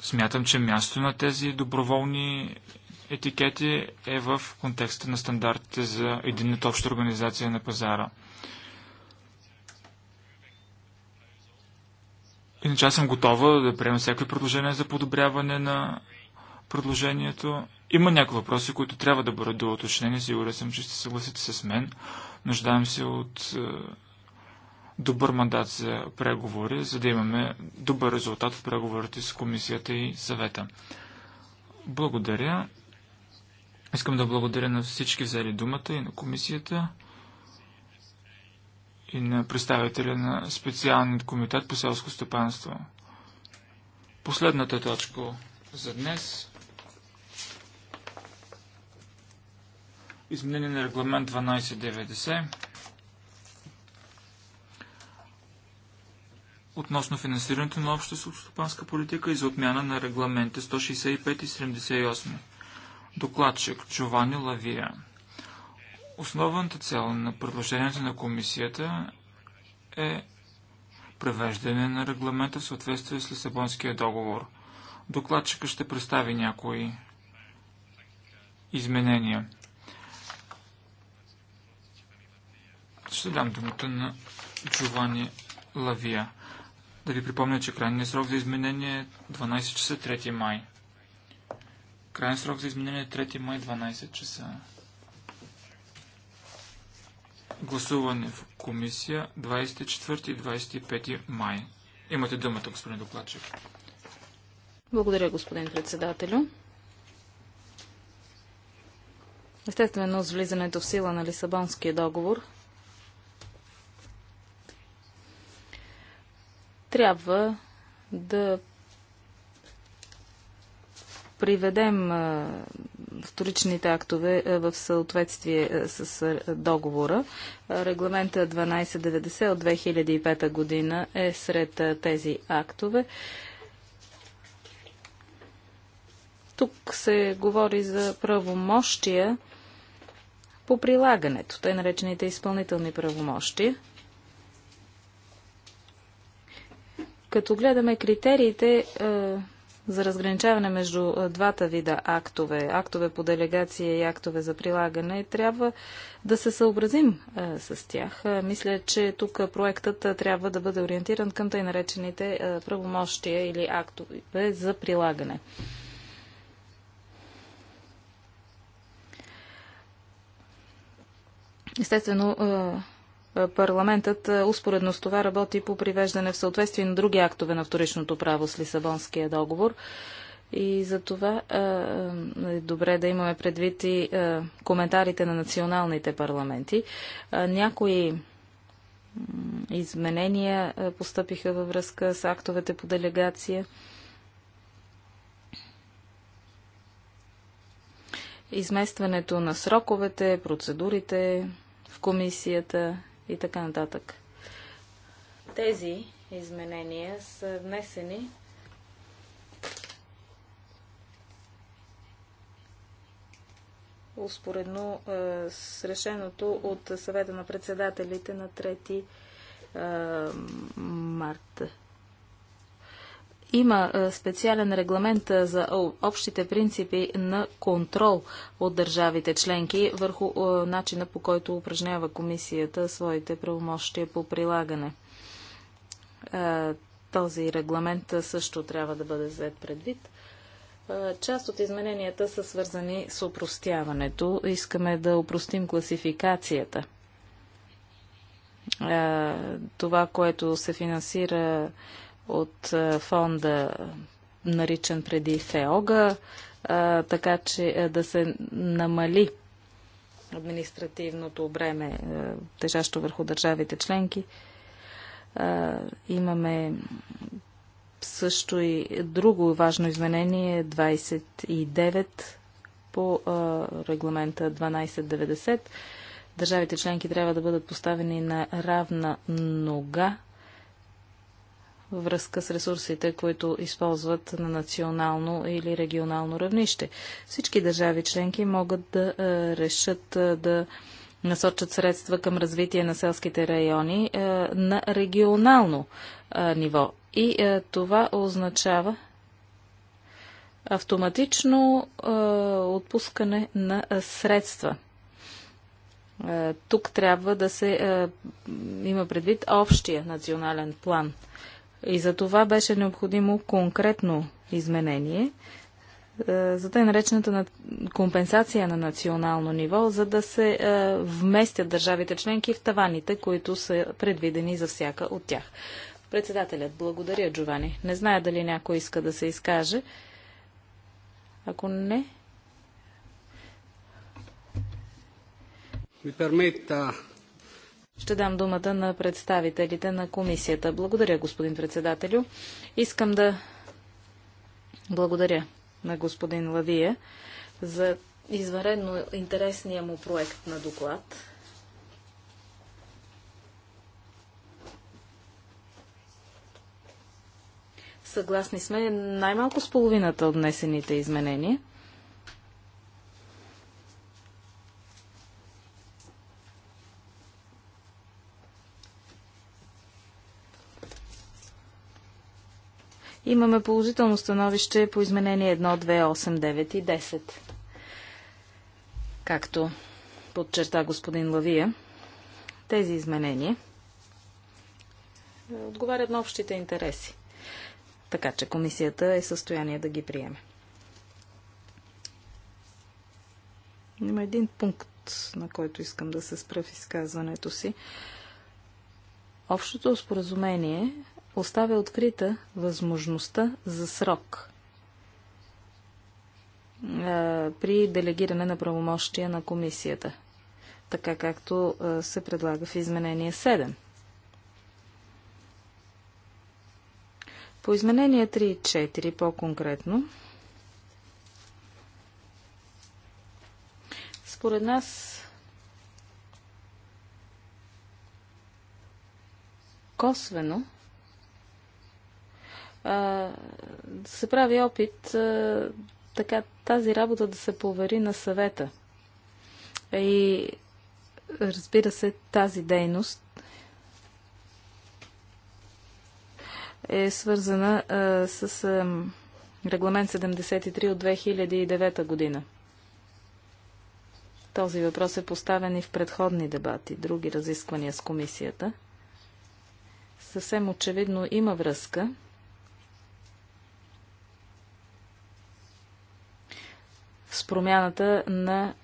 Смятам, че място на тези доброволни етикети е в контекста на стандартите за единната обща организация на пазара. Иначе аз съм готова да приема всякакви предложения за подобряване на предложението. Има някои въпроси, които трябва да бъдат доуточнени. Сигурен съм, че ще съгласите с мен. Нуждаем се от е, добър мандат за преговори, за да имаме добър резултат в преговорите с комисията и съвета. Благодаря. Искам да благодаря на всички взели думата и на комисията и на представителя на специалният комитет по селско стопанство. Последната точка за днес изменение на регламент 1290 относно финансирането на обща субстопанска политика и за отмяна на регламенти 165 и 78. Докладчик Джовани Лавия. Основната цел на предложението на комисията е превеждане на регламента в съответствие с Лисабонския договор. Докладчика ще представи някои изменения. Ще дам думата на Джовани Лавия. Да ви припомня, че крайният срок за изменение е 12 часа 3 май. Крайният срок за изменение е 3 май 12 часа. Гласуване в комисия 24 и 25 май. Имате думата, господин докладчик. Благодаря, господин председателю. Естествено, с влизането в сила на Лисабонския договор, трябва да приведем вторичните актове в съответствие с договора. Регламента 1290 от 2005 година е сред тези актове. Тук се говори за правомощия по прилагането, тъй наречените изпълнителни правомощия. Като гледаме критериите е, за разграничаване между е, двата вида актове, актове по делегация и актове за прилагане, трябва да се съобразим а, е, с тях. А, мисля, че тук проектът а, трябва да бъде ориентиран към тъй наречените а, правомощия или актове за прилагане. Естествено, а, парламентът е, успоредно с това работи по привеждане в съответствие на други актове на вторичното право с Лисабонския договор. И за това е, е, е добре да имаме предвид и коментарите на националните парламенти. Някои изменения постъпиха във връзка с актовете по делегация. Изместването на сроковете, процедурите в комисията и така нататък. Тези изменения са внесени успоредно е, с решеното от съвета на председателите на 3 е, марта. Има е, специален регламент е, за общите принципи на контрол от държавите членки върху е, начина по който упражнява комисията своите правомощия по прилагане. Този регламент също трябва да бъде взет предвид. Част от измененията са свързани с упростяването. Искаме да опростим класификацията. Това, което се финансира от фонда, наричан преди ФЕОГА, така че да се намали административното бреме, тежащо върху държавите членки. Имаме също и друго важно изменение 29 по регламента 1290. Държавите членки трябва да бъдат поставени на равна нога връзка с ресурсите, които използват на национално или регионално равнище. Всички държави членки могат да е, решат е, да насочат средства към развитие на селските райони е, на регионално ниво. И това означава автоматично отпускане на средства. Тук трябва да се има предвид общия национален план – и за това беше необходимо конкретно изменение е, за тъй наречената компенсация на национално ниво, за да се е, вместят държавите членки в таваните, които са предвидени за всяка от тях. Председателят, благодаря, Джовани. Не зная дали някой иска да се изкаже. Ако не... Ми пермета ще дам думата на представителите на комисията. Благодаря, господин председателю. Искам да благодаря на господин Лавия за извънредно интересния му проект на доклад. Съгласни сме най-малко с половината от внесените изменения – Имаме положително становище по изменение 1, 2, 8, 9 и 10. Както подчерта господин Лавия, тези изменения е, отговарят на общите интереси. Така че комисията е в състояние да ги приеме. Има един пункт, на който искам да се спра в изказването си. Общото споразумение оставя открита възможността за срок при делегиране на правомощия на комисията, така както се предлага в изменение 7. По изменения 3 и 4 по-конкретно, според нас косвено а, се прави опит а, така тази работа да се повери на съвета. И разбира се, тази дейност е свързана а, с а, регламент 73 от 2009 година. Този въпрос е поставен и в предходни дебати, други разисквания с комисията. Съвсем очевидно има връзка с промяната на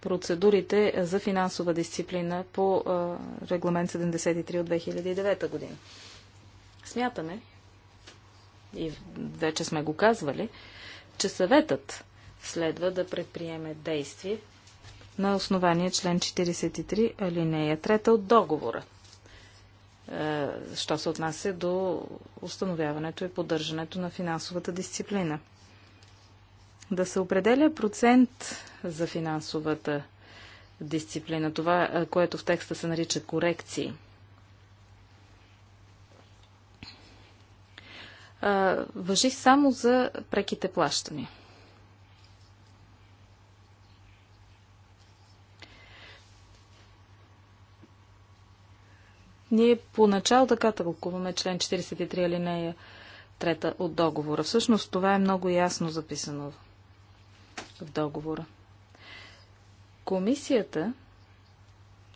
процедурите за финансова дисциплина по регламент 73 от 2009 година. Смятаме, и вече сме го казвали, че съветът следва да предприеме действие на основание член 43 алинея 3 от договора, що се отнася до установяването и поддържането на финансовата дисциплина да се определя процент за финансовата дисциплина, това, е, което в текста се нарича корекции. Въжи само за преките плащания. Ние поначало така тълкуваме член 43 алинея 3 от договора. Всъщност това е много ясно записано в договора. Комисията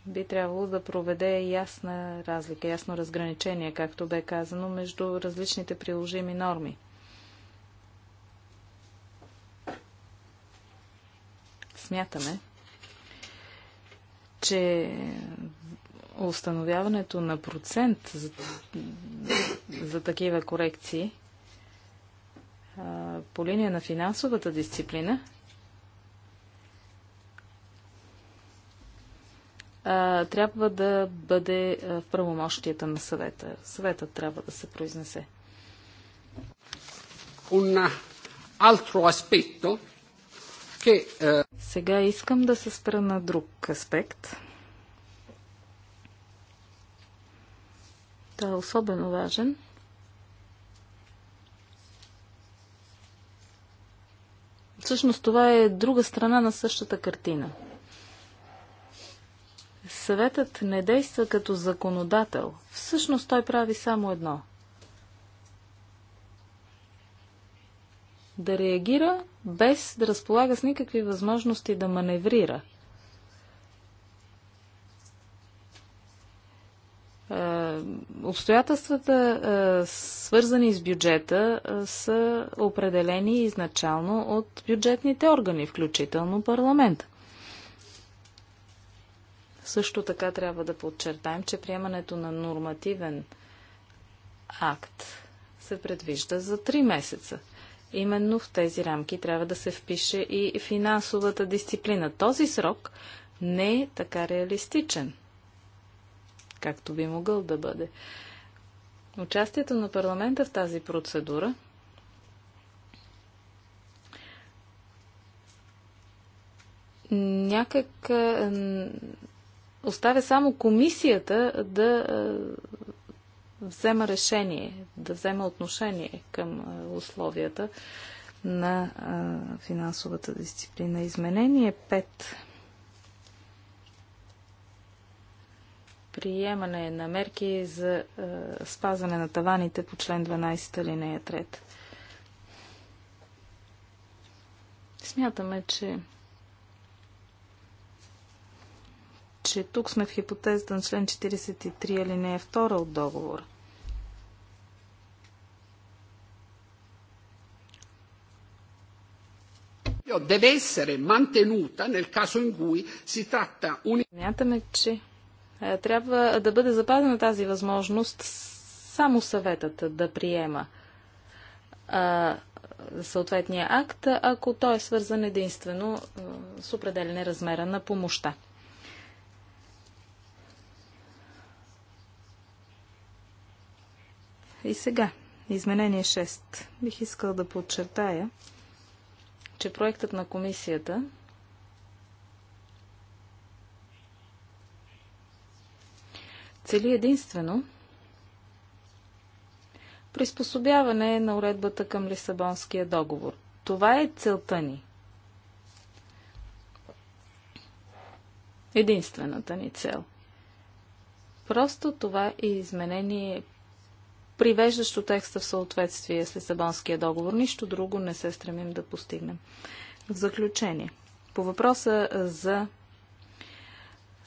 би трябвало да проведе ясна разлика, ясно разграничение, както бе казано, между различните приложими норми. Смятаме, че установяването на процент за, за такива корекции по линия на финансовата дисциплина а, трябва да бъде в правомощията на съвета. Съветът трябва да се произнесе. Eh, Сега искам да се спра на друг аспект. Той е особено важен. Всъщност това е друга страна на същата картина – Съветът не действа като законодател. Всъщност той прави само едно. Да реагира без да разполага с никакви възможности да маневрира. Е, обстоятелствата, е, свързани с бюджета, е, са определени изначално от бюджетните органи, включително парламента. Също така трябва да подчертаем, че приемането на нормативен акт се предвижда за 3 месеца. Именно в тези рамки трябва да се впише и финансовата дисциплина. Този срок не е така реалистичен, както би могъл да бъде. Участието на парламента в тази процедура някак оставя само комисията да е, взема решение, да взема отношение към е, условията на е, финансовата дисциплина. Изменение 5. Приемане на мерки за спазване на таваните по член 12 алинея 3. Смятаме, че че тук сме в хипотезата на член 43 алинея втора от договора. deve essere mantenuta nel caso in cui si tratta un... Мятаме, че е, трябва да бъде запазена тази възможност само съветът да приема съответния акт, ако той е свързан единствено е, с определене размера на помощта. И сега, изменение 6. Бих искал да подчертая, че проектът на комисията цели единствено приспособяване на уредбата към Лисабонския договор. Това е целта ни. Единствената ни цел. Просто това е изменение привеждащо текста в съответствие с Лисабонския договор. Нищо друго не се стремим да постигнем. В заключение, по въпроса за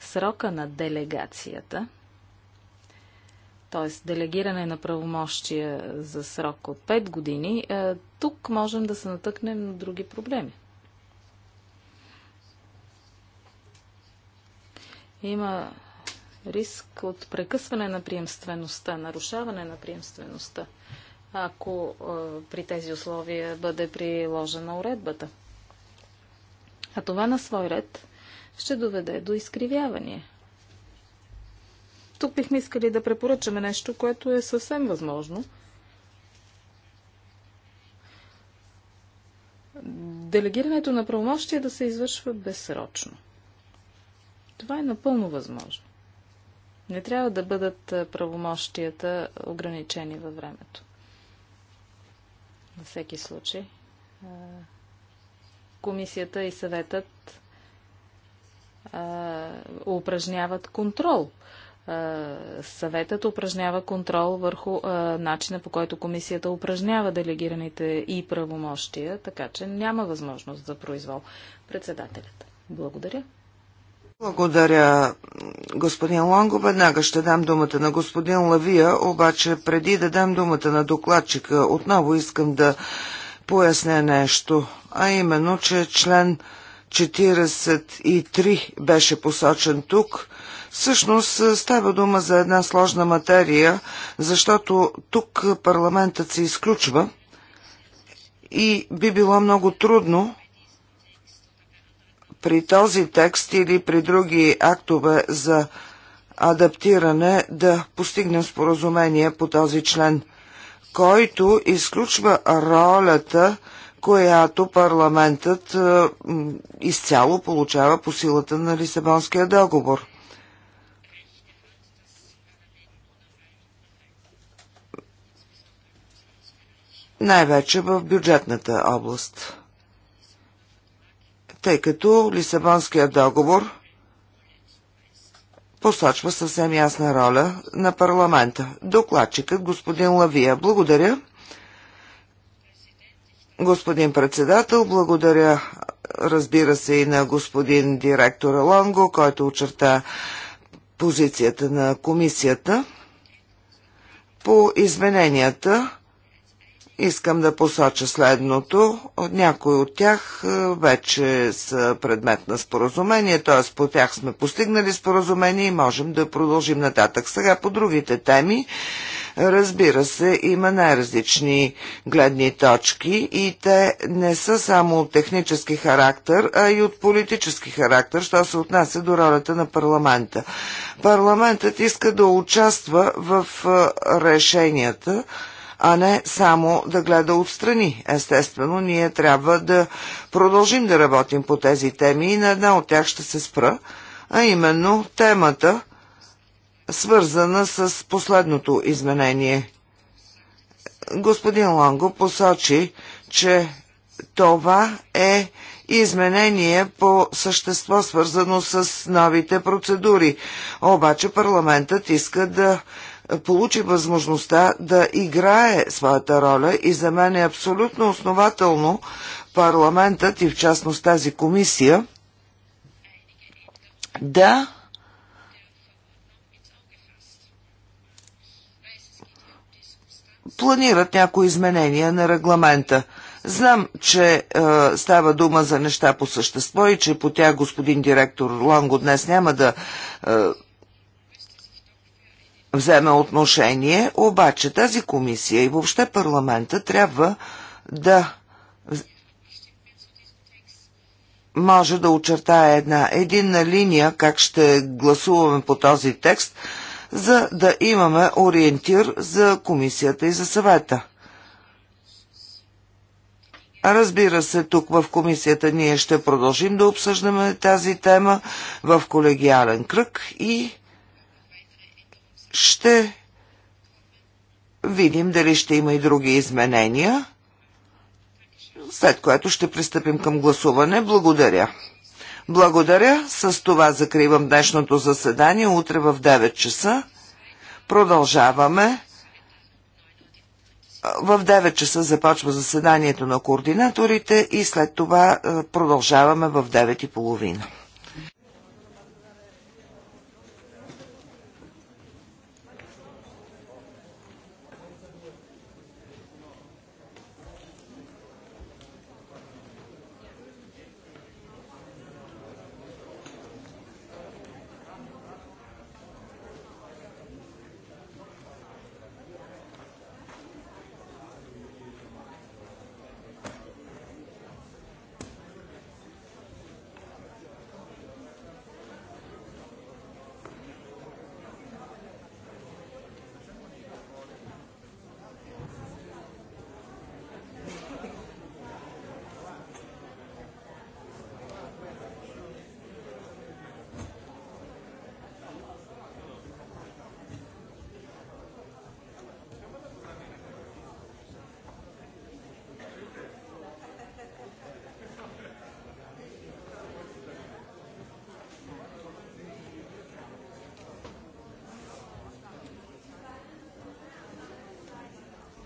срока на делегацията, т.е. делегиране на правомощия за срок от 5 години, е, тук можем да се натъкнем на други проблеми. Има риск от прекъсване на приемствеността, нарушаване на приемствеността, ако а, при тези условия бъде приложена уредбата. А това на свой ред ще доведе до изкривяване. Тук бихме искали да препоръчаме нещо, което е съвсем възможно. Делегирането на правомощия да се извършва безсрочно. Това е напълно възможно. Не трябва да бъдат правомощията ограничени във времето. На всеки случай. Комисията и съветът упражняват контрол. съветът упражнява контрол върху начина по който комисията упражнява делегираните и правомощия, така че няма възможност за произвол. Председателят. Благодаря. Благодаря, господин Лонго. Веднага ще дам думата на господин Лавия, обаче преди да дам думата на докладчика, отново искам да поясня нещо, а именно, че член 43 беше посочен тук. Всъщност е, става дума за една сложна материя, защото тук парламентът се изключва и би било много трудно при този текст или при други актове за адаптиране да постигнем споразумение по този член, който изключва ролята, която парламентът е, изцяло получава по силата на Лисабонския договор. Най-вече в бюджетната област тъй като Лисабонският договор посочва съвсем ясна роля на парламента. Докладчикът господин Лавия. Благодаря. Господин председател, благодаря разбира се и на господин директор Лонго, който очерта позицията на комисията по измененията Искам да посоча следното. От някои от тях е, вече са предмет на споразумение, т.е. по тях сме постигнали споразумение и можем да продължим нататък. Сега по другите теми, разбира се, има най-различни гледни точки и те не са само от технически характер, а и от политически характер, що се отнася до ролята на парламента. Парламентът иска да участва в е, решенията, а не само да гледа отстрани. Естествено, ние трябва да продължим да работим по тези теми и на една от тях ще се спра, а именно темата, свързана с последното изменение. Господин Ланго посочи, че това е изменение по същество свързано с новите процедури. Обаче парламентът иска да получи възможността да играе своята роля и за мен е абсолютно основателно парламентът и в частност тази комисия да планират някои изменения на регламента. Знам, че е, става дума за неща по същество и че по тях господин директор Ланго днес няма да е, вземе отношение, обаче тази комисия и въобще парламента трябва да може да очертая една единна линия, как ще гласуваме по този текст, за да имаме ориентир за комисията и за съвета. Разбира се, тук в комисията ние ще продължим да обсъждаме тази тема в колегиален кръг и ще видим дали ще има и други изменения, след което ще пристъпим към гласуване. Благодаря. Благодаря. С това закривам днешното заседание. Утре в 9 часа продължаваме. В 9 часа започва заседанието на координаторите и след това е, продължаваме в 9.30.